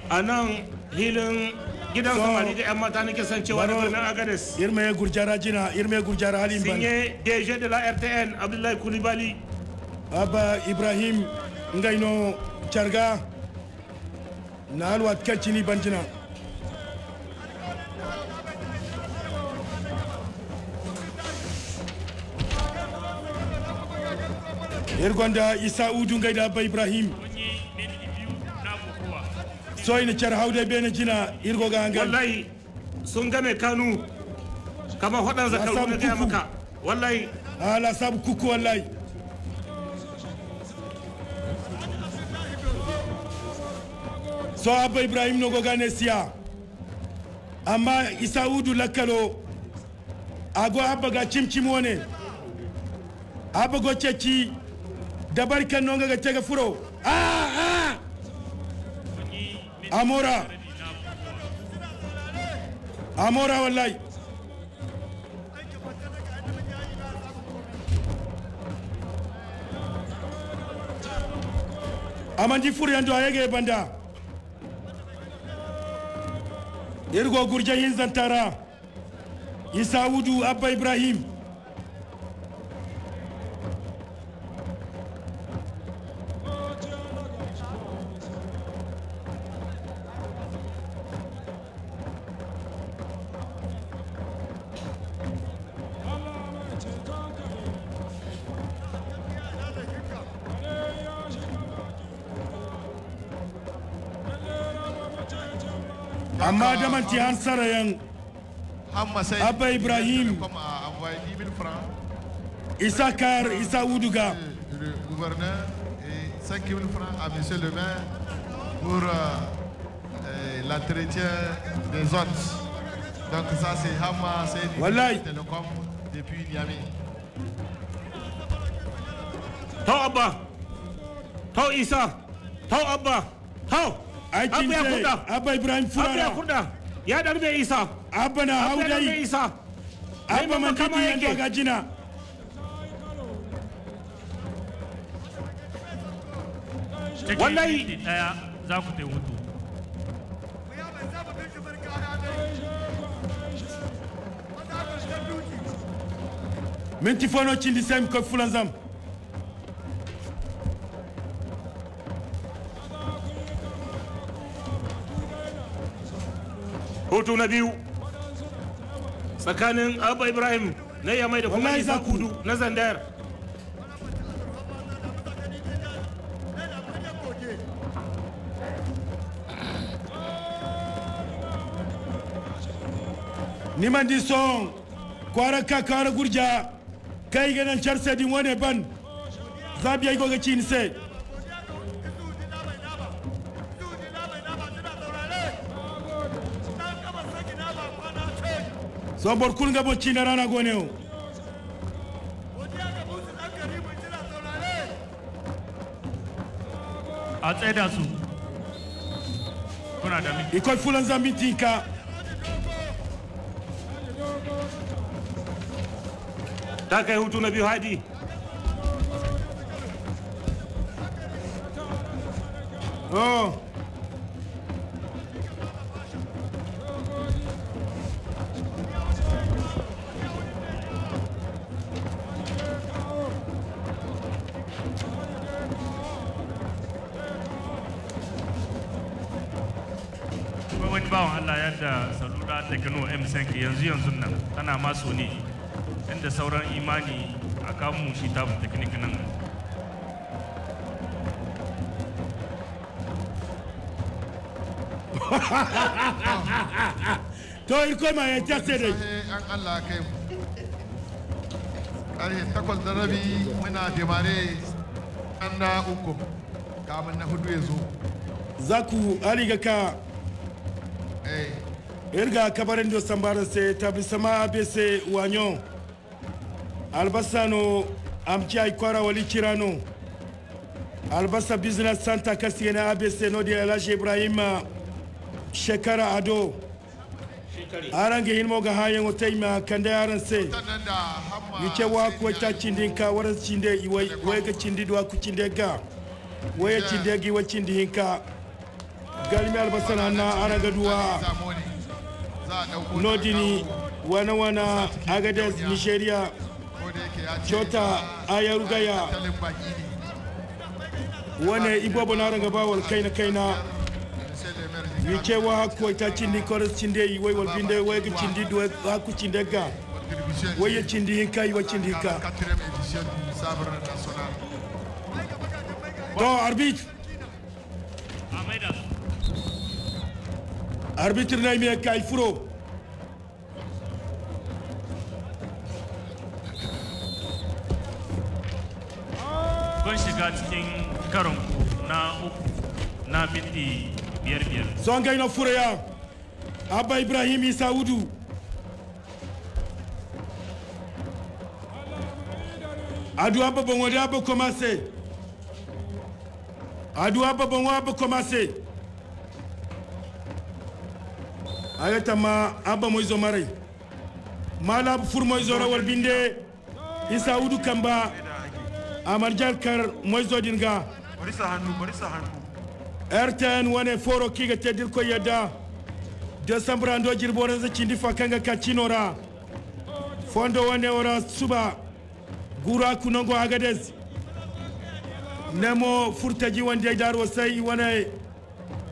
a nan hilin gidan sama ni da yan mata ne kasancewa da na, agades irme gurjara jina irme gurjara halin bani sinye dg de la rtn abdullahi kulibali abba ibrahim ngaino charga na alwat kacini banjina Ergonda Isa Udu Ngaida Abba Ibrahim. so ina cer hawde ɓe ne jina ga ngal wallahi sun game kanu kama hoɗan zakaruɓe gaya maka wallahi ala ah, sab kuku wallahi so abba ibrahim no ne siya amma isa udu ago abba ga chimchim wone abba go cecci dabar kan no ga tega furo ah, ah. amora amora wallahi amanji furyanto ayege banda irgo gurje yin zantara isa wudu abba ibrahim amma da manti han sarayan abba ibrahim isakar isa wuduga pour euh, l'entretien des hôtes. Donc ça c'est Hama, c'est Télécom depuis Niamey. Tau Abba, Tau Issa, Tau Abba, Tau akin te abba ibrahim furara ya darbe isa abba na haudai abba man kama yake gajina wallahi daya za ku minti fono cindi sem ko fulanzam hoto na biyu tsakanin abba ibrahim na yamai da kuma isa kudu na zandar niman di son kwara ka kwara gurja kai ganin charse din wane ban zabi ya yi gogaci ni sai so bor kul bo china rana gone o a tsaida kuna ikoi fulan zambi tinka ta hutu na biyu hadi oh tekno m5 yanzu yanzu nan tana maso ne inda sauran imani a kamun shi tabu teknik nan to yi koma ya jase dai an Allah kai mu ƙarfe takwas da rabi muna demare an na uku kamun na hudu ya zo za ku aliga ka irga kabarin do sambaranse tabisama bese wanyo albasano amci ay kwara wali kirano albasa business center Kasi kasigene abc nodi elage Ibrahim, uh, shekara ado arange hinmo ga hayengo tayma kande aranse wice wa kuwata cindinka waran cinde iwai ga cindi duwa ku cinde ga waya cinde gi wa cindi hinka galmi albasa na na aranga duwa nodini wana-wana agadez nigeria jota ayarugaya wane na ranga gabawal kaina kaina wike wa haku ita cindi koros cinde yi wai walbinde wai ga cindi duwa haku cinde ga wai ya cindi hinka yi wa cindi hinka to arbit Arbitr najmie Kajfuru. Kun shiga cikin karon na uku na minti biyar biyar. Son gai na furaya, Abba Ibrahim Isa Udu. Adu Abba Banwadi Abba Komase. Adu Abba Banwadi Abba Komase. ma abba moizo marai mala fur moizo rawal binde isa udu kamba amar jalkar moizo dinga barisa hannu barisa hannu rtn wane foro kiga tedir ko yadda desambra ndo jirboren zacin difa kanga kacinora fondo wane ora suba gura kunongo agadez nemo furtaji wande dar wasai wane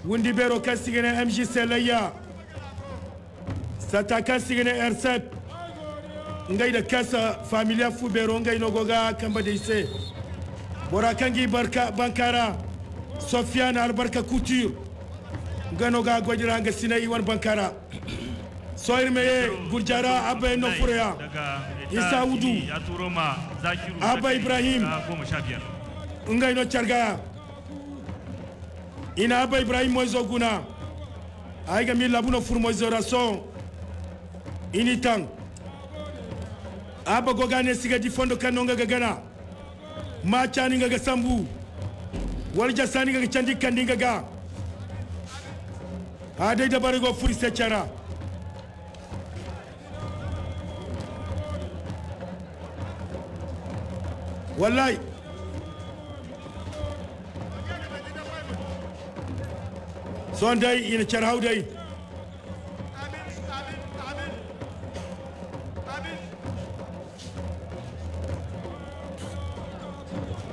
wundi bero kasigene mj selayya sata kan sigine r7 ngai da kasa familia fubero ngai no goga kamba de ise bora kangi barka bankara sofiane albarka couture ngai no ga gojira nga sine iwan bankara soir meye gurjara abay no fureya isa wudu abba ibrahim ngai no charga ina abba ibrahim moizo guna aiga mi labuno fur moizo rason ini tan aba gogane siga di fondo kanonga ga gana macani ga sambu wal jasani ga candi kandi ga ga adai da bari go furi secara wallahi son dai ina char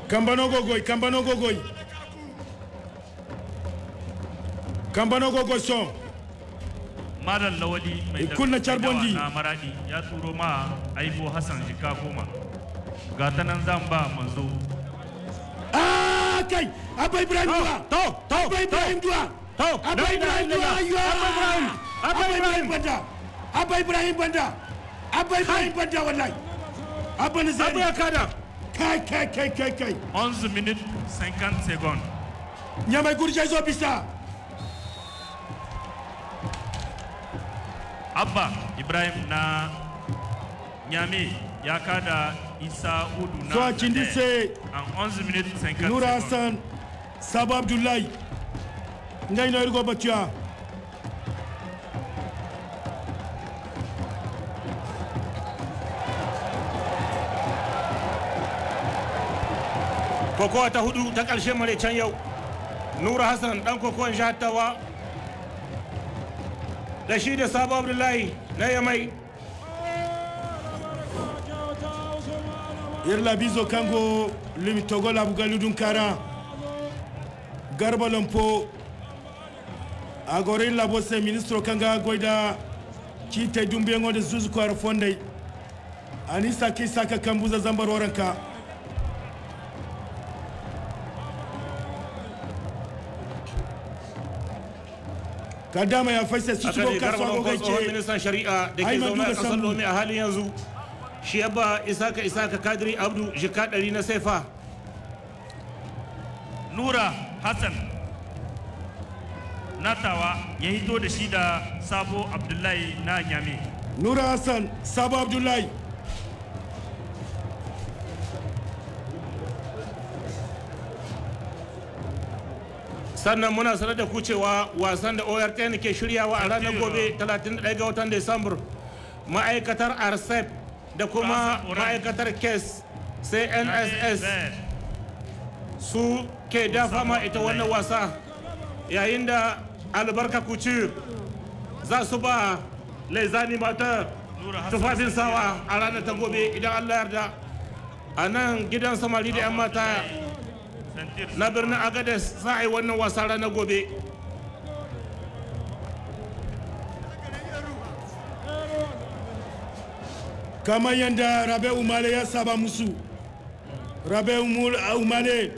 kambano gogoy kambano gogoy kambano gogoy son lawali mai kunna carbondi na maradi ya turo ma aibo hassan jika kuma ga ta nan zan ba kai abba ibrahim duwa to to ibrahim duwa to abba ibrahim duwa ayyo ibrahim abba ibrahim banda abba ibrahim banda ibrahim banda wallahi Kai, kai, kai, kai, kai. 11 minutes 50 secondes. Nyamai zo bisa. Abba Ibrahim na Nyami ya Isa Udu na Zuwa Kindise. An 11 minutes 50 Nura Hassan, Saba Abdullahi. Ngai na Irgo Bakia. kokowa ta hudu ta ƙarshe can yau nura hassan dan kokowar jihar tawa da shi da sabo abdullahi na yamai irla bizo kango limitogola togo labugalu kara garba a gorin labose ministro kanga goida kite dumbiyango da zuzukwar fondai anisa kisa ka kambuza zambar waranka kadama ya fasa su cikin kasuwa gogon ce ministan shari'a da ke zaune a kasar domin a halin yanzu shi yabba isaka isaka kadiri abdu jika ɗari na saifa nura hassan natawa ya hito da shi da sabo abdullahi na nyame nura hassan sabo abdullahi sannan muna sanar da ku cewa wasan da ORTN ke shiryawa a ranar gobe 31 ga watan Disambar ma'aikatar RCEP da kuma ma'aikatar KES sai NSS su ke dafa ma ita wannan wasa yayin da albarka kuci za su ba laizani mata tufafin sawa a ranar ta gobe idan Allah yarda a nan gidan samari da 'yan mata na birnin agades za a yi wannan wasa ranar gobe kamar yadda rabe umale ya saba musu rabe umale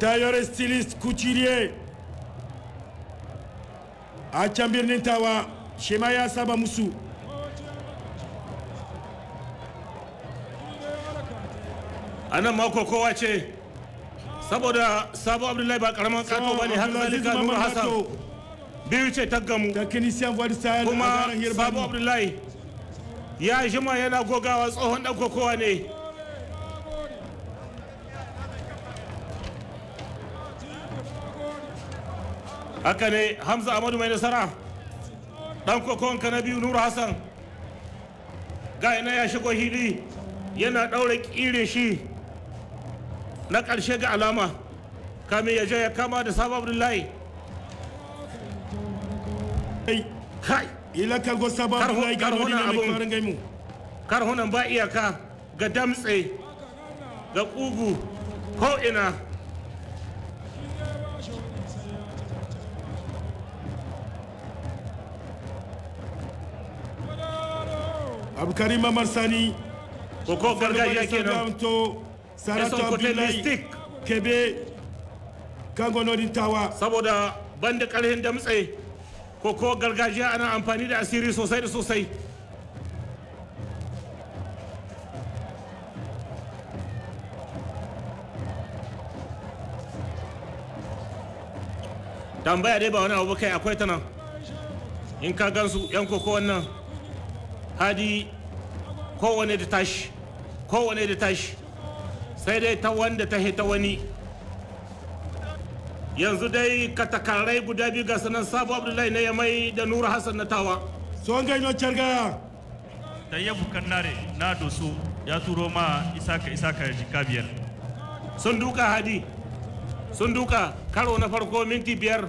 tayar stilist kuciriye a can birnin tawa shi ya saba musu anan mako kowa ce saboda sabo abdullahi ba karaman kato bane hannun zalika nuru hasan biyu ce ta gamu kuma sabo abdullahi ya jima yana gogawa tsohon dan kokowa ne haka ne hamza amadu mai nasara ɗan kokowanka na biyu nuru hasan ga ina ya shigo hili yana ɗaure ƙirin shi na ƙarshe ga alama kame ya je ya kama da sabon abdullahi kai ilakal go sabon abdullahi ga wani mai kwarin gaimu karhunan ba iyaka ga damtse ga kugu ko ina Abu mamar sani ko ko gargajiya kenan saratan bilai kebe kangonorin tawa saboda ban da karhin damtse ko ko gargajiya ana amfani da asiri sosai da sosai tambaya dai ba wani abu kai akwai ta nan in ka gansu yan koko wannan hadi kowane da tashi kowane da tashi sai dai ta wanda ta hita wani yanzu dai katakarai guda biyu ga sanan sabu abdullahi na yamai da nura hassan na tawa tsohon gaino carga da yabu kannare na doso ya turo ma isaka isaka ya jika biyar sun duka hadi sun duka karo na farko minti biyar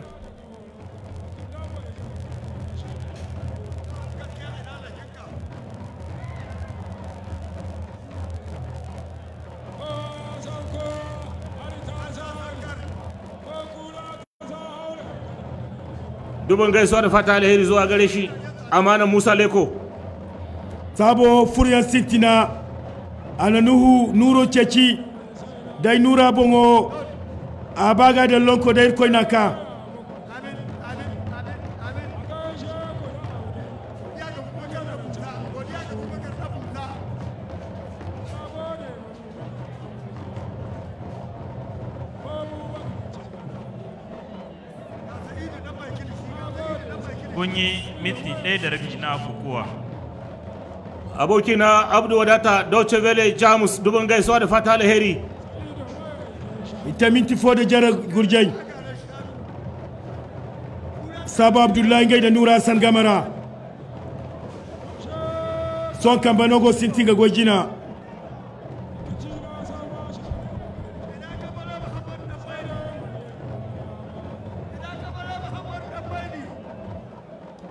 dubin gaisuwa da fata alheri zuwa gare shi amanan musa leko sabo furyan sintina ananuhu nuro ceci dai nura bongo abaga da lonko da irkoi ɗaya da rabi na kukuwa abokina abdu wadata deutsche welle jamus dubin gaisuwa da fata alheri ita minti fo da jara gurjai sabu abdullahi gai da nura san gamara son kambanogo sintinga gojina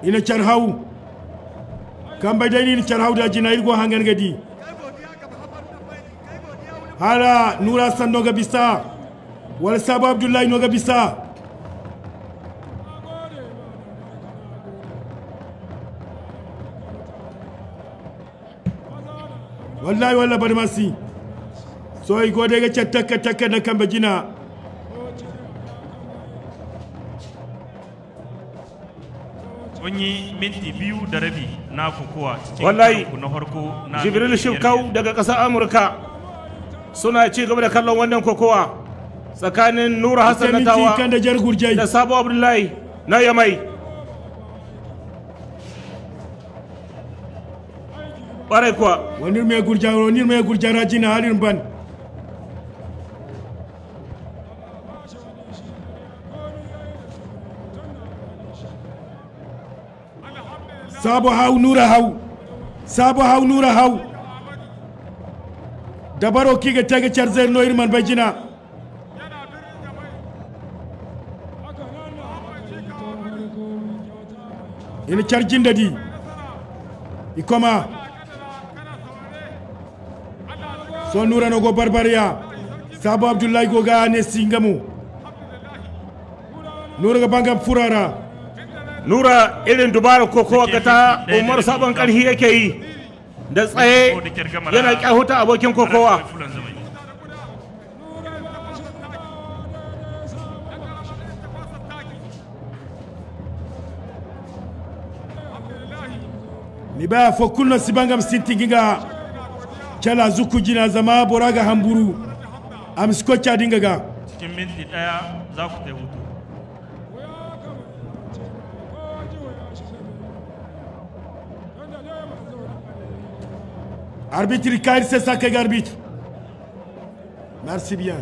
ina kan bai dai ina hau da jina irgo hangen gadi hala nura san ga bisa wal sabu abdullahi ga bisa wallahi bari masi so i gode ga chattaka takka na kamba jina kun minti biyu da rabi na kokowa cikin wallahi na farko na jibril shimkau daga ƙasar amurka suna ci gaba da kallon wannan kokowa tsakanin nura hassan na tawa da sabo abdullahi na yamai ɓarai kuwa wani mai gurjara wani mai gurjara jina halin ban sabu hau nura hau sabu hau nura hau dabaro kiga tage charzer no irman bajina ini charjin dadi ikoma so nura no go barbaria sabu abdullahi go ga ne singamu nura ga banga furara nura irin dubara kokowa ga ta umar sabon karhi yake yi da tsaye yana kyahuta abokin kokowa libaya fo kulno sibangam sintingiga kyala zuku gina zama boraga hamburu a miskocha dingaga cikin minti daya za ku hutu Arbitre, il c'est ça qu'est arbitre. Merci bien.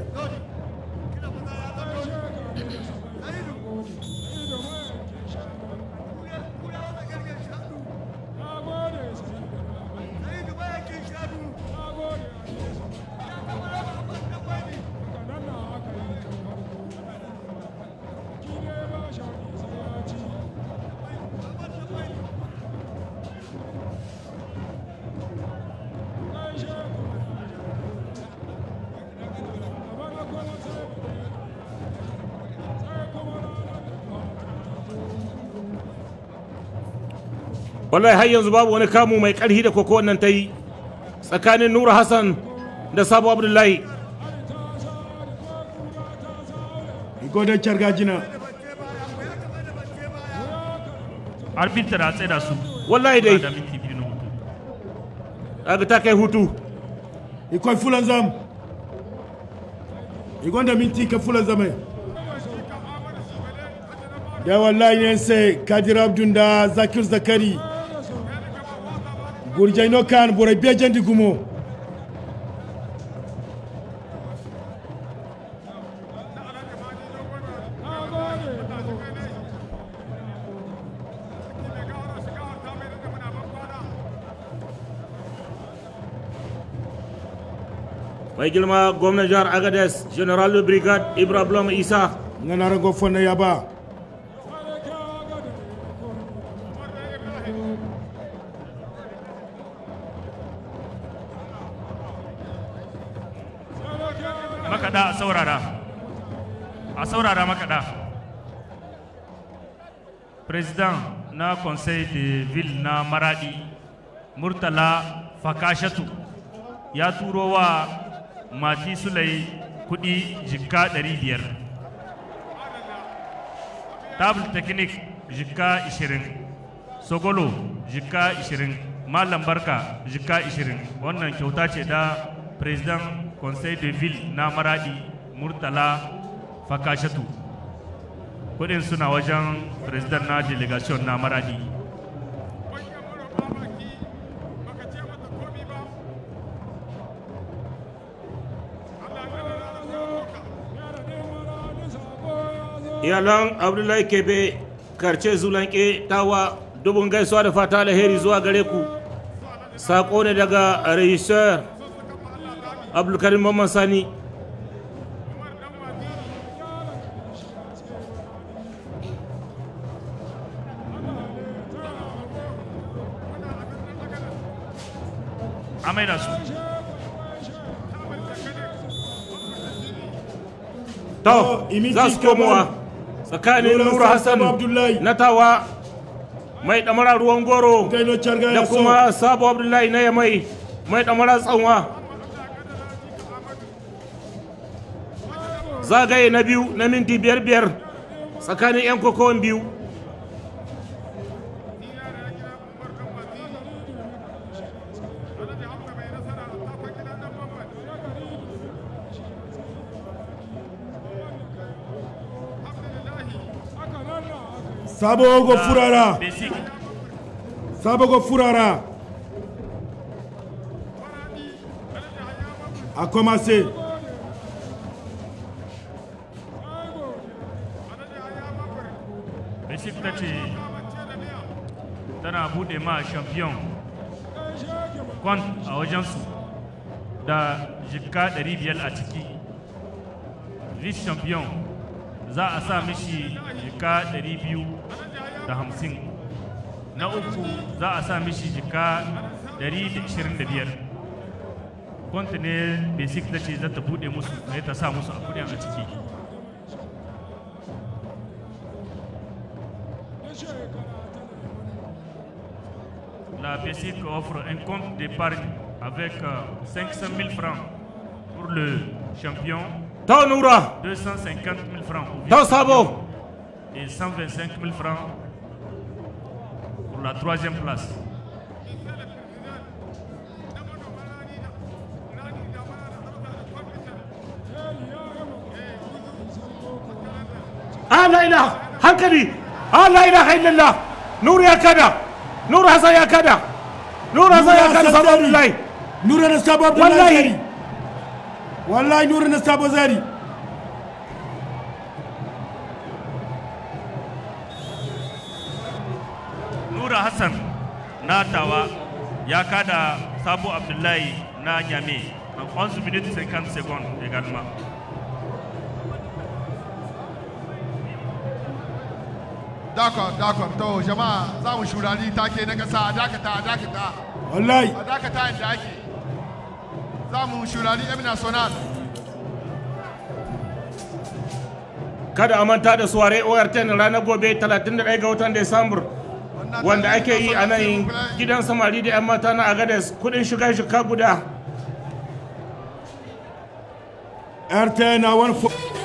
wallahi har yanzu babu wani kamu mai ƙarfi da koko wannan ta yi tsakanin nura hassan da sabo abdullahi godon cargajina arbitra a tsaye da su wallahi dai daga ta kai hutu ikon fulan zam ikon da minti ka fulan zamai da wallahi ne sai kadir abdun da zakir zakari gurjayno kan boray bejendi gumo mai girma gwamnan jihar agades general brigade ibrablom isa na narangon fana ya ba président na conseil de ville na maradi murtala fakashatu ya turo wa mati sulai kudi jikka 500 table technique jikka 20 sogolo jikka 20 malam barka jikka 20 wannan kyauta ce da president conseil de ville na maradi murtala fakashatu kudin suna wajen president na delegation na maradi iyalan abdullahi kebe karce zulanke tawa dubun gaisuwa da fata alheri zuwa gare ku sako ne daga rayishar abdulkarim mamman sani to oh, za su komo komowa tsakanin nura hassan na tawa mai damara ruwan goro da kuma sabo abdullahi na yamai mai damara tsanwa zagaye na biyu na minti biyar biyar tsakanin 'yan kokowar biyu Sabogo Furara. Sabogo Furara. A commencé. Basic ta tana de champion kwan à Dans da cas de rivière Atiki. Vice champion za a sa mishi jika 250 na uku za a sa mishi jika 125 kwanta ne basic da ce za ta bude musu ne ta sa musu a kudin a ciki La basic offre un compte d'épargne avec 500 000 francs pour le champion Noura 250 000 francs. Ton Sabo Et 125 000 francs pour la troisième place. Ah la ilaha hankali ah la ilaha kada Noura Noura kada wallahi nuru na sabo zari nura hassan na tawa ya kada sabo abdullahi na nyame na 11 minutes 50 secondes également D'accord, d'accord. To jama'a za mu shura ni take na kasa a dakata a dakata. Wallahi. dakata inda ake. kada a manta da suware na ranar gobe 31 ga watan desambur wanda ake yi a nan gidan samari da 'yan mata na agades kudin shiga shiga guda rtn 1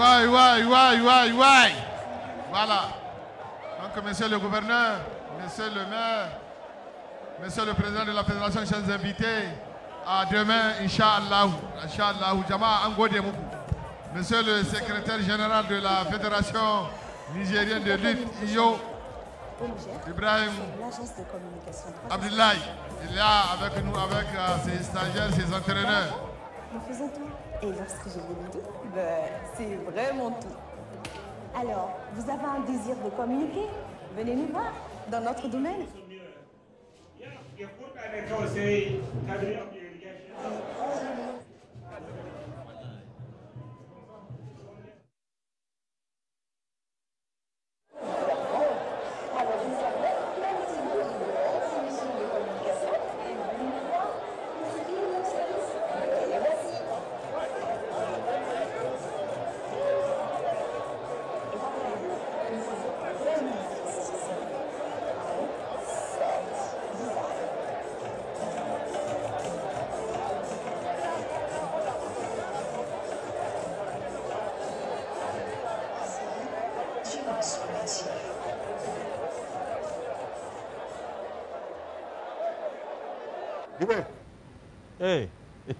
ouais, ouais, ouais, ouais, ouais. Voilà. Donc, monsieur le gouverneur, monsieur le maire, monsieur le président de la fédération, chers invités, à demain, Inch'Allah. Inch'Allah, Jama Monsieur le secrétaire général de la fédération nigérienne de lutte, IO, Ibrahim Abdullahi, il est là avec nous, avec euh, ses stagiaires, ses entraîneurs. Nous faisons tout, et lorsque je vous ben, c'est vraiment tout. Alors, vous avez un désir de communiquer Venez nous voir dans notre domaine.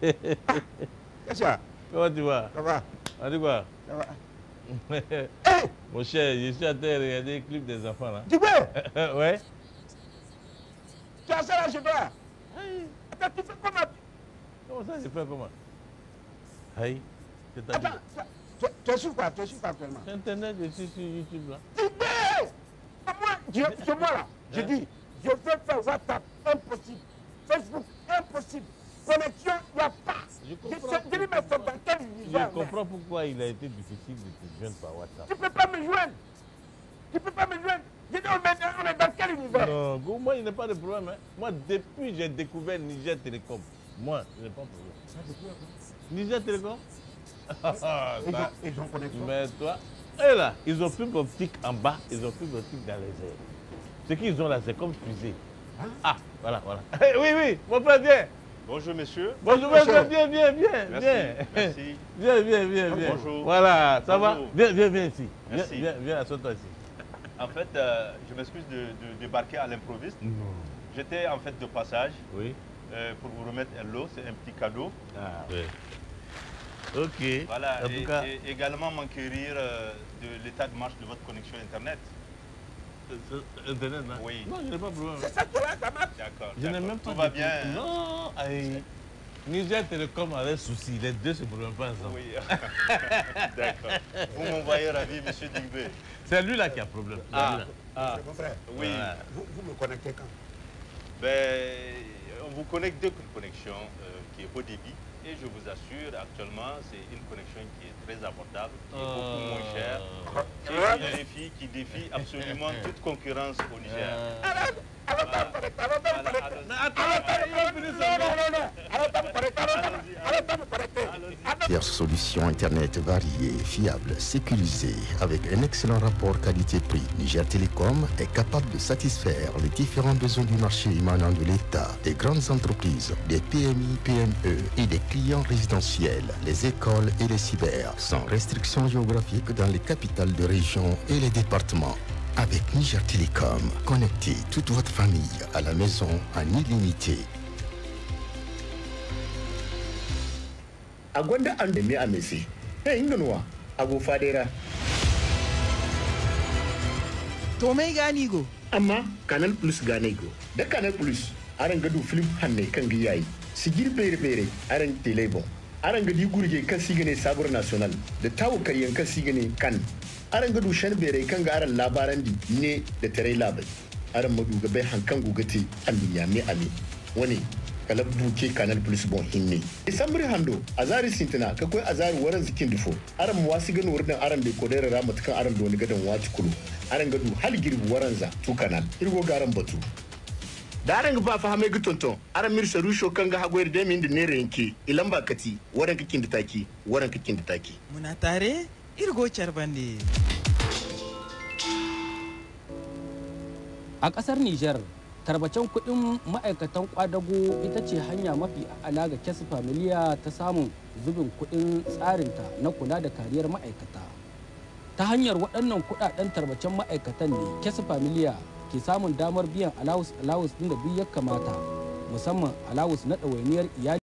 Qu'est-ce Comment tu vas Ça va. On dit Ça va. Eh! Mon cher, je suis en train de regarder les clips des enfants là. Tu peux Ouais. Tu as ça là chez toi Aïe. Attends, tu fais comment Comment ça, je fais comment Aïe. Attends, tu, es sur quoi Tu es sur quoi actuellement Internet, je suis sur YouTube là. Tu peux Moi, je, moi là, je hein? dis, je veux faire WhatsApp, impossible. Facebook, impossible connexion, il a pas. Je comprends, pourquoi, il a été difficile de te joindre par WhatsApp. Tu ne peux pas me joindre. Tu ne peux pas me joindre. Je dis, on est dans quel univers Non, go, moi, il n'y a pas de problème. Hein. Moi, depuis j'ai découvert Niger Télécom, moi, je n'ai pas de problème. Niger Télécom Ils ont connexion. Mais toi, eh là, ils ont plus d'optique en bas, ils ont plus d'optique dans les airs. Ce qu'ils ont là, c'est comme fusée. Hein? Ah, voilà, voilà. Eh, oui, oui, mon frère, Bonjour, monsieur. Bonjour, monsieur. Bien, bien, bien. Merci. Bien. Merci. Bien, bien, bien, bien. Bonjour. Voilà, ça va Viens, viens, viens ici. Merci. Viens, viens, assois-toi ici. En fait, euh, je m'excuse de, débarquer à l'improviste. J'étais en fait de passage. Oui. Euh, pour vous remettre un lot, c'est un petit cadeau. Ah, oui. Ok. Voilà, et, également m'enquérir euh, de l'état de marche de votre connexion Internet. Hein. Oui. Non, je n'ai pas problème. C'est ça, toi, ça marche D'accord. Je n'ai même pas. Tout va bien. Non, Niger Telecom avait souci, les deux se problèmes pas ensemble. Oui, d'accord. Vous m'envoyez ravi, monsieur Dingbé. C'est lui là qui a problème. Ah, ah. Oui. Vous, vous, me connectez quand ben, On vous connecte deux connexions euh, qui est haut débit. Et je vous assure, actuellement, c'est une connexion qui est très abordable, qui est beaucoup ah. moins cher, qui ah. qui défie absolument ah. toute concurrence au Niger. Pierre Solutions Internet variée, fiable, sécurisée, avec un excellent rapport qualité-prix. Niger Télécom est capable de satisfaire les différents besoins du marché émanant de l'État, des grandes entreprises, des PMI, PME et des clients résidentiels, les écoles et les cyber sans restriction géographique dans les capitales de région et les départements. Avec Niger Telecom, connectez toute votre famille à la maison en illimité. Aguanda gwanda an da me a Fadera canal plus Ganigo. De canal plus aran film hanne kan giyayi pere pere, aran gadi gurge kan ne sabur national da tawo karyan kan sigane kan aran gadu shan bere kan ga aran labaran di ne da tare labai aran maduga bai hankan gugate duniya me ame wani kalab buke kanal plus bon hinne isambri e hando azari sintina ka koi azari waran zikin difo aran wasi gano wurin aran bai kodera ramatukan aran da wani gadan wati kulu aran gadu hal girbi waranza tu kanal irgo garan batu darang ba fa hame gutonton ara mir sharu sho kanga hagwer da min ne renke ilan ba kati waran da taki waran da taki muna tare irgo charbande a kasar Niger tarbacen kudin ma'aikatan kwadago ita ce hanya mafi ala ga kesa familiya ta samun zubin kuɗin tsarinta na kula da kariyar ma'aikata ta hanyar waɗannan kuɗaɗen tarbacen ma'aikatan ne kesa familiya ke samun damar biyan alawus alawus din da duk ya kamata musamman alawus na ɗawainiyar iyali